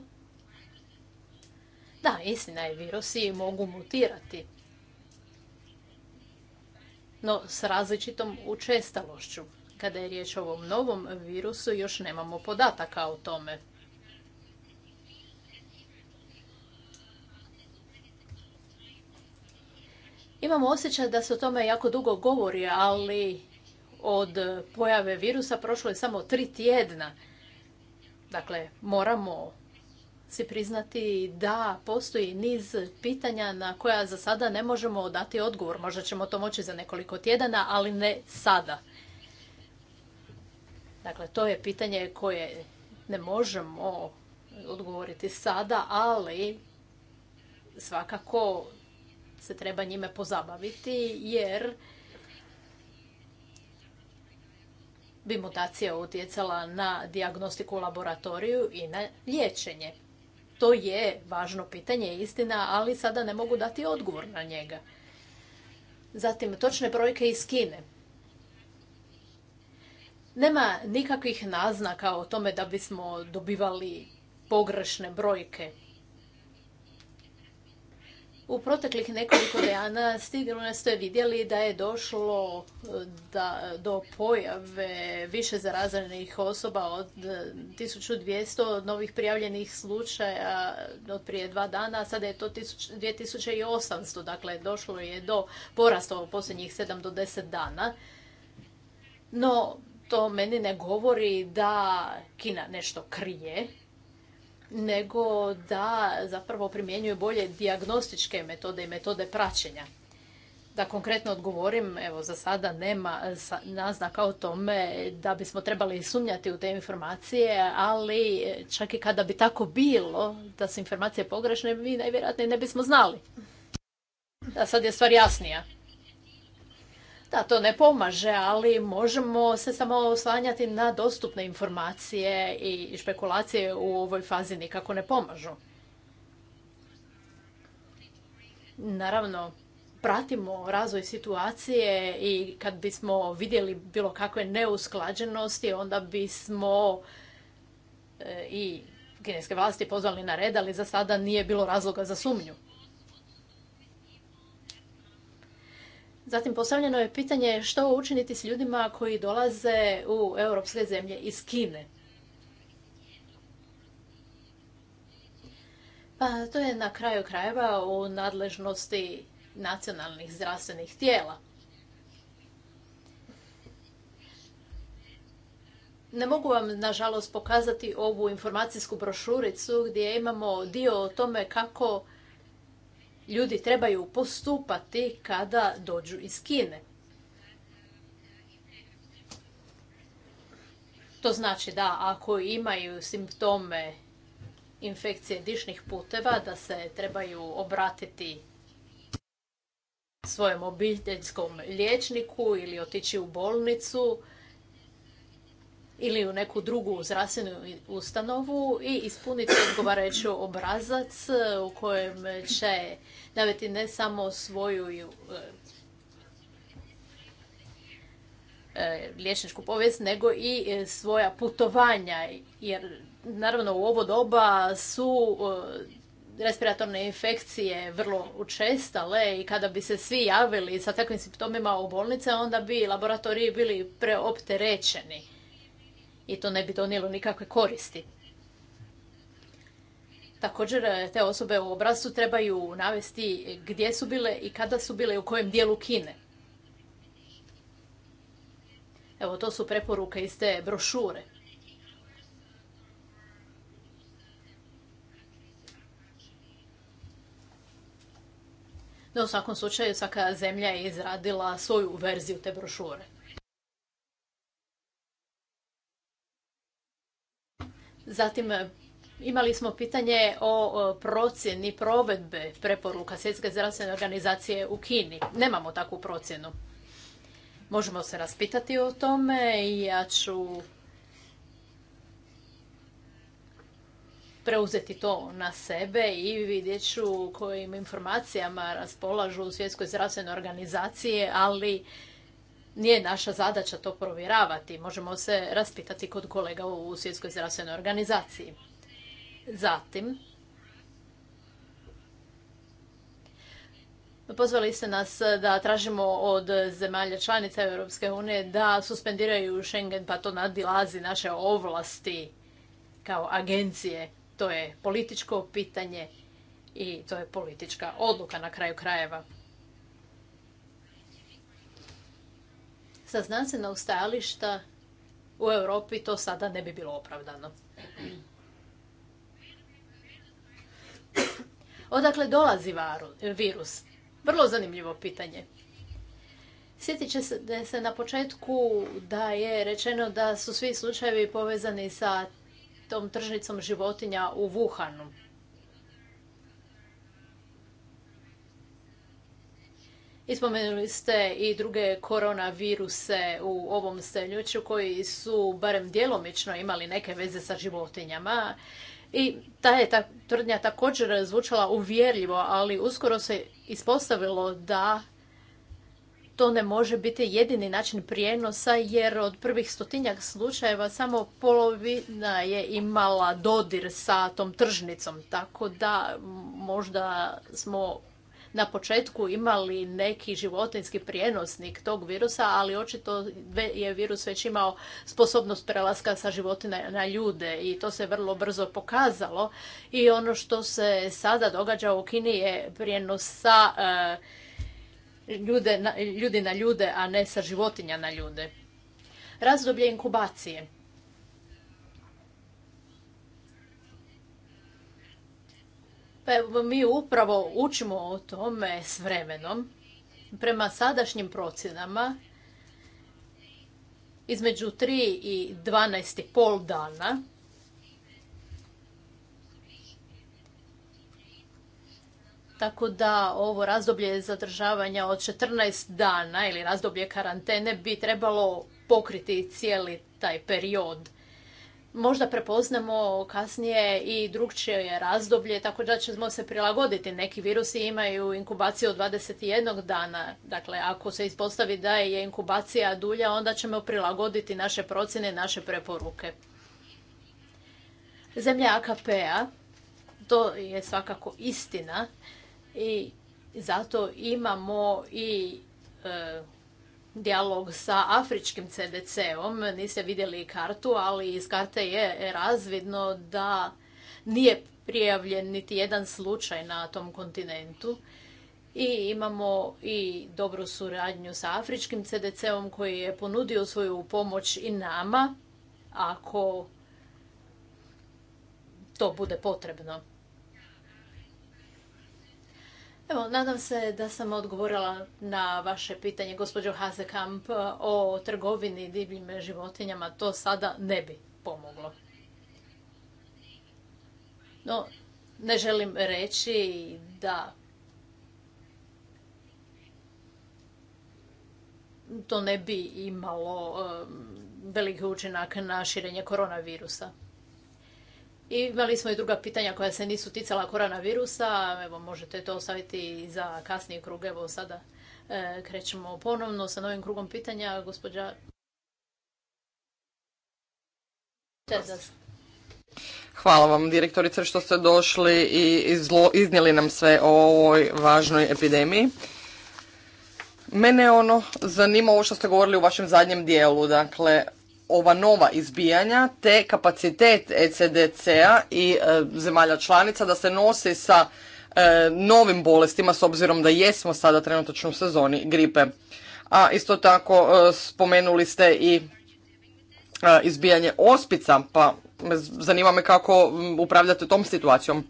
Da, istina je, virusi mogu mutirati. No, s različitom učestalošću. Kada je riječ o ovom novom virusu, još nemamo podataka o tome. Imamo osjećaj da se o tome jako dugo govori, ali od pojave virusa prošlo je samo tri tjedna. Dakle, moramo si priznati da postoji niz pitanja na koja za sada ne možemo dati odgovor. Možda ćemo to moći za nekoliko tjedana, ali ne sada. Dakle, to je pitanje koje ne možemo odgovoriti sada, ali svakako se treba njime pozabaviti jer bi mutacija utjecala na dijagnostiku u laboratoriju i na liječenje? To je važno pitanje, istina, ali sada ne mogu dati odgovor na njega. Zatim, točne brojke iz Kine. Nema nikakvih naznaka o tome da bismo dobivali pogrešne brojke. U proteklih nekoliko dana sigurno ste vidjeli da je došlo e, da, do pojave više zaraženih osoba od 1200 e, novih prijavljenih slučaja od prije dva dana, a sada je to 2800, dakle došlo je do porasta u posljednjih 7 do 10 dana. No, to meni ne govori da Kina nešto krije, nego da zapravo primjenjuju bolje dijagnostičke metode i metode praćenja. Da konkretno odgovorim, evo za sada nema naznaka o tome da bismo trebali sumnjati u te informacije, ali čak i kada bi tako bilo da su informacije pogrešne, mi najvjerojatnije ne bismo znali. Da sad je stvar jasnija. Da, to ne pomaže, ali možemo se samo oslanjati na dostupne informacije i špekulacije u ovoj fazi nikako ne pomažu. Naravno, pratimo razvoj situacije i kad bismo vidjeli bilo kakve neusklađenosti, onda bismo e, i kineske vlasti pozvali na red, ali za sada nije bilo razloga za sumnju. Zatim postavljeno je pitanje što učiniti s ljudima koji dolaze u europske zemlje iz Kine. Pa to je na kraju krajeva u nadležnosti nacionalnih zdravstvenih tijela. Ne mogu vam, nažalost, pokazati ovu informacijsku brošuricu gdje imamo dio o tome kako ljudi trebaju postupati kada dođu iz Kine. To znači da ako imaju simptome infekcije dišnih puteva, da se trebaju obratiti svojem obiteljskom liječniku ili otići u bolnicu ili u neku drugu zdravstvenu ustanovu i ispuniti odgovarajući obrazac u kojem će navesti ne samo svoju e, e, liječničku povijest, nego i e, svoja putovanja. Jer naravno u ovo doba su respiratorne infekcije vrlo učestale i kada bi se svi javili sa takvim simptomima u bolnice, onda bi laboratoriji bili preopterećeni i to ne bi donijelo nikakve koristi. Također, e, te osobe u obrazu trebaju navesti gdje su bile i kada su bile i u kojem dijelu Kine. Evo, to su preporuke iz te brošure. No, u svakom slučaju, svaka zemlja je izradila svoju verziju te brošure. Zatim e, imali smo pitanje o procjeni provedbe preporuka Svjetske zdravstvene organizacije u Kini. Nemamo takvu procjenu. Možemo se raspitati o tome i ja ću preuzeti to na sebe i vidjet ću kojim informacijama raspolažu u Svjetskoj zdravstvenoj organizaciji, ali nije naša zadaća to provjeravati. Možemo se raspitati kod kolega u Svjetskoj zdravstvenoj organizaciji. Zatim, Pozvali ste nas da tražimo od zemalja članica Europske unije da suspendiraju Schengen, pa to nadilazi naše ovlasti kao agencije. To je političko pitanje i to je politička odluka na kraju krajeva. sa znanstvenog stajališta u Europi to sada ne bi bilo opravdano. Odakle dolazi virus? Vrlo zanimljivo pitanje. Sjetit će se da se na početku da je rečeno da su svi slučajevi povezani sa tom tržnicom životinja u Wuhanu. Ispomenuli ste i druge koronaviruse u ovom stoljeću koji su barem djelomično imali neke veze sa životinjama. I ta je ta tvrdnja također zvučala uvjerljivo, ali uskoro se ispostavilo da to ne može biti jedini način prijenosa jer od prvih stotinjak slučajeva samo polovina je imala dodir sa tom tržnicom. Tako da možda smo na početku imali neki životinski prijenosnik tog virusa, ali očito je virus već imao sposobnost prelaska sa životinja na ljude i to se vrlo brzo pokazalo. I ono što se sada događa u Kini je prijenos sa e, ljudi na ljude, a ne sa životinja na ljude. Razdoblje inkubacije. Pa mi upravo učimo o tome s vremenom. Prema sadašnjim procjenama, između 3 i 12,5 pol dana Tako da ovo razdoblje zadržavanja od 14 dana ili razdoblje karantene bi trebalo pokriti cijeli taj period možda prepoznamo kasnije i drugčije razdoblje, tako da ćemo se prilagoditi. Neki virusi imaju inkubaciju od 21 dana. Dakle, ako se ispostavi da je inkubacija dulja, onda ćemo prilagoditi naše procjene, naše preporuke. Zemlja AKP-a, to je svakako istina i zato imamo i e, dijalog sa afričkim CDC-om. Niste vidjeli kartu, ali iz karte je razvidno da nije prijavljen niti jedan slučaj na tom kontinentu. I imamo i dobru suradnju sa afričkim CDC-om koji je ponudio svoju pomoć i nama ako to bude potrebno. Evo, nadam se da sam odgovorila na vaše pitanje, gospođo Hazekamp, o trgovini divljim životinjama. To sada ne bi pomoglo. No, ne želim reći da to ne bi imalo um, veliki učinak na širenje koronavirusa. I imali smo i druga pitanja koja se nisu ticala koronavirusa. Evo, možete to ostaviti za kasniji krug. Evo, sada e, krećemo ponovno sa novim krugom pitanja. Gospođa... Hvala vam, direktorice, što ste došli i iznijeli nam sve o ovoj važnoj epidemiji. Mene ono zanima ovo što ste govorili u vašem zadnjem dijelu, dakle, ova nova izbijanja te kapacitet ECDC-a i e, zemalja članica da se nose sa e, novim bolestima s obzirom da jesmo sada trenutačno u sezoni gripe. A isto tako e, spomenuli ste i izbijanje ospica, pa zanima me kako upravljate tom situacijom.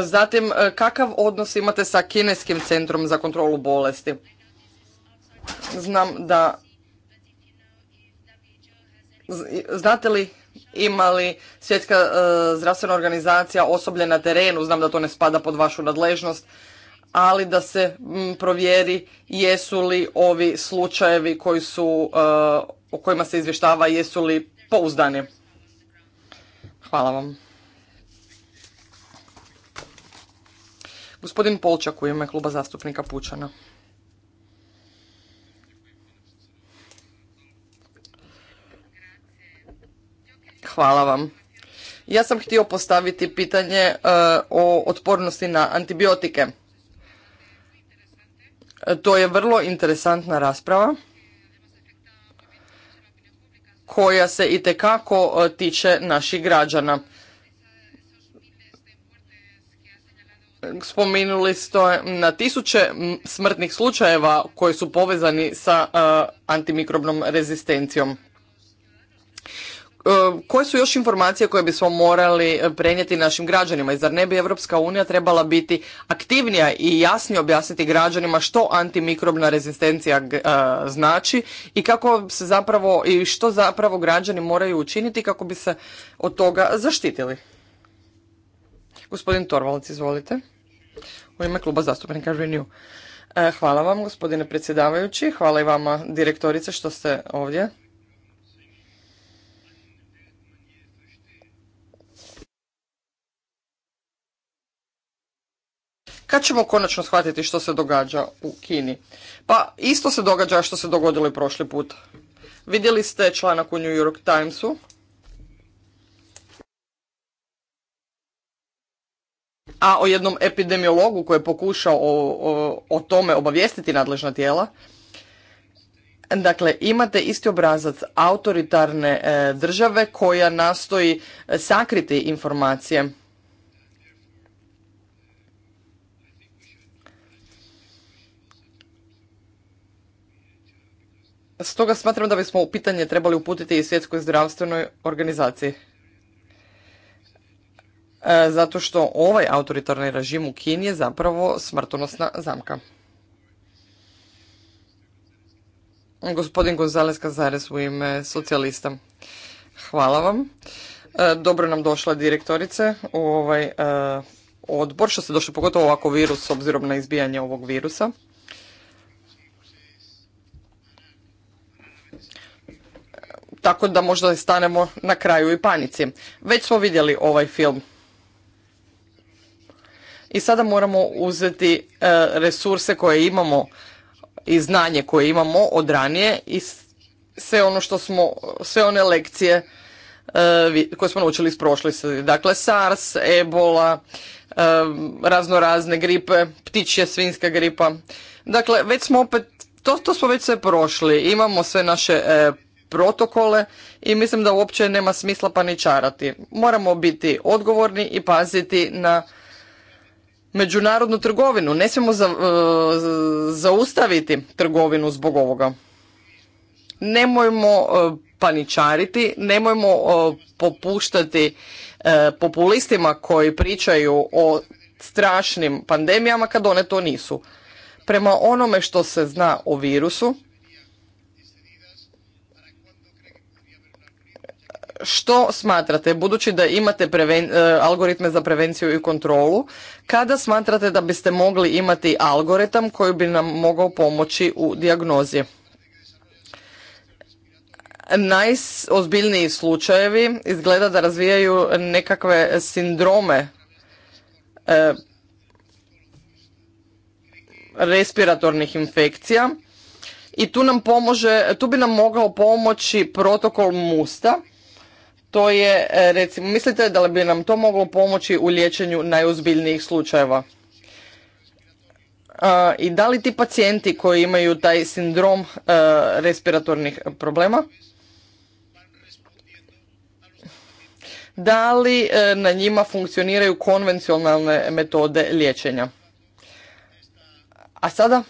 Zatim, kakav odnos imate sa Kineskim centrom za kontrolu bolesti? Znam da Znate li ima li svjetska e, zdravstvena organizacija osoblje na terenu, znam da to ne spada pod vašu nadležnost, ali da se provjeri jesu li ovi slučajevi koji su, e, o kojima se izvještava, jesu li pouzdani. Hvala vam. Gospodin Polčak u ime kluba zastupnika Pučana. Hvala vam. Ja sam htio postaviti pitanje e, o otpornosti na antibiotike. E, to je vrlo interesantna rasprava koja se i tekako e, tiče naših građana. Spominuli ste na tisuće smrtnih slučajeva koji su povezani sa antimikrobnom rezistencijom. E, koje su još informacije koje bismo morali e, prenijeti našim građanima i zar ne bi Europska unija trebala biti aktivnija i jasnije objasniti građanima što antimikrobna rezistencija e, znači i kako se zapravo i što zapravo građani moraju učiniti kako bi se od toga zaštitili. Gospodin Torvalac, izvolite. U ime kluba zastupnika Renew. Hvala vam, gospodine predsjedavajući. Hvala i vama, direktorice, što ste ovdje. Kad ćemo konačno shvatiti što se događa u Kini? Pa isto se događa što se dogodilo i prošli put. Vidjeli ste članak u New York Timesu a o jednom epidemiologu koji je pokušao o, tome obavijestiti nadležna tijela. Dakle, imate isti obrazac autoritarne e, države koja nastoji sakriti informacije. Stoga smatram da bismo u pitanje trebali uputiti i svjetskoj zdravstvenoj organizaciji. E, zato što ovaj autoritarni režim u Kini je zapravo smrtonosna zamka. Gospodin Gonzales Kazares u ime socijalista. Hvala vam. E, dobro nam došla direktorice u ovaj e, odbor, što ste došli pogotovo ovako virus s obzirom na izbijanje ovog virusa. tako da možda stanemo na kraju i panici. Već smo vidjeli ovaj film. I sada moramo uzeti e, resurse koje imamo i znanje koje imamo od ranije i sve ono što smo, sve one lekcije e, koje smo naučili iz se. Dakle, SARS, Ebola, e, razno razne gripe, ptičje, svinska gripa. Dakle, već smo opet, to, to smo već sve prošli. Imamo sve naše protokole i mislim da uopće nema smisla paničarati. Moramo biti odgovorni i paziti na međunarodnu trgovinu. Ne smijemo za, e, zaustaviti trgovinu zbog ovoga. Nemojmo e, paničariti, nemojmo e, popuštati populistima koji pričaju o strašnim pandemijama kad one to nisu. Prema onome što se zna o virusu, što smatrate, budući da imate e, algoritme za prevenciju i kontrolu, kada smatrate da biste mogli imati algoritam koji bi nam mogao pomoći u dijagnozi? Najozbiljniji slučajevi izgleda da razvijaju nekakve sindrome e, respiratornih infekcija i tu nam pomože, tu bi nam mogao pomoći protokol musta to je, e, recimo, mislite da bi nam to moglo pomoći u liječenju najozbiljnijih slučajeva? I da li ti pacijenti koji imaju taj sindrom e, respiratornih problema, da li e, na njima funkcioniraju konvencionalne metode liječenja? A sada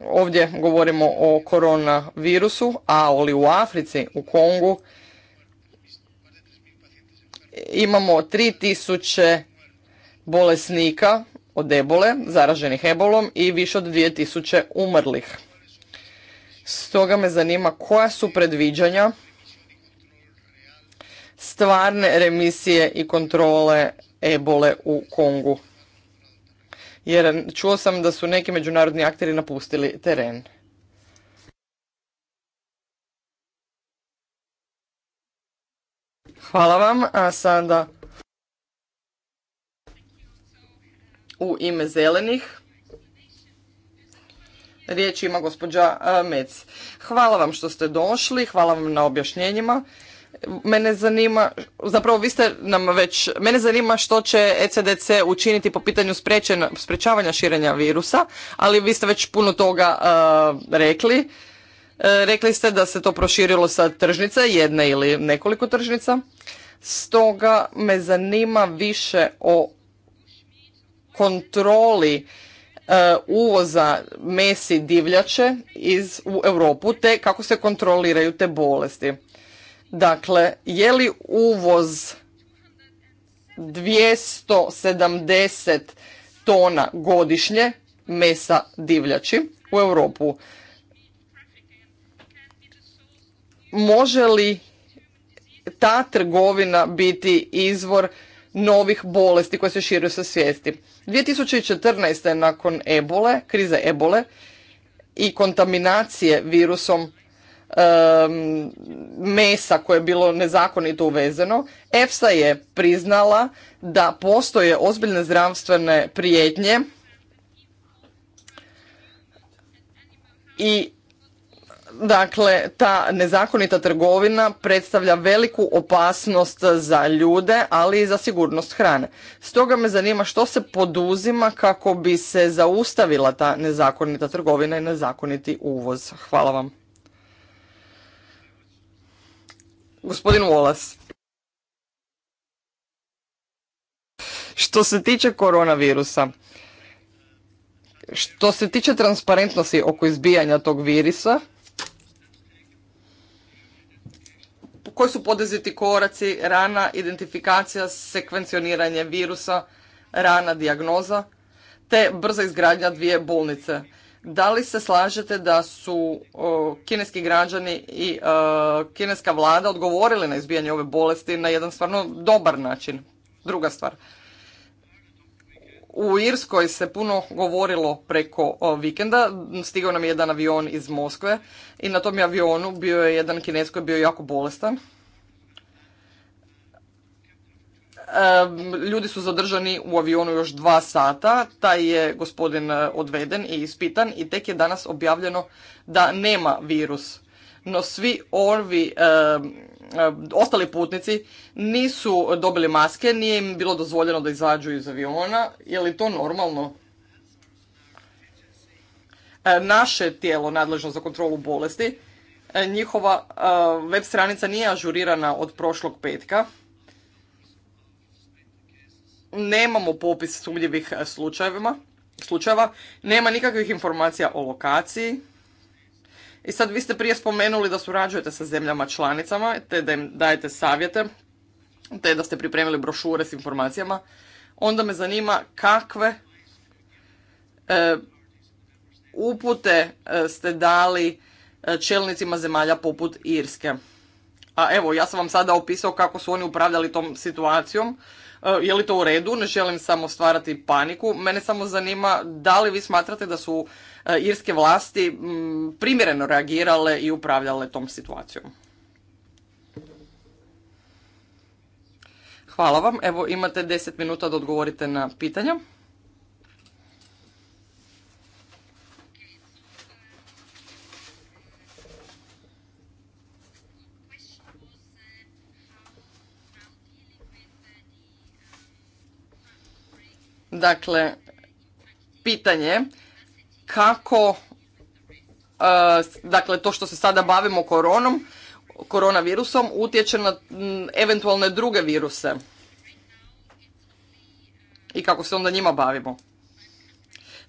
ovdje govorimo o koronavirusu, a ali u Africi, u Kongu, imamo 3000 bolesnika od ebole, zaraženih ebolom i više od 2000 umrlih. Stoga me zanima koja su predviđanja stvarne remisije i kontrole ebole u Kongu. Jer čuo sam da su neki međunarodni akteri napustili teren. Hvala vam, a sada u ime zelenih riječ ima gospođa Mec. Hvala vam što ste došli, hvala vam na objašnjenjima. Mene zanima, zapravo vi ste nam već, mene zanima što će ECDC učiniti po pitanju sprečavanja širenja virusa, ali vi ste već puno toga rekli. E, rekli ste da se to proširilo sa tržnica, jedne ili nekoliko tržnica. Stoga me zanima više o kontroli e, uvoza mesi divljače iz, u Europu te kako se kontroliraju te bolesti. Dakle, je li uvoz 270 tona godišnje mesa divljači u Europu može li ta trgovina biti izvor novih bolesti koje se šire sa svijesti. 2014. nakon ebole, krize ebole i kontaminacije virusom mesa koje je bilo nezakonito uvezeno, EFSA je priznala da postoje ozbiljne zdravstvene prijetnje i Dakle, ta nezakonita trgovina predstavlja veliku opasnost za ljude, ali i za sigurnost hrane. Stoga me zanima što se poduzima kako bi se zaustavila ta nezakonita trgovina i nezakoniti uvoz. Hvala vam. Gospodin Volas. Što se tiče koronavirusa, što se tiče transparentnosti oko izbijanja tog virusa, koji su poduzeti koraci, rana identifikacija, sekvencioniranje virusa, rana dijagnoza, te brza izgradnja dvije bolnice. Da li se slažete da su kineski građani i e, kineska vlada odgovorili na izbijanje ove bolesti na jedan stvarno dobar način? Druga stvar, u Irskoj se puno govorilo preko vikenda, stigao nam je jedan avion iz Moskve i na tom avionu bio je jedan kines koji je bio jako bolestan. Ljudi su zadržani u avionu još dva sata, taj je gospodin e, odveden i ispitan i tek je danas objavljeno da nema virus. No svi ovi E, ostali putnici nisu dobili maske, nije im bilo dozvoljeno da izađu iz aviona. Je li to normalno? E, naše tijelo nadležno za kontrolu bolesti, e, njihova web stranica nije ažurirana od prošlog petka. Nemamo popis sumnjivih slučajeva, nema nikakvih informacija o lokaciji i sad vi ste prije spomenuli da surađujete sa zemljama članicama, te da im dajete savjete, te da ste pripremili brošure s informacijama. Onda me zanima kakve e, upute e, ste dali e, čelnicima zemalja poput Irske. A evo, ja sam vam sada opisao kako su oni upravljali tom situacijom. Je li to u redu? Ne želim samo stvarati paniku. Mene samo zanima da li vi smatrate da su E, irske vlasti primjereno reagirale i upravljale tom situacijom. Hvala vam. Evo imate deset minuta da odgovorite na pitanja. Dakle, pitanje kako e, dakle to što se sada bavimo koronom, koronavirusom utječe na eventualne druge viruse i kako se onda njima bavimo.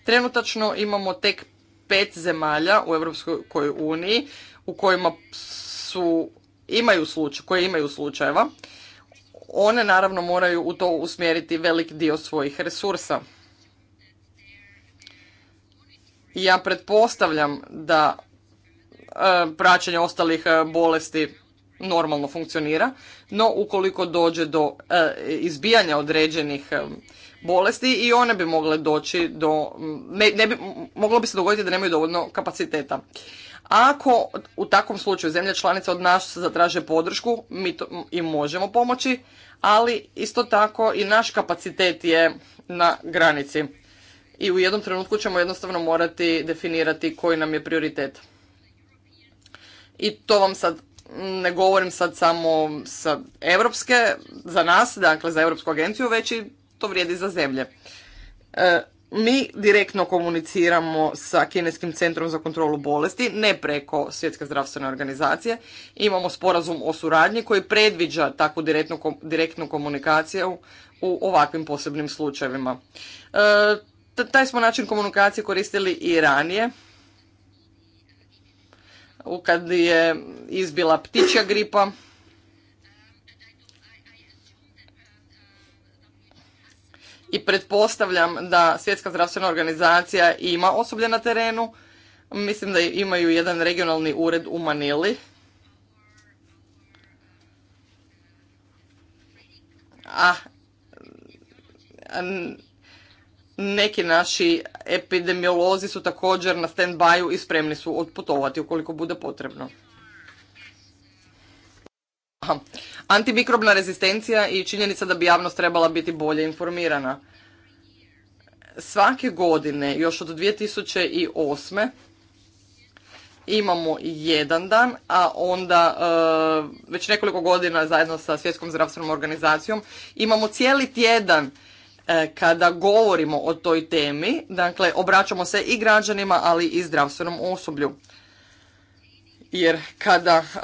Trenutačno imamo tek pet zemalja u Europskoj uniji u kojima su, imaju slučaj, koje imaju slučajeva. One naravno moraju u to usmjeriti velik dio svojih resursa. Ja pretpostavljam da e, praćenje ostalih e, bolesti normalno funkcionira, no ukoliko dođe do e, izbijanja određenih bolesti i one bi mogle doći do, ne, bi, moglo bi se dogoditi da nemaju dovoljno kapaciteta. Ako u takvom slučaju zemlja članica od nas zatraže podršku, mi to im možemo pomoći, ali isto tako i naš kapacitet je na granici i u jednom trenutku ćemo jednostavno morati definirati koji nam je prioritet. I to vam sad ne govorim sad samo sa europske, za nas, dakle za Europsku agenciju, već i to vrijedi za zemlje. E, mi direktno komuniciramo sa Kineskim centrom za kontrolu bolesti, ne preko Svjetske zdravstvene organizacije. Imamo sporazum o suradnji koji predviđa takvu direktnu, komunikaciju u ovakvim posebnim slučajevima. E, taj smo način komunikacije koristili i ranije, kad je izbila ptičja gripa. I pretpostavljam da Svjetska zdravstvena organizacija ima osoblje na terenu. Mislim da imaju jedan regionalni ured u Manili. A neki naši epidemiolozi su također na stand u i spremni su otputovati ukoliko bude potrebno. Antimikrobna rezistencija i činjenica da bi javnost trebala biti bolje informirana. Svake godine, još od 2008 imamo jedan dan, a onda e, već nekoliko godina zajedno sa Svjetskom zdravstvenom organizacijom imamo cijeli tjedan E, kada govorimo o toj temi, dakle obraćamo se i građanima, ali i zdravstvenom osoblju. Jer kada e,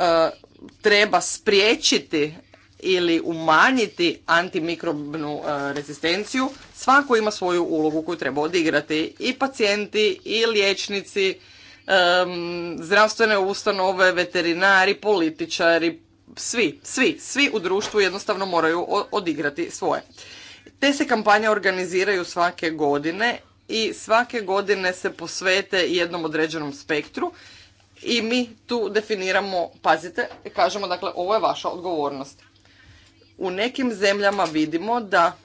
treba spriječiti ili umanjiti antimikrobnu e, rezistenciju, svako ima svoju ulogu koju treba odigrati. I pacijenti, i liječnici, zdravstvene ustanove, veterinari, političari, svi, svi, svi u društvu jednostavno moraju odigrati svoje. Te se kampanje organiziraju svake godine i svake godine se posvete jednom određenom spektru i mi tu definiramo, pazite, kažemo dakle ovo je vaša odgovornost. U nekim zemljama vidimo da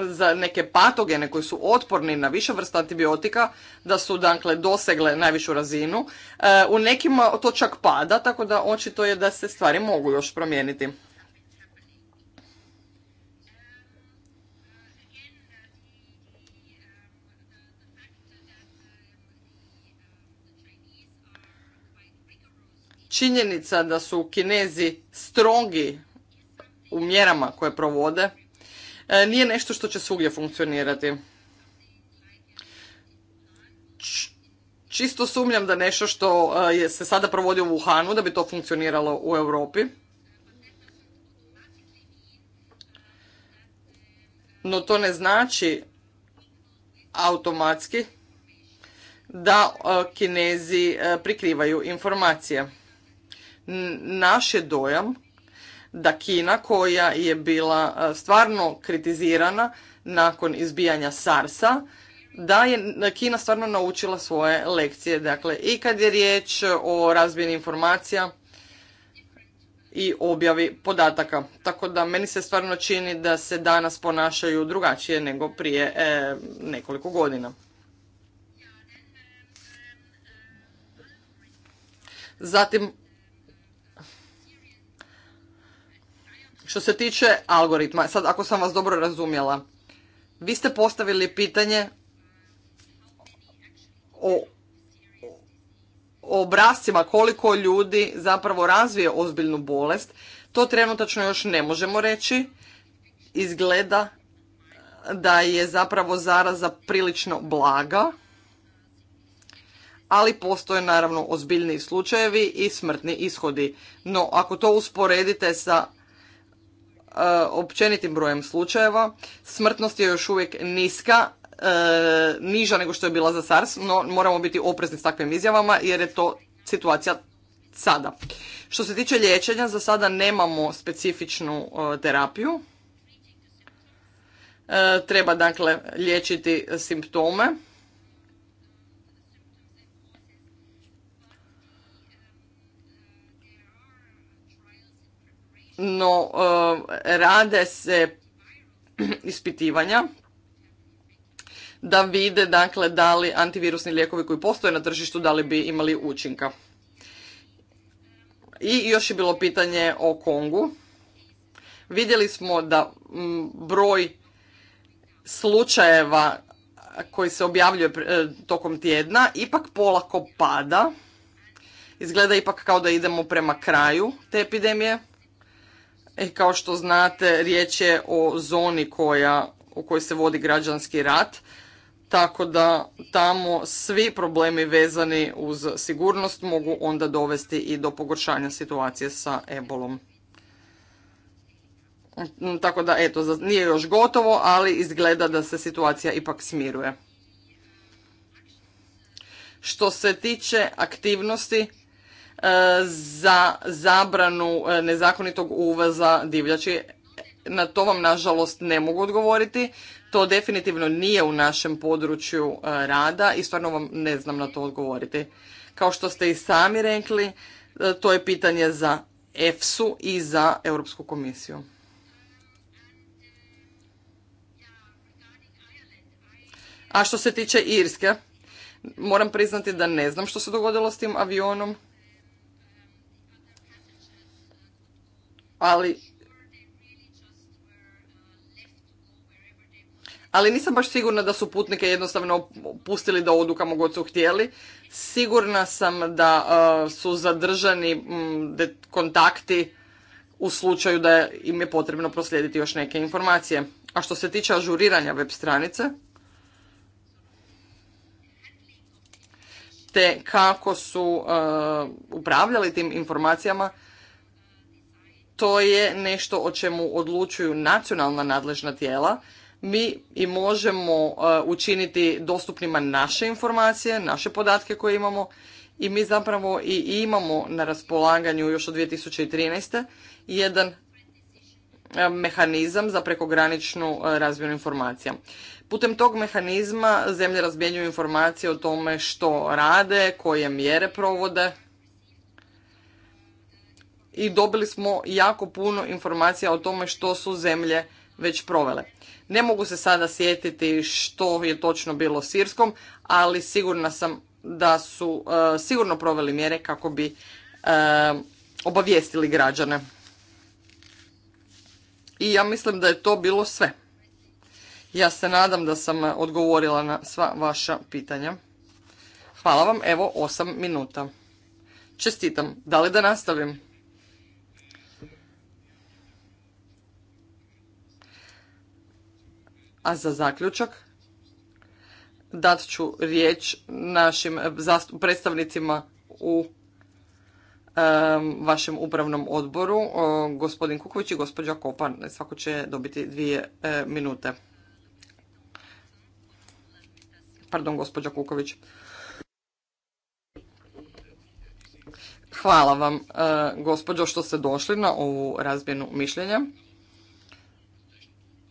za neke patogene koji su otporni na više vrsta antibiotika, da su dakle dosegle najvišu razinu. E, u nekima to čak pada, tako da očito je da se stvari mogu još promijeniti. činjenica da su Kinezi strogi u mjerama koje provode e, nije nešto što će svugdje funkcionirati. Čisto sumnjam da nešto što e, je se sada provodi u Wuhanu, da bi to funkcioniralo u Europi. No to ne znači automatski da e, Kinezi prikrivaju informacije naš je dojam da Kina koja je bila stvarno kritizirana nakon izbijanja SARS-a, da je Kina stvarno naučila svoje lekcije. Dakle, i kad je riječ o razmjeni informacija i objavi podataka. Tako da meni se stvarno čini da se danas ponašaju drugačije nego prije e, nekoliko godina. Zatim Što se tiče algoritma, sad ako sam vas dobro razumjela, vi ste postavili pitanje o obrascima koliko ljudi zapravo razvije ozbiljnu bolest. To trenutačno još ne možemo reći. Izgleda da je zapravo zaraza prilično blaga, ali postoje naravno ozbiljni slučajevi i smrtni ishodi. No, ako to usporedite sa E, općenitim brojem slučajeva. Smrtnost je još uvijek niska, e, niža nego što je bila za SARS, no moramo biti oprezni s takvim izjavama jer je to situacija sada. Što se tiče liječenja, za sada nemamo specifičnu e, terapiju. Treba dakle liječiti simptome no eh, rade se ispitivanja da vide dakle da li antivirusni lijekovi koji postoje na tržištu da li bi imali učinka. I još je bilo pitanje o Kongu. Vidjeli smo da mm, broj slučajeva koji se objavljuje eh, tokom tjedna ipak polako pada. Izgleda ipak kao da idemo prema kraju te epidemije. E, kao što znate, riječ je o zoni koja, u kojoj se vodi građanski rat, tako da tamo svi problemi vezani uz sigurnost mogu onda dovesti i do pogoršanja situacije sa ebolom. Mm, tako da, eto, nije još gotovo, ali izgleda da se situacija ipak smiruje. Što se tiče aktivnosti, E, za zabranu e, nezakonitog uvaza divljači. Na to vam nažalost ne mogu odgovoriti. To definitivno nije u našem području e, rada i stvarno vam ne znam na to odgovoriti. Kao što ste i sami rekli, to je pitanje za EFSU i za Europsku komisiju. A što se tiče Irske, moram priznati da ne znam što se dogodilo s tim avionom. ali ali nisam baš sigurna da su putnike jednostavno pustili da odu kamo god su htjeli. Sigurna sam da uh, su zadržani mm, kontakti u slučaju da im je potrebno proslijediti još neke informacije. A što se tiče ažuriranja web stranice, te kako su uh, upravljali tim informacijama, to je nešto o čemu odlučuju nacionalna nadležna tijela. Mi i možemo uh, učiniti dostupnima naše informacije, naše podatke koje imamo i mi zapravo i imamo na raspolaganju još od 2013. jedan uh, mehanizam za prekograničnu uh, razmjenu informacija. Putem tog mehanizma zemlje razmjenjuju informacije o tome što rade, koje mjere provode, i dobili smo jako puno informacija o tome što su zemlje već provele. Ne mogu se sada sjetiti što je točno bilo s Irskom, ali sigurna sam da su e, sigurno proveli mjere kako bi e, obavijestili građane. I ja mislim da je to bilo sve. Ja se nadam da sam odgovorila na sva vaša pitanja. Hvala vam, evo 8 minuta. Čestitam, da li da nastavim? A za zaključak dat ću riječ našim predstavnicima u vašem upravnom odboru, gospodin Kuković i gospođa Kopan. Svako će dobiti dvije e, minute. Pardon, gospođa Kuković. Hvala vam, e, gospođo, što ste došli na ovu razmjenu mišljenja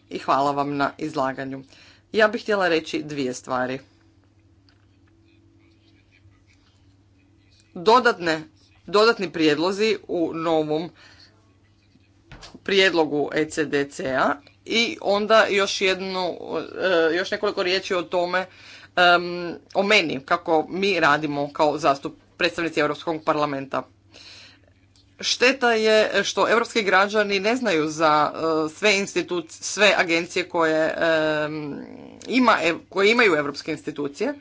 i hvala vam na izlaganju. Ja bih htjela reći dvije stvari. Dodatne, dodatni prijedlozi u novom prijedlogu ECDC-a i onda još jednu, e, još nekoliko riječi o tome, o meni, kako mi radimo kao zastup predstavnici Europskog parlamenta. Šteta je što europski građani ne znaju za e, sve sve agencije koje, e, ima, e, koje imaju europske institucije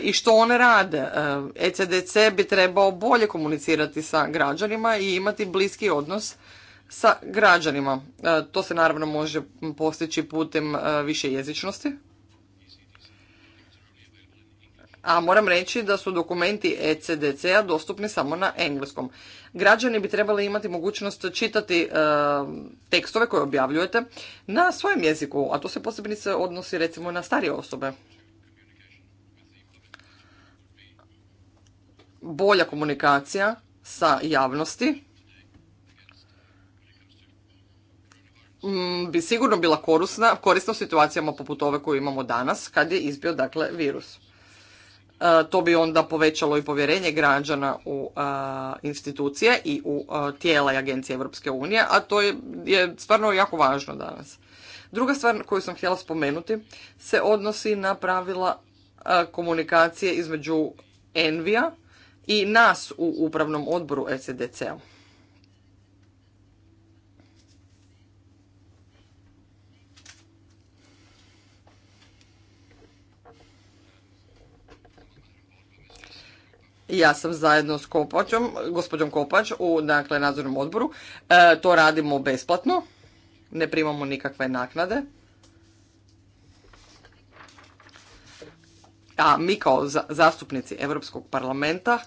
i što one rade. ECDC bi trebao bolje komunicirati sa građanima i imati bliski odnos sa građanima. To se naravno može postići putem više jezičnosti a moram reći da su dokumenti ECDC-a dostupni samo na engleskom. Građani bi trebali imati mogućnost čitati e, tekstove koje objavljujete na svojem jeziku, a to se posebice odnosi recimo na starije osobe. Bolja komunikacija sa javnosti mm, bi sigurno bila korisna, korisna u situacijama poput ove koju imamo danas kad je izbio dakle virus. E, to bi onda povećalo i povjerenje građana u e, institucije i u e, tijela i agencije Europske unije, a to je, stvarno jako važno danas. Druga stvar koju sam htjela spomenuti se odnosi na pravila komunikacije između Envija i nas u upravnom odboru ECDC-a. ja sam zajedno s Kopačom, gospođom Kopač u dakle, nadzornom odboru. E, to radimo besplatno, ne primamo nikakve naknade. A mi kao zastupnici Europskog parlamenta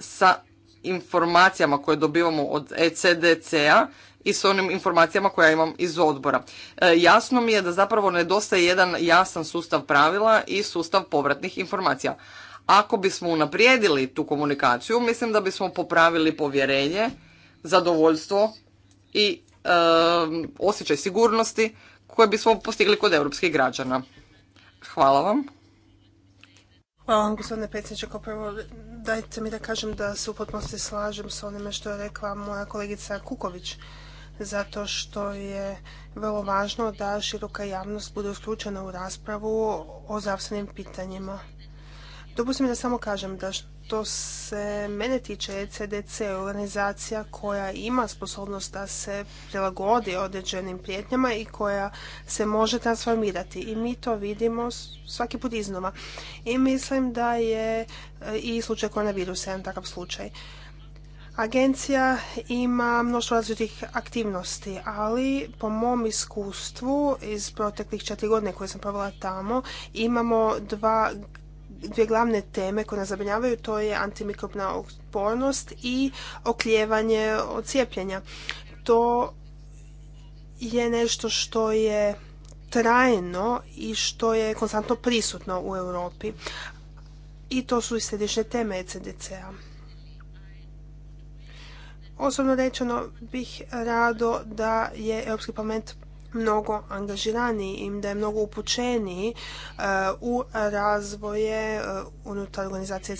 sa informacijama koje dobivamo od ECDC-a i s onim informacijama koja imam iz odbora. E, jasno mi je da zapravo nedostaje jedan jasan sustav pravila i sustav povratnih informacija. Ako bismo unaprijedili tu komunikaciju, mislim da bismo popravili povjerenje, zadovoljstvo i e, osjećaj sigurnosti koje bismo postigli kod europskih građana. Hvala vam. Hvala vam, gospodine predsjedniče. Kao prvo, dajte mi da kažem da se u potpunosti slažem s onime što je rekla moja kolegica Kuković, zato što je vrlo važno da široka javnost bude uključena u raspravu o zdravstvenim pitanjima. Dopustite mi da samo kažem da što se mene tiče ECDC organizacija koja ima sposobnost da se prilagodi određenim prijetnjama i koja se može transformirati. I mi to vidimo svaki put iznova. I mislim da je e, i slučaj koronavirusa jedan takav slučaj. Agencija ima mnoštvo različitih aktivnosti, ali po mom iskustvu iz proteklih četiri godine koje sam provela tamo, imamo dva dvije glavne teme koje nas zabrinjavaju, to je antimikrobna otpornost i okljevanje od cijepljenja. To je nešto što je trajno i što je konstantno prisutno u Europi. I to su i središnje teme ECDC-a. Osobno rečeno bih rado da je Europski parlament mnogo angažiraniji i da je mnogo upućeniji e, u razvoje e, unutar organizacije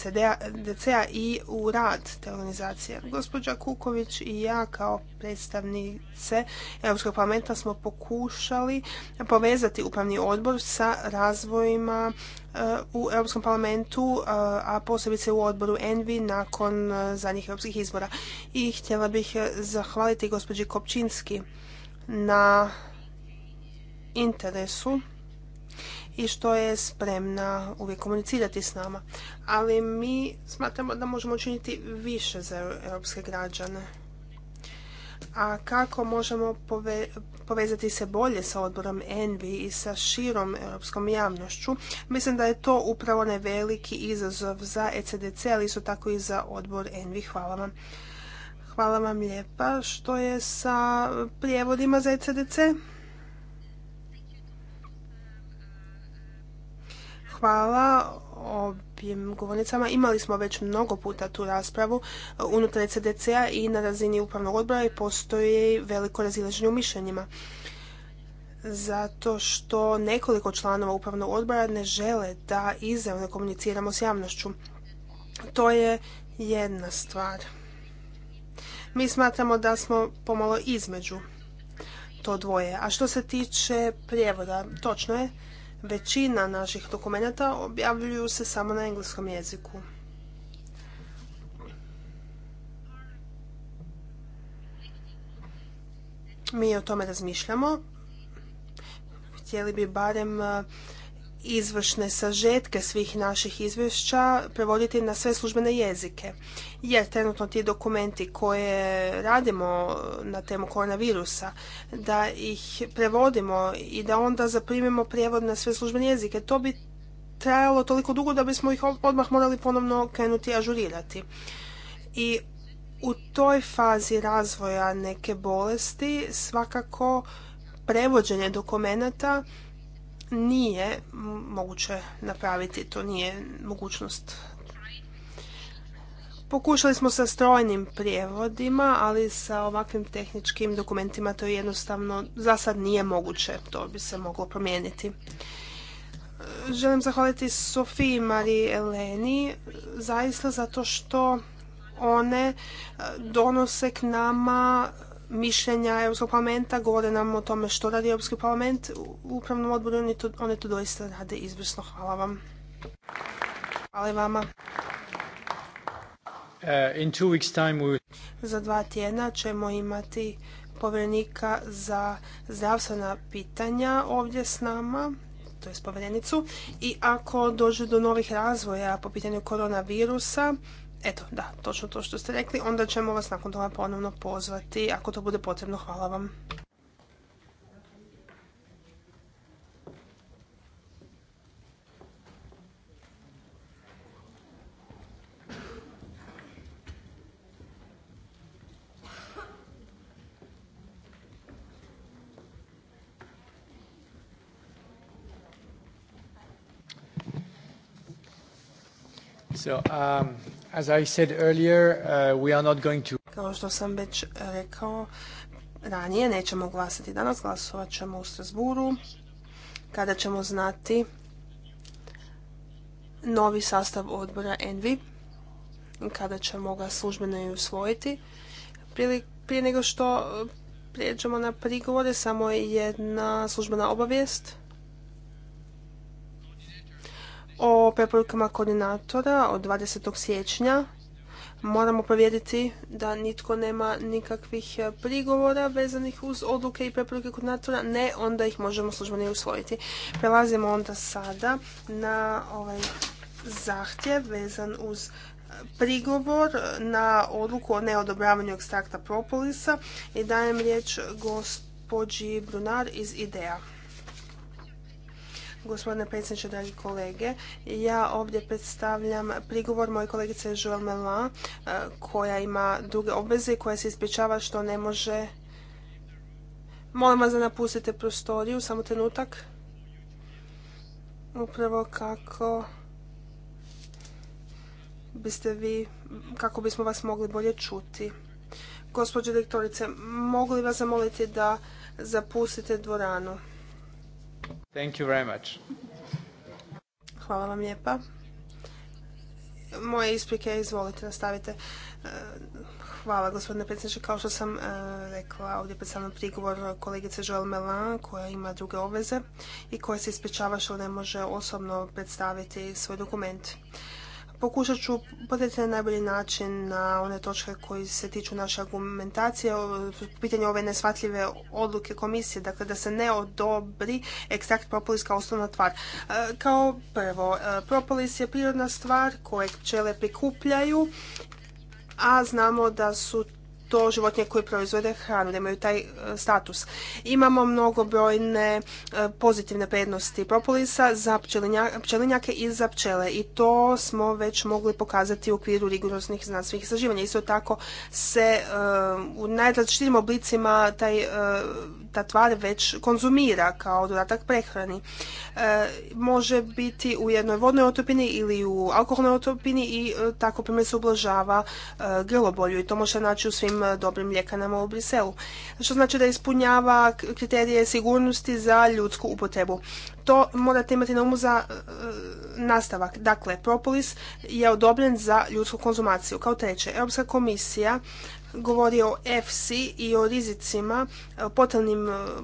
DC-a i u rad te organizacije. Gospođa Kuković i ja kao predstavnice Europskog parlamenta smo pokušali povezati upravni odbor sa razvojima e, u Europskom parlamentu, a posebice u odboru Envi nakon zadnjih europskih izbora. I htjela bih zahvaliti gospođi Kopčinski na interesu i što je spremna uvijek komunicirati s nama. Ali mi smatramo da možemo učiniti više za europske građane. A kako možemo povezati se bolje sa odborom Envi i sa širom europskom javnošću? Mislim da je to upravo veliki izazov za ECDC, ali isto tako i za odbor Envi. Hvala vam. Hvala vam lijepa. Što je sa prijevodima za ECDC? Hvala objem govornicama. Imali smo već mnogo puta tu raspravu e, unutar cdc a i na razini upravnog odbora i postoji veliko razilaženje u mišljenjima. Zato što nekoliko članova upravnog odbora ne žele da izravno komuniciramo s javnošću. To je jedna stvar. Mi smatramo da smo pomalo između to dvoje. A što se tiče prijevoda, točno je Većina naših dokumenata objavljuju se samo na engleskom jeziku. Mi o tome razmišljamo. Htjeli bi barem izvršne sažetke svih naših izvješća prevoditi na sve službene jezike. Jer trenutno ti dokumenti koje radimo na temu koronavirusa, da ih prevodimo i da onda zaprimimo prijevod na sve službene jezike, to bi trajalo toliko dugo da bismo ih odmah morali ponovno krenuti ažurirati. I u toj fazi razvoja neke bolesti svakako prevođenje dokumenata nije moguće napraviti, to nije mogućnost. Pokušali smo sa strojnim prijevodima, ali sa ovakvim tehničkim dokumentima to jednostavno za sad nije moguće, to bi se moglo promijeniti. Želim zahvaliti Sofiji Mariji Eleni zaista zato što one donose k nama mišljenja Europskog parlamenta, govore nam o tome što radi Europski parlament u upravnom odboru oni to doista rade izvrsno. Hvala vam. Hvala i vama. Uh, za dva tjedna ćemo imati povjerenika za zdravstvena pitanja ovdje s nama, to je povjerenicu. I ako dođe do novih razvoja po pitanju koronavirusa, Eto, da, točno to što ste rekli. Onda ćemo vas nakon toga ponovno pozvati ako to bude potrebno. Hvala vam. So, um... As I said earlier, uh, we are not going to... Kao što sam već rekao ranije, nećemo glasati danas, glasovat ćemo u Strasburu, kada ćemo znati novi sastav odbora ENVI, kada ćemo ga službeno i usvojiti. Prije, prije nego što prijeđemo na prigovore, samo jedna službena obavijest o preporukama koordinatora od 20. siječnja moramo provjeriti da nitko nema nikakvih e, prigovora vezanih uz odluke i preporuke koordinatora. Ne, onda ih možemo službeno usvojiti. Prelazimo onda sada na ovaj zahtjev vezan uz e, prigovor e, na odluku o neodobravanju ekstrakta propolisa i dajem riječ gospođi Brunar iz IDEA. Gospodine predsjedniče, dragi kolege, ja ovdje predstavljam prigovor moje kolegice Joël Melan eh, koja ima druge obveze i koja se ispričava što ne može... Molim vas da napustite prostoriju, samo trenutak. Upravo kako biste vi, kako bismo vas mogli bolje čuti. Gospođo direktorice, mogu li vas zamoliti da zapustite dvoranu? Hvala vam lijepa. Moje isprike, izvolite, nastavite. E, hvala, gospodine predsjedniče. Kao što sam e, rekla, ovdje predstavljam prigovor kolegice Joel Melan, koja ima druge obveze i koja se ispričava što ne može osobno predstaviti svoj dokument. Pokušat ću podjeti na najbolji način na one točke koji se tiču naše argumentacije, pitanje ove nesvatljive odluke komisije, dakle da se ne odobri ekstrakt propolis kao osnovna tvar. E, kao prvo, e, propolis je prirodna stvar koje pčele prikupljaju, a znamo da su to životinje koje proizvode hranu, da imaju taj e, status. Imamo mnogobrojne e, pozitivne prednosti propolisa za pčelinjake i za pčele i to smo već mogli pokazati u okviru rigoroznih znanstvenih istraživanja. Isto tako se e, u najrazličitim oblicima taj ta tvar već konzumira kao dodatak prehrani. E, može biti u jednoj vodnoj otopini ili u alkoholnoj otopini i e, tako primjer se ublažava e, grlobolju i to može naći u svim e, dobrim ljekanama u Briselu. Što znači da ispunjava kriterije sigurnosti za ljudsku upotrebu. To morate imati na umu za e, nastavak. Dakle, propolis je odobren za ljudsku konzumaciju. Kao treće, Europska komisija govori o EFSI i o rizicima, e,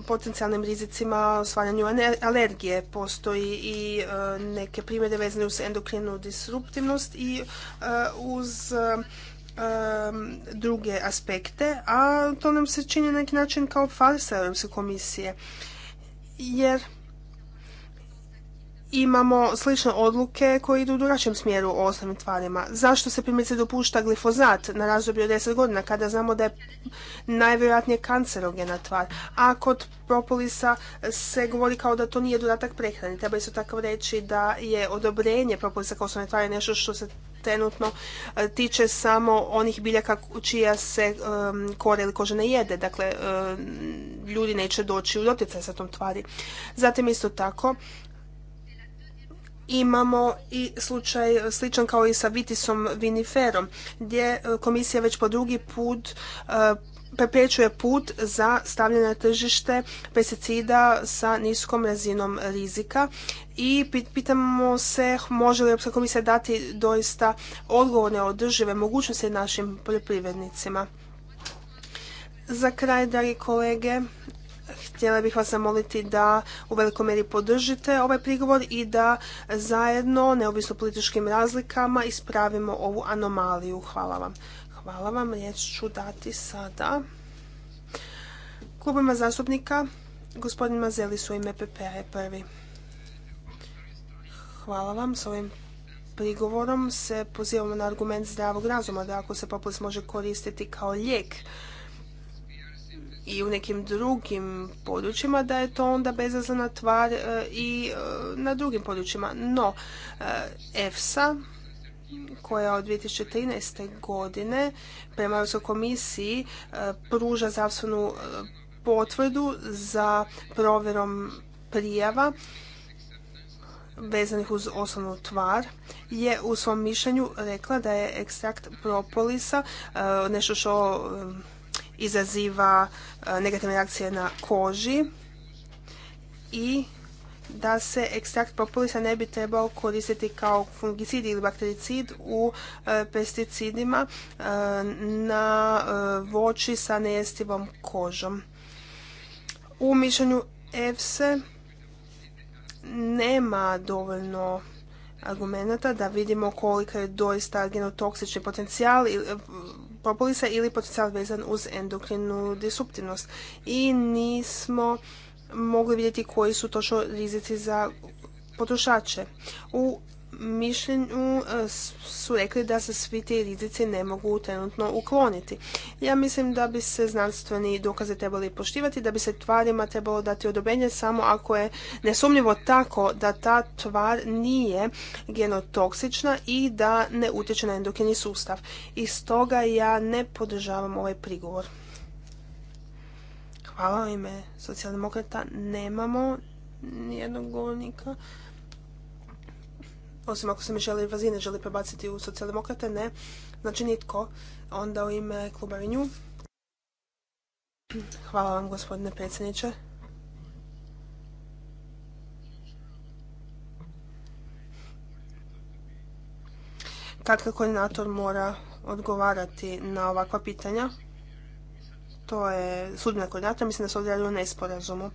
potencijalnim rizicima o alergije. Postoji i e, neke primjere vezane uz endokrinu disruptivnost i e, uz druge aspekte, a to nam se čini na neki način kao farsa Europske komisije. Jer imamo slične odluke koje idu u drugačijem smjeru o osnovnim tvarima. Zašto se primjerice dopušta glifozat na razdoblju od 10 godina kada znamo da je najvjerojatnije kancerogena tvar? A kod propolisa se govori kao da to nije dodatak prehrani. Treba isto tako reći da je odobrenje propolisa kao osnovne tvari nešto što se trenutno e, tiče samo onih biljaka čija se kore ili kože ne jede. Dakle, e, ljudi neće doći u doticaj sa tom tvari. Zatim isto tako imamo i slučaj sličan kao i sa Vitisom Viniferom, gdje e, komisija već po drugi put e, prepriječuje put za stavljanje na tržište pesticida sa niskom razinom rizika i pitamo se može li Europska komisija dati doista odgovorne održive mogućnosti našim poljoprivrednicima. Za kraj, dragi kolege, htjela bih vas zamoliti da u velikom mjeri podržite ovaj prigovor i da zajedno, neovisno političkim razlikama, ispravimo ovu anomaliju. Hvala vam. Hvala vam. Riječ ću dati sada klubima zastupnika. Gospodin Mazeli su ime PPA je prvi. Hvala vam. S ovim prigovorom se pozivamo na argument zdravog razuma da ako se populist može koristiti kao lijek i u nekim drugim područjima, da je to onda bezazlena tvar e, i e, na drugim područjima. No, e, EFSA koja od 2013. godine prema Europskoj komisiji pruža zdravstvenu potvrdu za provjerom prijava vezanih uz osnovnu tvar je u svom mišljenju rekla da je ekstrakt propolisa nešto što izaziva e, negativne reakcije na koži i da se ekstrakt propolisa ne bi trebao koristiti kao fungicid ili baktericid u e, pesticidima e, na voći sa nejestivom kožom. U mišljenju EFSE nema dovoljno argumenata da vidimo koliko je doista genotoksični potencijal populisa ili potencijal vezan uz endokrinu disruptivnost. I nismo mogli vidjeti koji su točno rizici za potrošače. U mišljenju e, su rekli da se svi ti rizici ne mogu trenutno ukloniti. Ja mislim da bi se znanstveni dokaze trebali poštivati, da bi se tvarima trebalo dati odobrenje samo ako je nesumnjivo tako da ta tvar nije genotoksična i da ne utječe na endokrini sustav. I stoga ja ne podržavam ovaj prigovor. Hvala ime socijaldemokrata. Nemamo nijednog govornika osim ako se želi Vazine želi prebaciti u socijaldemokrate, ne. Znači nitko. Onda u ime kluba Vinju. Hvala vam gospodine predsjedniče. Kad koordinator mora odgovarati na ovakva pitanja, to je sudbina koordinatora, mislim da se ovdje radi o nesporazumu.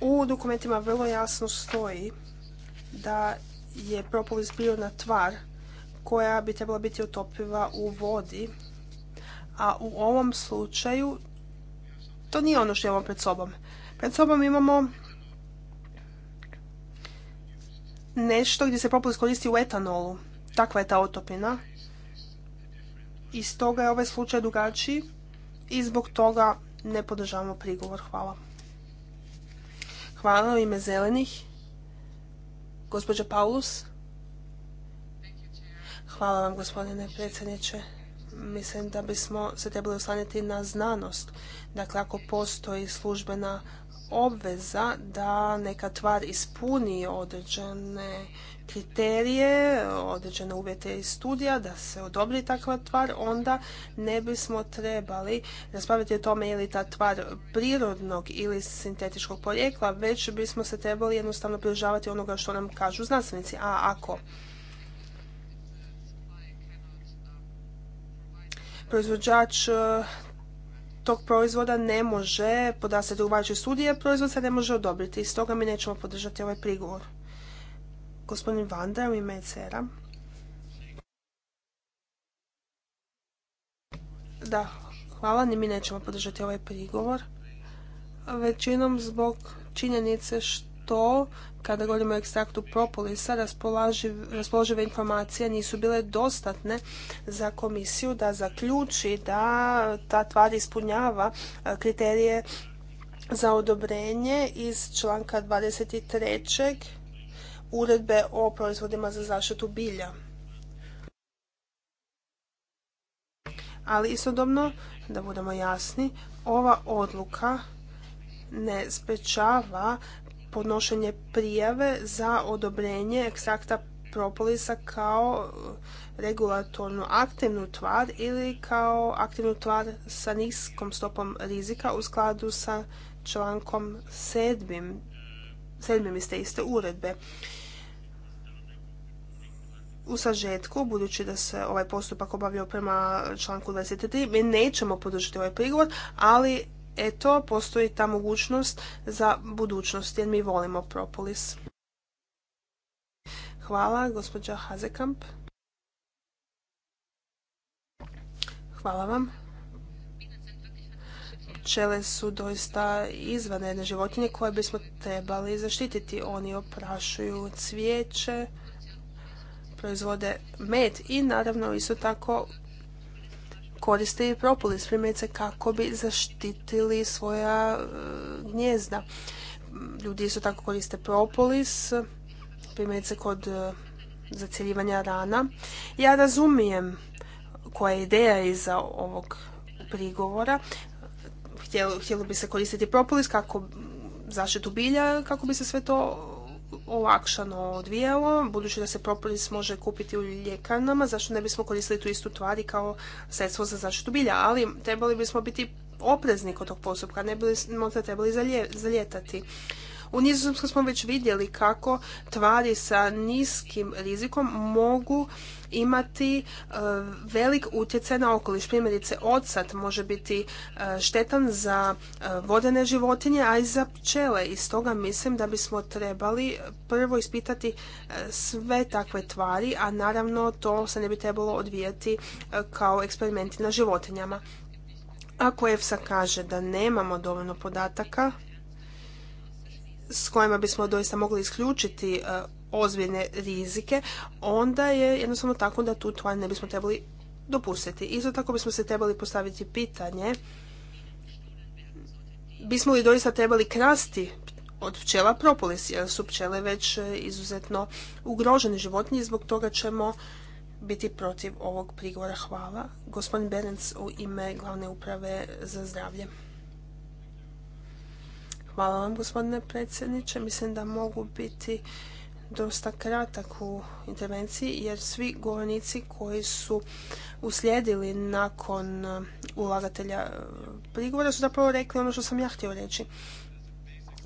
U dokumentima vrlo jasno stoji da je propolis prirodna tvar koja bi trebala biti utopiva u vodi. A u ovom slučaju to nije ono što imamo pred sobom. Pred sobom imamo nešto gdje se propolis koristi u etanolu. Takva je ta otopina. I stoga je ovaj slučaj drugačiji i zbog toga ne podržavamo prigovor. Hvala. Hvala u ime zelenih. Gospođa Paulus. Hvala vam gospodine predsjedniče. Mislim da bismo se trebali oslanjati na znanost. Dakle, ako postoji službena obveza da neka tvar ispuni određene kriterije, određene uvjete i studija da se odobri takva tvar, onda ne bismo trebali raspraviti o tome je li ta tvar prirodnog ili sintetičkog porijekla, već bismo se trebali jednostavno pridržavati onoga što nam kažu znanstvenici. A ako proizvođač e, tog proizvoda ne može podastati drugačije studije, proizvod se ne može odobriti i stoga mi nećemo podržati ovaj prigovor gospodin Vandra u ime ecr Da, hvala, ni mi nećemo podržati ovaj prigovor. Većinom zbog činjenice što kada govorimo o ekstraktu propolisa, raspoložive informacije nisu bile dostatne za komisiju da zaključi da ta tvar ispunjava kriterije za odobrenje iz članka 23 uredbe o proizvodima za zaštitu bilja. Ali istodobno, da budemo jasni, ova odluka ne sprečava podnošenje prijave za odobrenje ekstrakta propolisa kao regulatornu aktivnu tvar ili kao aktivnu tvar sa niskom stopom rizika u skladu sa člankom 7 sedmim iz te iste uredbe. U sažetku, budući da se ovaj postupak obavio prema članku 23, mi nećemo podržati ovaj prigovor, ali eto, postoji ta mogućnost za budućnost, jer mi volimo propolis. Hvala, gospođa Hazekamp. Hvala vam pčele su doista izvanredne životinje koje bismo trebali zaštititi. Oni oprašuju cvijeće, proizvode med i naravno isto tako koriste i propolis primjerice kako bi zaštitili svoja e, gnjezda. Ljudi isto tako koriste propolis, primjerice kod e, zacijeljivanja rana. Ja razumijem koja je ideja iza ovog prigovora htjelo, bi se koristiti propolis kako zaštitu bilja, kako bi se sve to olakšano odvijalo, budući da se propolis može kupiti u ljekarnama, zašto ne bismo koristili tu istu tvari kao sredstvo za zaštitu bilja, ali trebali bismo biti oprezni kod tog postupka, ne bi trebali zaljetati. U Nizozemskoj smo već vidjeli kako tvari sa niskim rizikom mogu imati e, velik utjecaj na okoliš. Primjerice, odsad može biti e, štetan za e, vodene životinje, a i za pčele. I stoga mislim da bismo trebali prvo ispitati sve takve tvari, a naravno to se ne bi trebalo odvijati kao eksperimenti na životinjama. Ako EFSA kaže da nemamo dovoljno podataka s kojima bismo doista mogli isključiti ozbiljne rizike, onda je jednostavno tako da tu tvar ne bismo trebali dopustiti. Isto tako bismo se trebali postaviti pitanje bismo li doista trebali krasti od pčela propolis, jer su pčele već e, izuzetno ugrožene životinje i zbog toga ćemo biti protiv ovog prigovora. Hvala. Gospodin Berenc u ime glavne uprave za zdravlje. Hvala vam gospodine predsjedniče. Mislim da mogu biti dosta kratak u intervenciji jer svi govornici koji su uslijedili nakon uh, ulagatelja uh, prigovora su zapravo rekli ono što sam ja htio reći.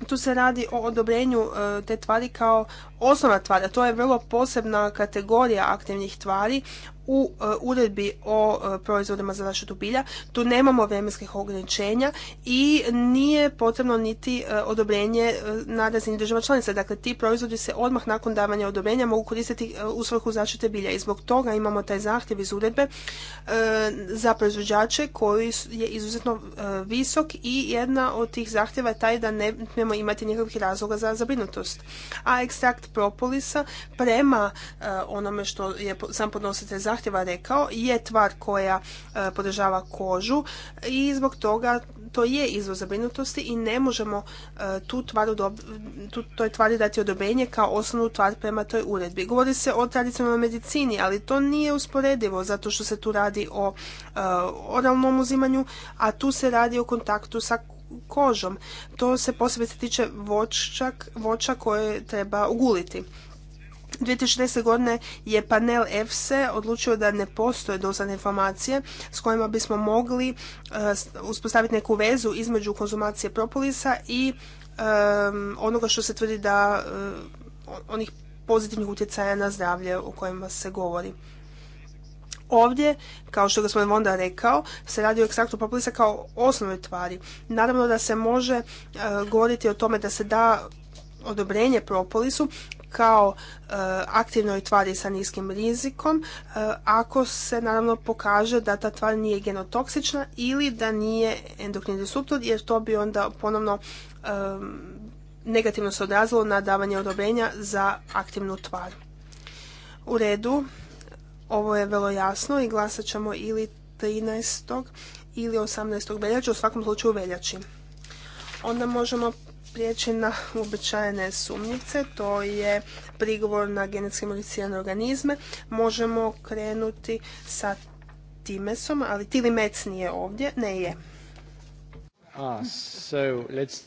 Tu se radi o odobrenju uh, te tvari kao osnovna tvar, a to je vrlo posebna kategorija aktivnih tvari u e, uredbi o e, proizvodima za zaštitu bilja tu nemamo vremenskih ograničenja i nije potrebno niti e, odobrenje na razini država članica. Dakle, ti proizvodi se odmah nakon davanja odobrenja mogu koristiti u svrhu zaštite bilja i zbog toga imamo taj zahtjev iz uredbe za proizvođače koji je izuzetno visok i jedna od tih zahtjeva je taj da ne smijemo imati nikakvih razloga za zabrinutost. A ekstrakt propolisa prema onome što je sam podnositelj zahtjeva rekao je tvar koja e, podržava kožu i zbog toga to je izvoz zabrinutosti i ne možemo e, tu tvar tu, toj tvari dati odobenje kao osnovnu tvar prema toj uredbi. Govori se o tradicionalnoj medicini, ali to nije usporedivo zato što se tu radi o e, oralnom uzimanju, a tu se radi o kontaktu sa kožom. To se posebice tiče voća koje treba uguliti. 2010. godine je panel EFSE odlučio da ne postoje dosadne informacije s kojima bismo mogli e, uspostaviti neku vezu između konzumacije propolisa i onoga što se tvrdi da e, onih pozitivnih utjecaja na zdravlje o kojima se govori. Ovdje, kao što je gospodin Vonda rekao, se radi o ekstraktu propolisa kao osnovnoj tvari. Naravno da se može e, govoriti o tome da se da odobrenje propolisu kao e, aktivnoj tvari sa niskim rizikom e, ako se naravno pokaže da ta tvar nije genotoksična ili da nije endokrini disruptor jer to bi onda ponovno e, negativno se odrazilo na davanje odobrenja za aktivnu tvar. U redu, ovo je vrlo jasno i glasat ćemo ili 13. ili 18. veljače, u svakom slučaju veljači. Onda možemo prijeći na uobičajene sumnjice, to je prigovor na genetski modificirane organizme. Možemo krenuti sa timesom, ali mec nije ovdje, ne je. Ah, so let's...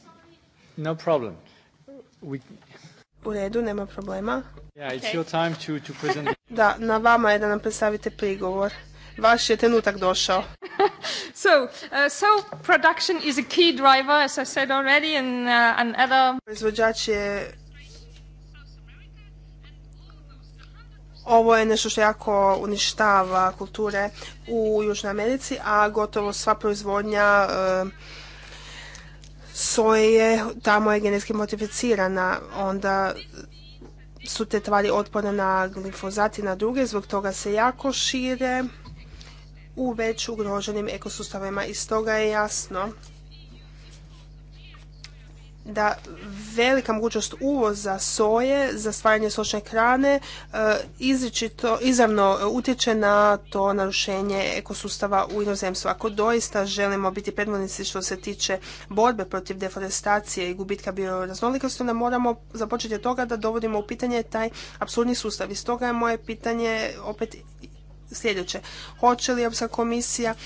No problem. U redu, nema problema. Yeah, it's your time to, to present... da, na vama je da nam predstavite prigovor. Vaš je trenutak došao. so, uh, so production is a key driver, as I said already, uh, Proizvođač je Ovo je nešto što jako uništava kulture u Južnoj Americi, a gotovo sva proizvodnja uh, soje tamo je genetski modificirana. Onda su te tvari otporne na glifozat i na druge, zbog toga se jako šire u već ugroženim ekosustavima. I stoga je jasno da velika mogućnost uvoza soje za stvaranje sočne hrane e, izričito, izravno utječe na to narušenje ekosustava u inozemstvu. Ako doista želimo biti predvodnici što se tiče borbe protiv deforestacije i gubitka bioraznolikosti, onda moramo započeti od toga da dovodimo u pitanje taj apsurdni sustav. I stoga je moje pitanje opet sljedeće. Hoće li Europska komisija e,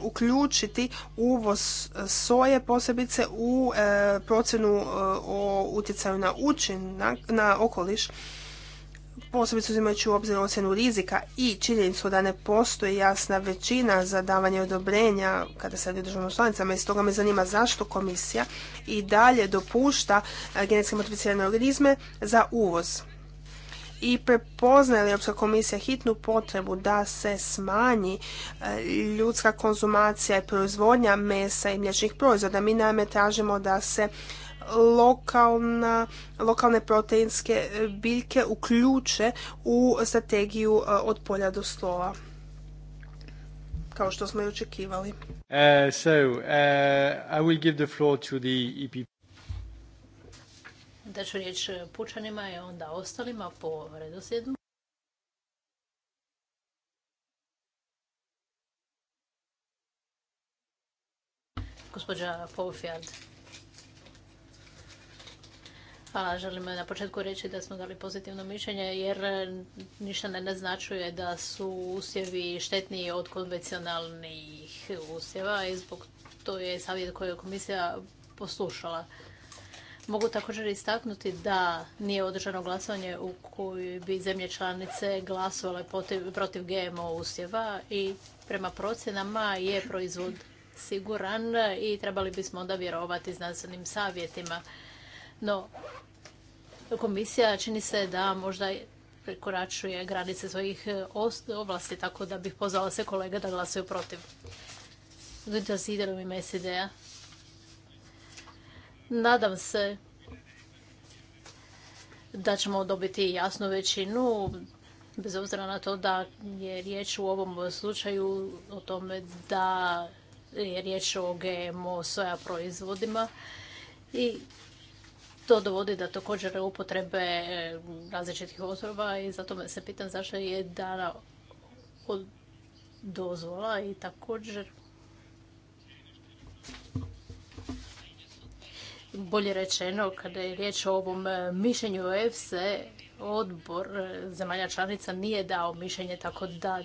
uključiti uvoz e, soje posebice u e, procjenu o utjecaju na učinak, na okoliš posebice uzimajući u obzir ocjenu rizika i činjenicu da ne postoji jasna većina za davanje odobrenja kada se radi o državnom članicama i stoga me zanima zašto komisija i dalje dopušta genetski modificirane organizme za uvoz i prepoznaje Europska komisija hitnu potrebu da se smanji e, ljudska konzumacija i proizvodnja mesa i mliječnih proizvoda. Mi naime tražimo da se lokalna, lokalne proteinske biljke uključe u strategiju e, od polja do slova kao što smo i očekivali. Uh, so, I will give the floor to the da ću riječ pučanima i onda ostalima po redosljedu. Gospođa Poufjard. Hvala, želim na početku reći da smo dali pozitivno mišljenje jer ništa ne naznačuje da su usjevi štetniji od konvencionalnih usjeva i zbog to je savjet koji je komisija poslušala. Mogu također istaknuti da nije održano glasovanje u kojoj bi zemlje članice glasovale protiv, GMO usjeva i prema procjenama je proizvod siguran i trebali bismo onda vjerovati znanstvenim savjetima. No, komisija čini se da možda prekoračuje granice svojih ovlasti, tako da bih pozvala sve kolege da glasuju protiv. da se u ime SID-a? Nadam se da ćemo dobiti jasnu većinu, bez obzira na to da je riječ u ovom slučaju o tome da je riječ o GMO soja proizvodima i to dovodi da također upotrebe različitih osoba i zato me se pitam zašto je dana od dozvola i također bolje rečeno, kada je riječ o ovom e, mišljenju EFSE, odbor e, zemalja članica nije dao mišljenje, tako da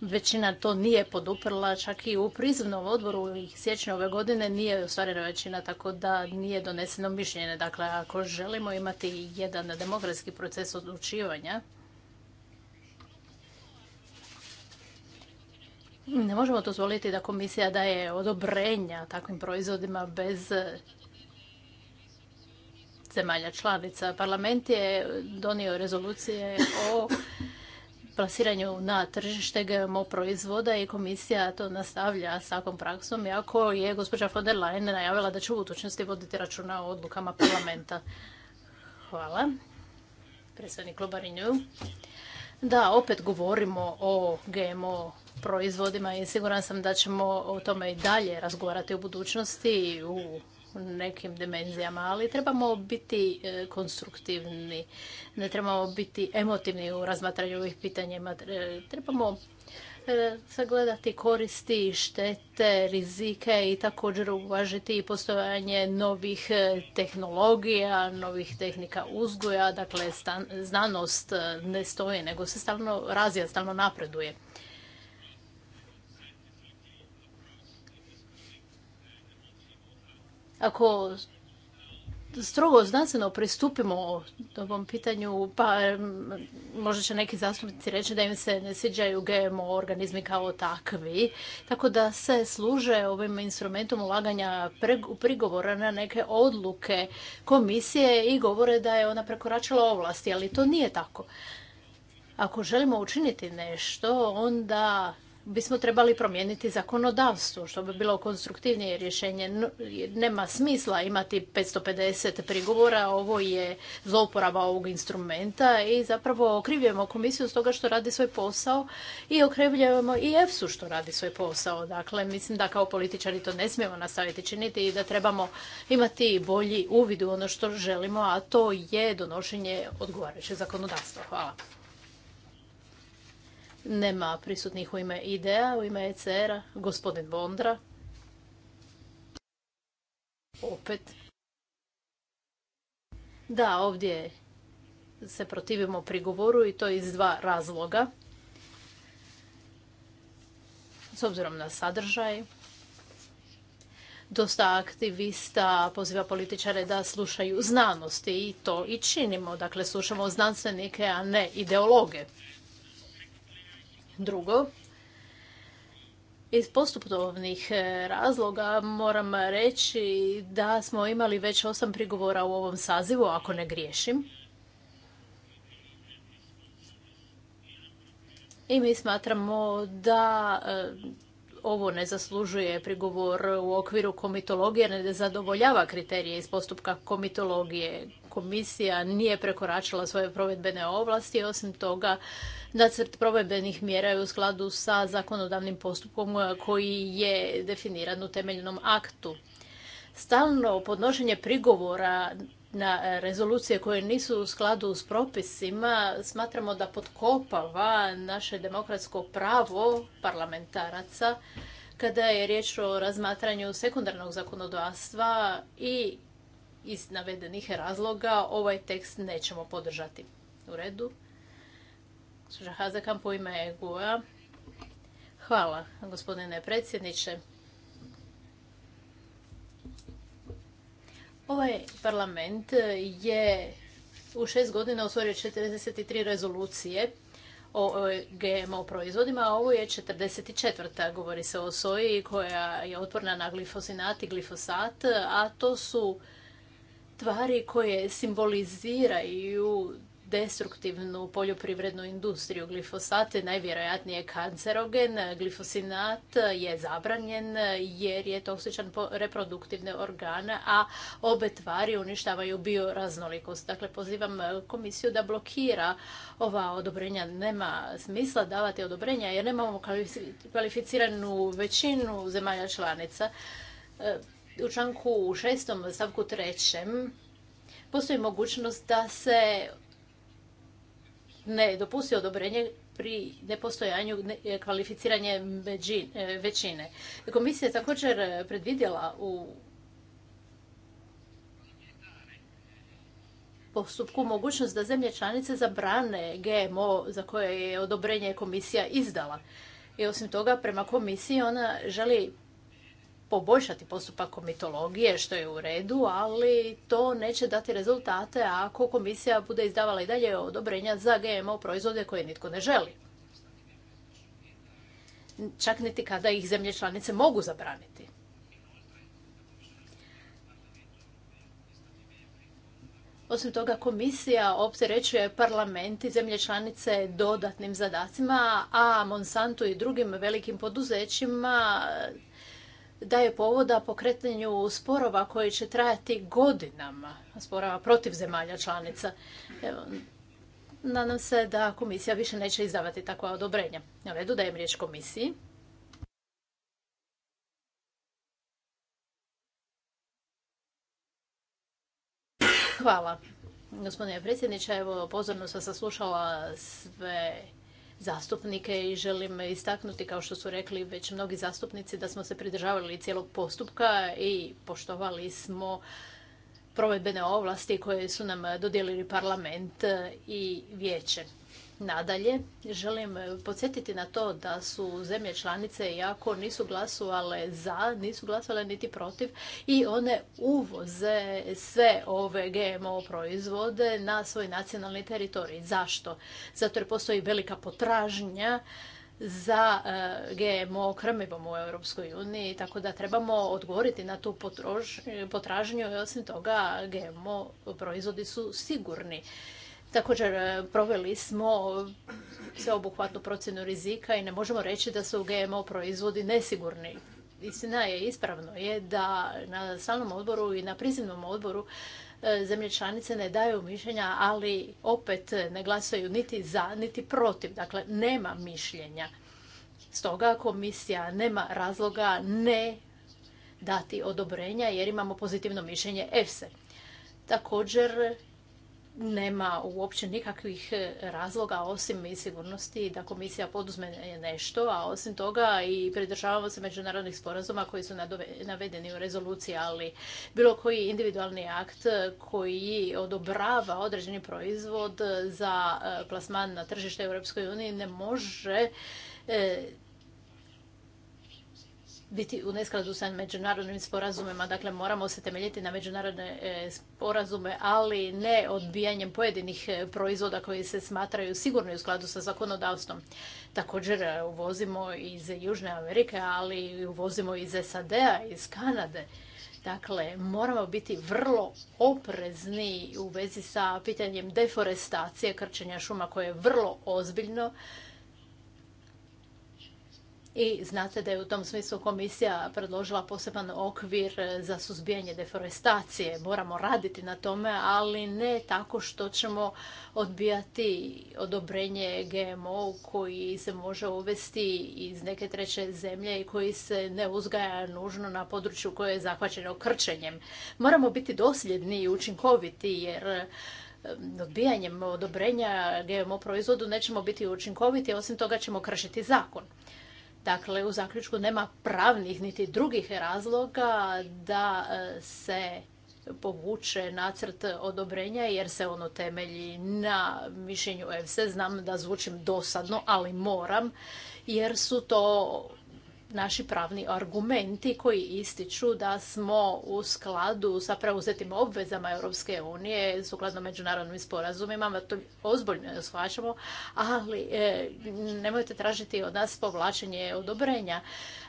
većina to nije poduprla, čak i u prizivnom odboru ih siječnja ove godine nije ostvarena većina, tako da nije doneseno mišljenje. Dakle, ako želimo imati jedan demokratski proces odlučivanja, Ne možemo dozvoliti da komisija daje odobrenja takvim proizvodima bez zemalja članica. Parlament je donio rezolucije o plasiranju na tržište GMO proizvoda i komisija to nastavlja s takvom praksom, iako je gospođa von der Leyen najavila da će u budućnosti voditi računa o odlukama parlamenta. Hvala. Predstavnik Kluba Da, opet govorimo o GMO proizvodima i siguran sam da ćemo o tome i dalje razgovarati u budućnosti u nekim dimenzijama, ali trebamo biti e, konstruktivni, ne trebamo biti emotivni u razmatranju ovih pitanja. trebamo e, sagledati koristi, štete, rizike i također uvažiti i postojanje novih e, tehnologija, novih tehnika uzgoja, dakle znanost ne stoji nego se stalno razvija, stalno napreduje. Ako strogo znanstveno pristupimo ovom pitanju, pa možda će neki zastupnici reći da im se ne sviđaju GMO organizmi kao takvi, tako da se služe ovim instrumentom ulaganja prigovora na neke odluke komisije i govore da je ona prekoračila ovlasti, ali to nije tako. Ako želimo učiniti nešto, onda bismo trebali promijeniti zakonodavstvo, što bi bilo konstruktivnije rješenje. Nema smisla imati 550 prigovora, ovo je zlouporaba ovog instrumenta i zapravo okrivljujemo komisiju stoga što radi svoj posao i okrivljujemo i EFSU što radi svoj posao. Dakle, mislim da kao političari to ne smijemo nastaviti činiti i da trebamo imati bolji uvid u ono što želimo, a to je donošenje odgovarajućeg zakonodavstva. Hvala. Nema prisutnih u ime IDEA, u ime ECR-a, gospodin Bondra. Opet. Da, ovdje se protivimo prigovoru i to iz dva razloga. S obzirom na sadržaj, dosta aktivista poziva političare da slušaju znanosti i to i činimo. Dakle, slušamo znanstvenike, a ne ideologe. Drugo, iz postupovnih e, razloga moram reći da smo imali već osam prigovora u ovom sazivu, ako ne griješim. I mi smatramo da e, ovo ne zaslužuje prigovor u okviru komitologije, ne zadovoljava kriterije iz postupka komitologije komisija nije prekoračila svoje provedbene ovlasti. Osim toga, nacrt provedbenih mjera je u skladu sa zakonodavnim postupkom koji je definiran u temeljnom aktu. Stalno podnošenje prigovora na rezolucije koje nisu u skladu s propisima smatramo da potkopava naše demokratsko pravo parlamentaraca kada je riječ o razmatranju sekundarnog zakonodavstva i iz navedenih razloga ovaj tekst nećemo podržati. U redu. Suža Hazakam po ime Hvala, gospodine predsjedniče. Ovaj parlament je u šest godina osvorio 43 rezolucije o GMO proizvodima, a ovo je 44. govori se o soji koja je otporna na glifosinat i glifosat, a to su tvari koje simboliziraju destruktivnu poljoprivrednu industriju. Glifosat je najvjerojatnije kancerogen, glifosinat je zabranjen jer je toksičan po reproduktivne organe, a obe tvari uništavaju bioraznolikost. Dakle, pozivam komisiju da blokira ova odobrenja. Nema smisla davati odobrenja jer nemamo kvalificiranu većinu zemalja članica u članku šestom stavku trećem postoji mogućnost da se ne dopusti odobrenje pri nepostojanju kvalificiranje e, većine. Komisija je također predvidjela u postupku mogućnost da zemlje članice zabrane GMO za koje je odobrenje komisija izdala. I osim toga, prema komisiji ona želi poboljšati postupak komitologije, što je u redu, ali to neće dati rezultate ako komisija bude izdavala i dalje odobrenja za GMO proizvode koje nitko ne želi. Čak niti kada ih zemlje članice mogu zabraniti. Osim toga, komisija opterećuje parlament i zemlje članice dodatnim zadacima, a Monsanto i drugim velikim poduzećima daje povoda pokretanju sporova koji će trajati godinama, sporova protiv zemalja članica. Evo, nadam se da komisija više neće izdavati takva odobrenja. Na redu dajem riječ komisiji. Hvala. Gospodine predsjedniče, evo pozorno sam saslušala sve zastupnike i želim istaknuti, kao što su rekli već mnogi zastupnici, da smo se pridržavali cijelog postupka i poštovali smo provedbene ovlasti koje su nam dodijelili parlament i vijeće. Nadalje, želim eh, podsjetiti na to da su zemlje članice, jako nisu glasovale za, nisu glasovale niti protiv i one uvoze sve ove GMO proizvode na svoj nacionalni teritorij. Zašto? Zato jer postoji velika potražnja za eh, GMO krmivom u Europskoj uniji, tako da trebamo odgovoriti na tu potražnju i osim toga GMO proizvodi su sigurni. Također e, proveli smo sveobuhvatnu procjenu rizika i ne možemo reći da su GMO proizvodi nesigurni. Istina je, ispravno je da na samom odboru i na prizivnom odboru e, zemlje članice ne daju mišljenja, ali opet ne glasaju niti za, niti protiv. Dakle, nema mišljenja. Stoga komisija nema razloga ne dati odobrenja jer imamo pozitivno mišljenje EFSE. Također nema uopće nikakvih e, razloga osim i sigurnosti da komisija poduzme nešto, a osim toga i pridržavamo se međunarodnih sporazuma koji su navedeni u rezoluciji, ali bilo koji individualni akt koji odobrava određeni proizvod za e, plasman na tržište EU ne može e, biti u neskladu sa međunarodnim sporazumima. Dakle, moramo se temeljiti na međunarodne e, sporazume, ali ne odbijanjem pojedinih e, proizvoda koji se smatraju sigurni u skladu sa zakonodavstvom. Također e, uvozimo iz Južne Amerike, ali uvozimo iz SAD-a, iz Kanade. Dakle, moramo biti vrlo oprezni u vezi sa pitanjem deforestacije, krčenja šuma koje je vrlo ozbiljno i znate da je u tom smislu komisija predložila poseban okvir za suzbijanje deforestacije. Moramo raditi na tome, ali ne tako što ćemo odbijati odobrenje GMO koji se može uvesti iz neke treće zemlje i koji se ne uzgaja nužno na području koje je zahvaćeno krčenjem. Moramo biti dosljedni i učinkoviti jer odbijanjem odobrenja GMO proizvodu nećemo biti učinkoviti, osim toga ćemo kršiti zakon. Dakle, u zaključku nema pravnih niti drugih razloga da e, se povuče nacrt odobrenja jer se ono temelji na mišljenju EFSE. Znam da zvučim dosadno, ali moram jer su to naši pravni argumenti koji ističu da smo u skladu sa preuzetim obvezama Europske unije sukladno međunarodnim sporazumima, to ozbiljno shvaćamo, ali e, nemojte tražiti od nas povlačenje odobrenja.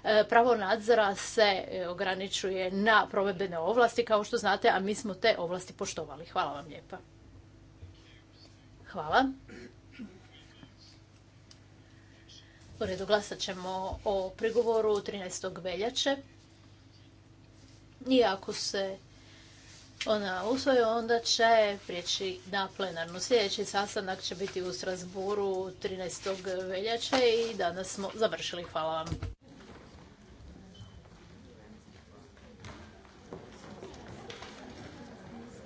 E, pravo nadzora se e, ograničuje na provedbene ovlasti, kao što znate, a mi smo te ovlasti poštovali. Hvala vam lijepa. Hvala. U redu glasat ćemo o prigovoru 13. veljače. I ako se ona usvoje, onda će prijeći na plenarnu. Sljedeći sastanak će biti u Strasburu 13. veljače i danas smo završili. Hvala vam.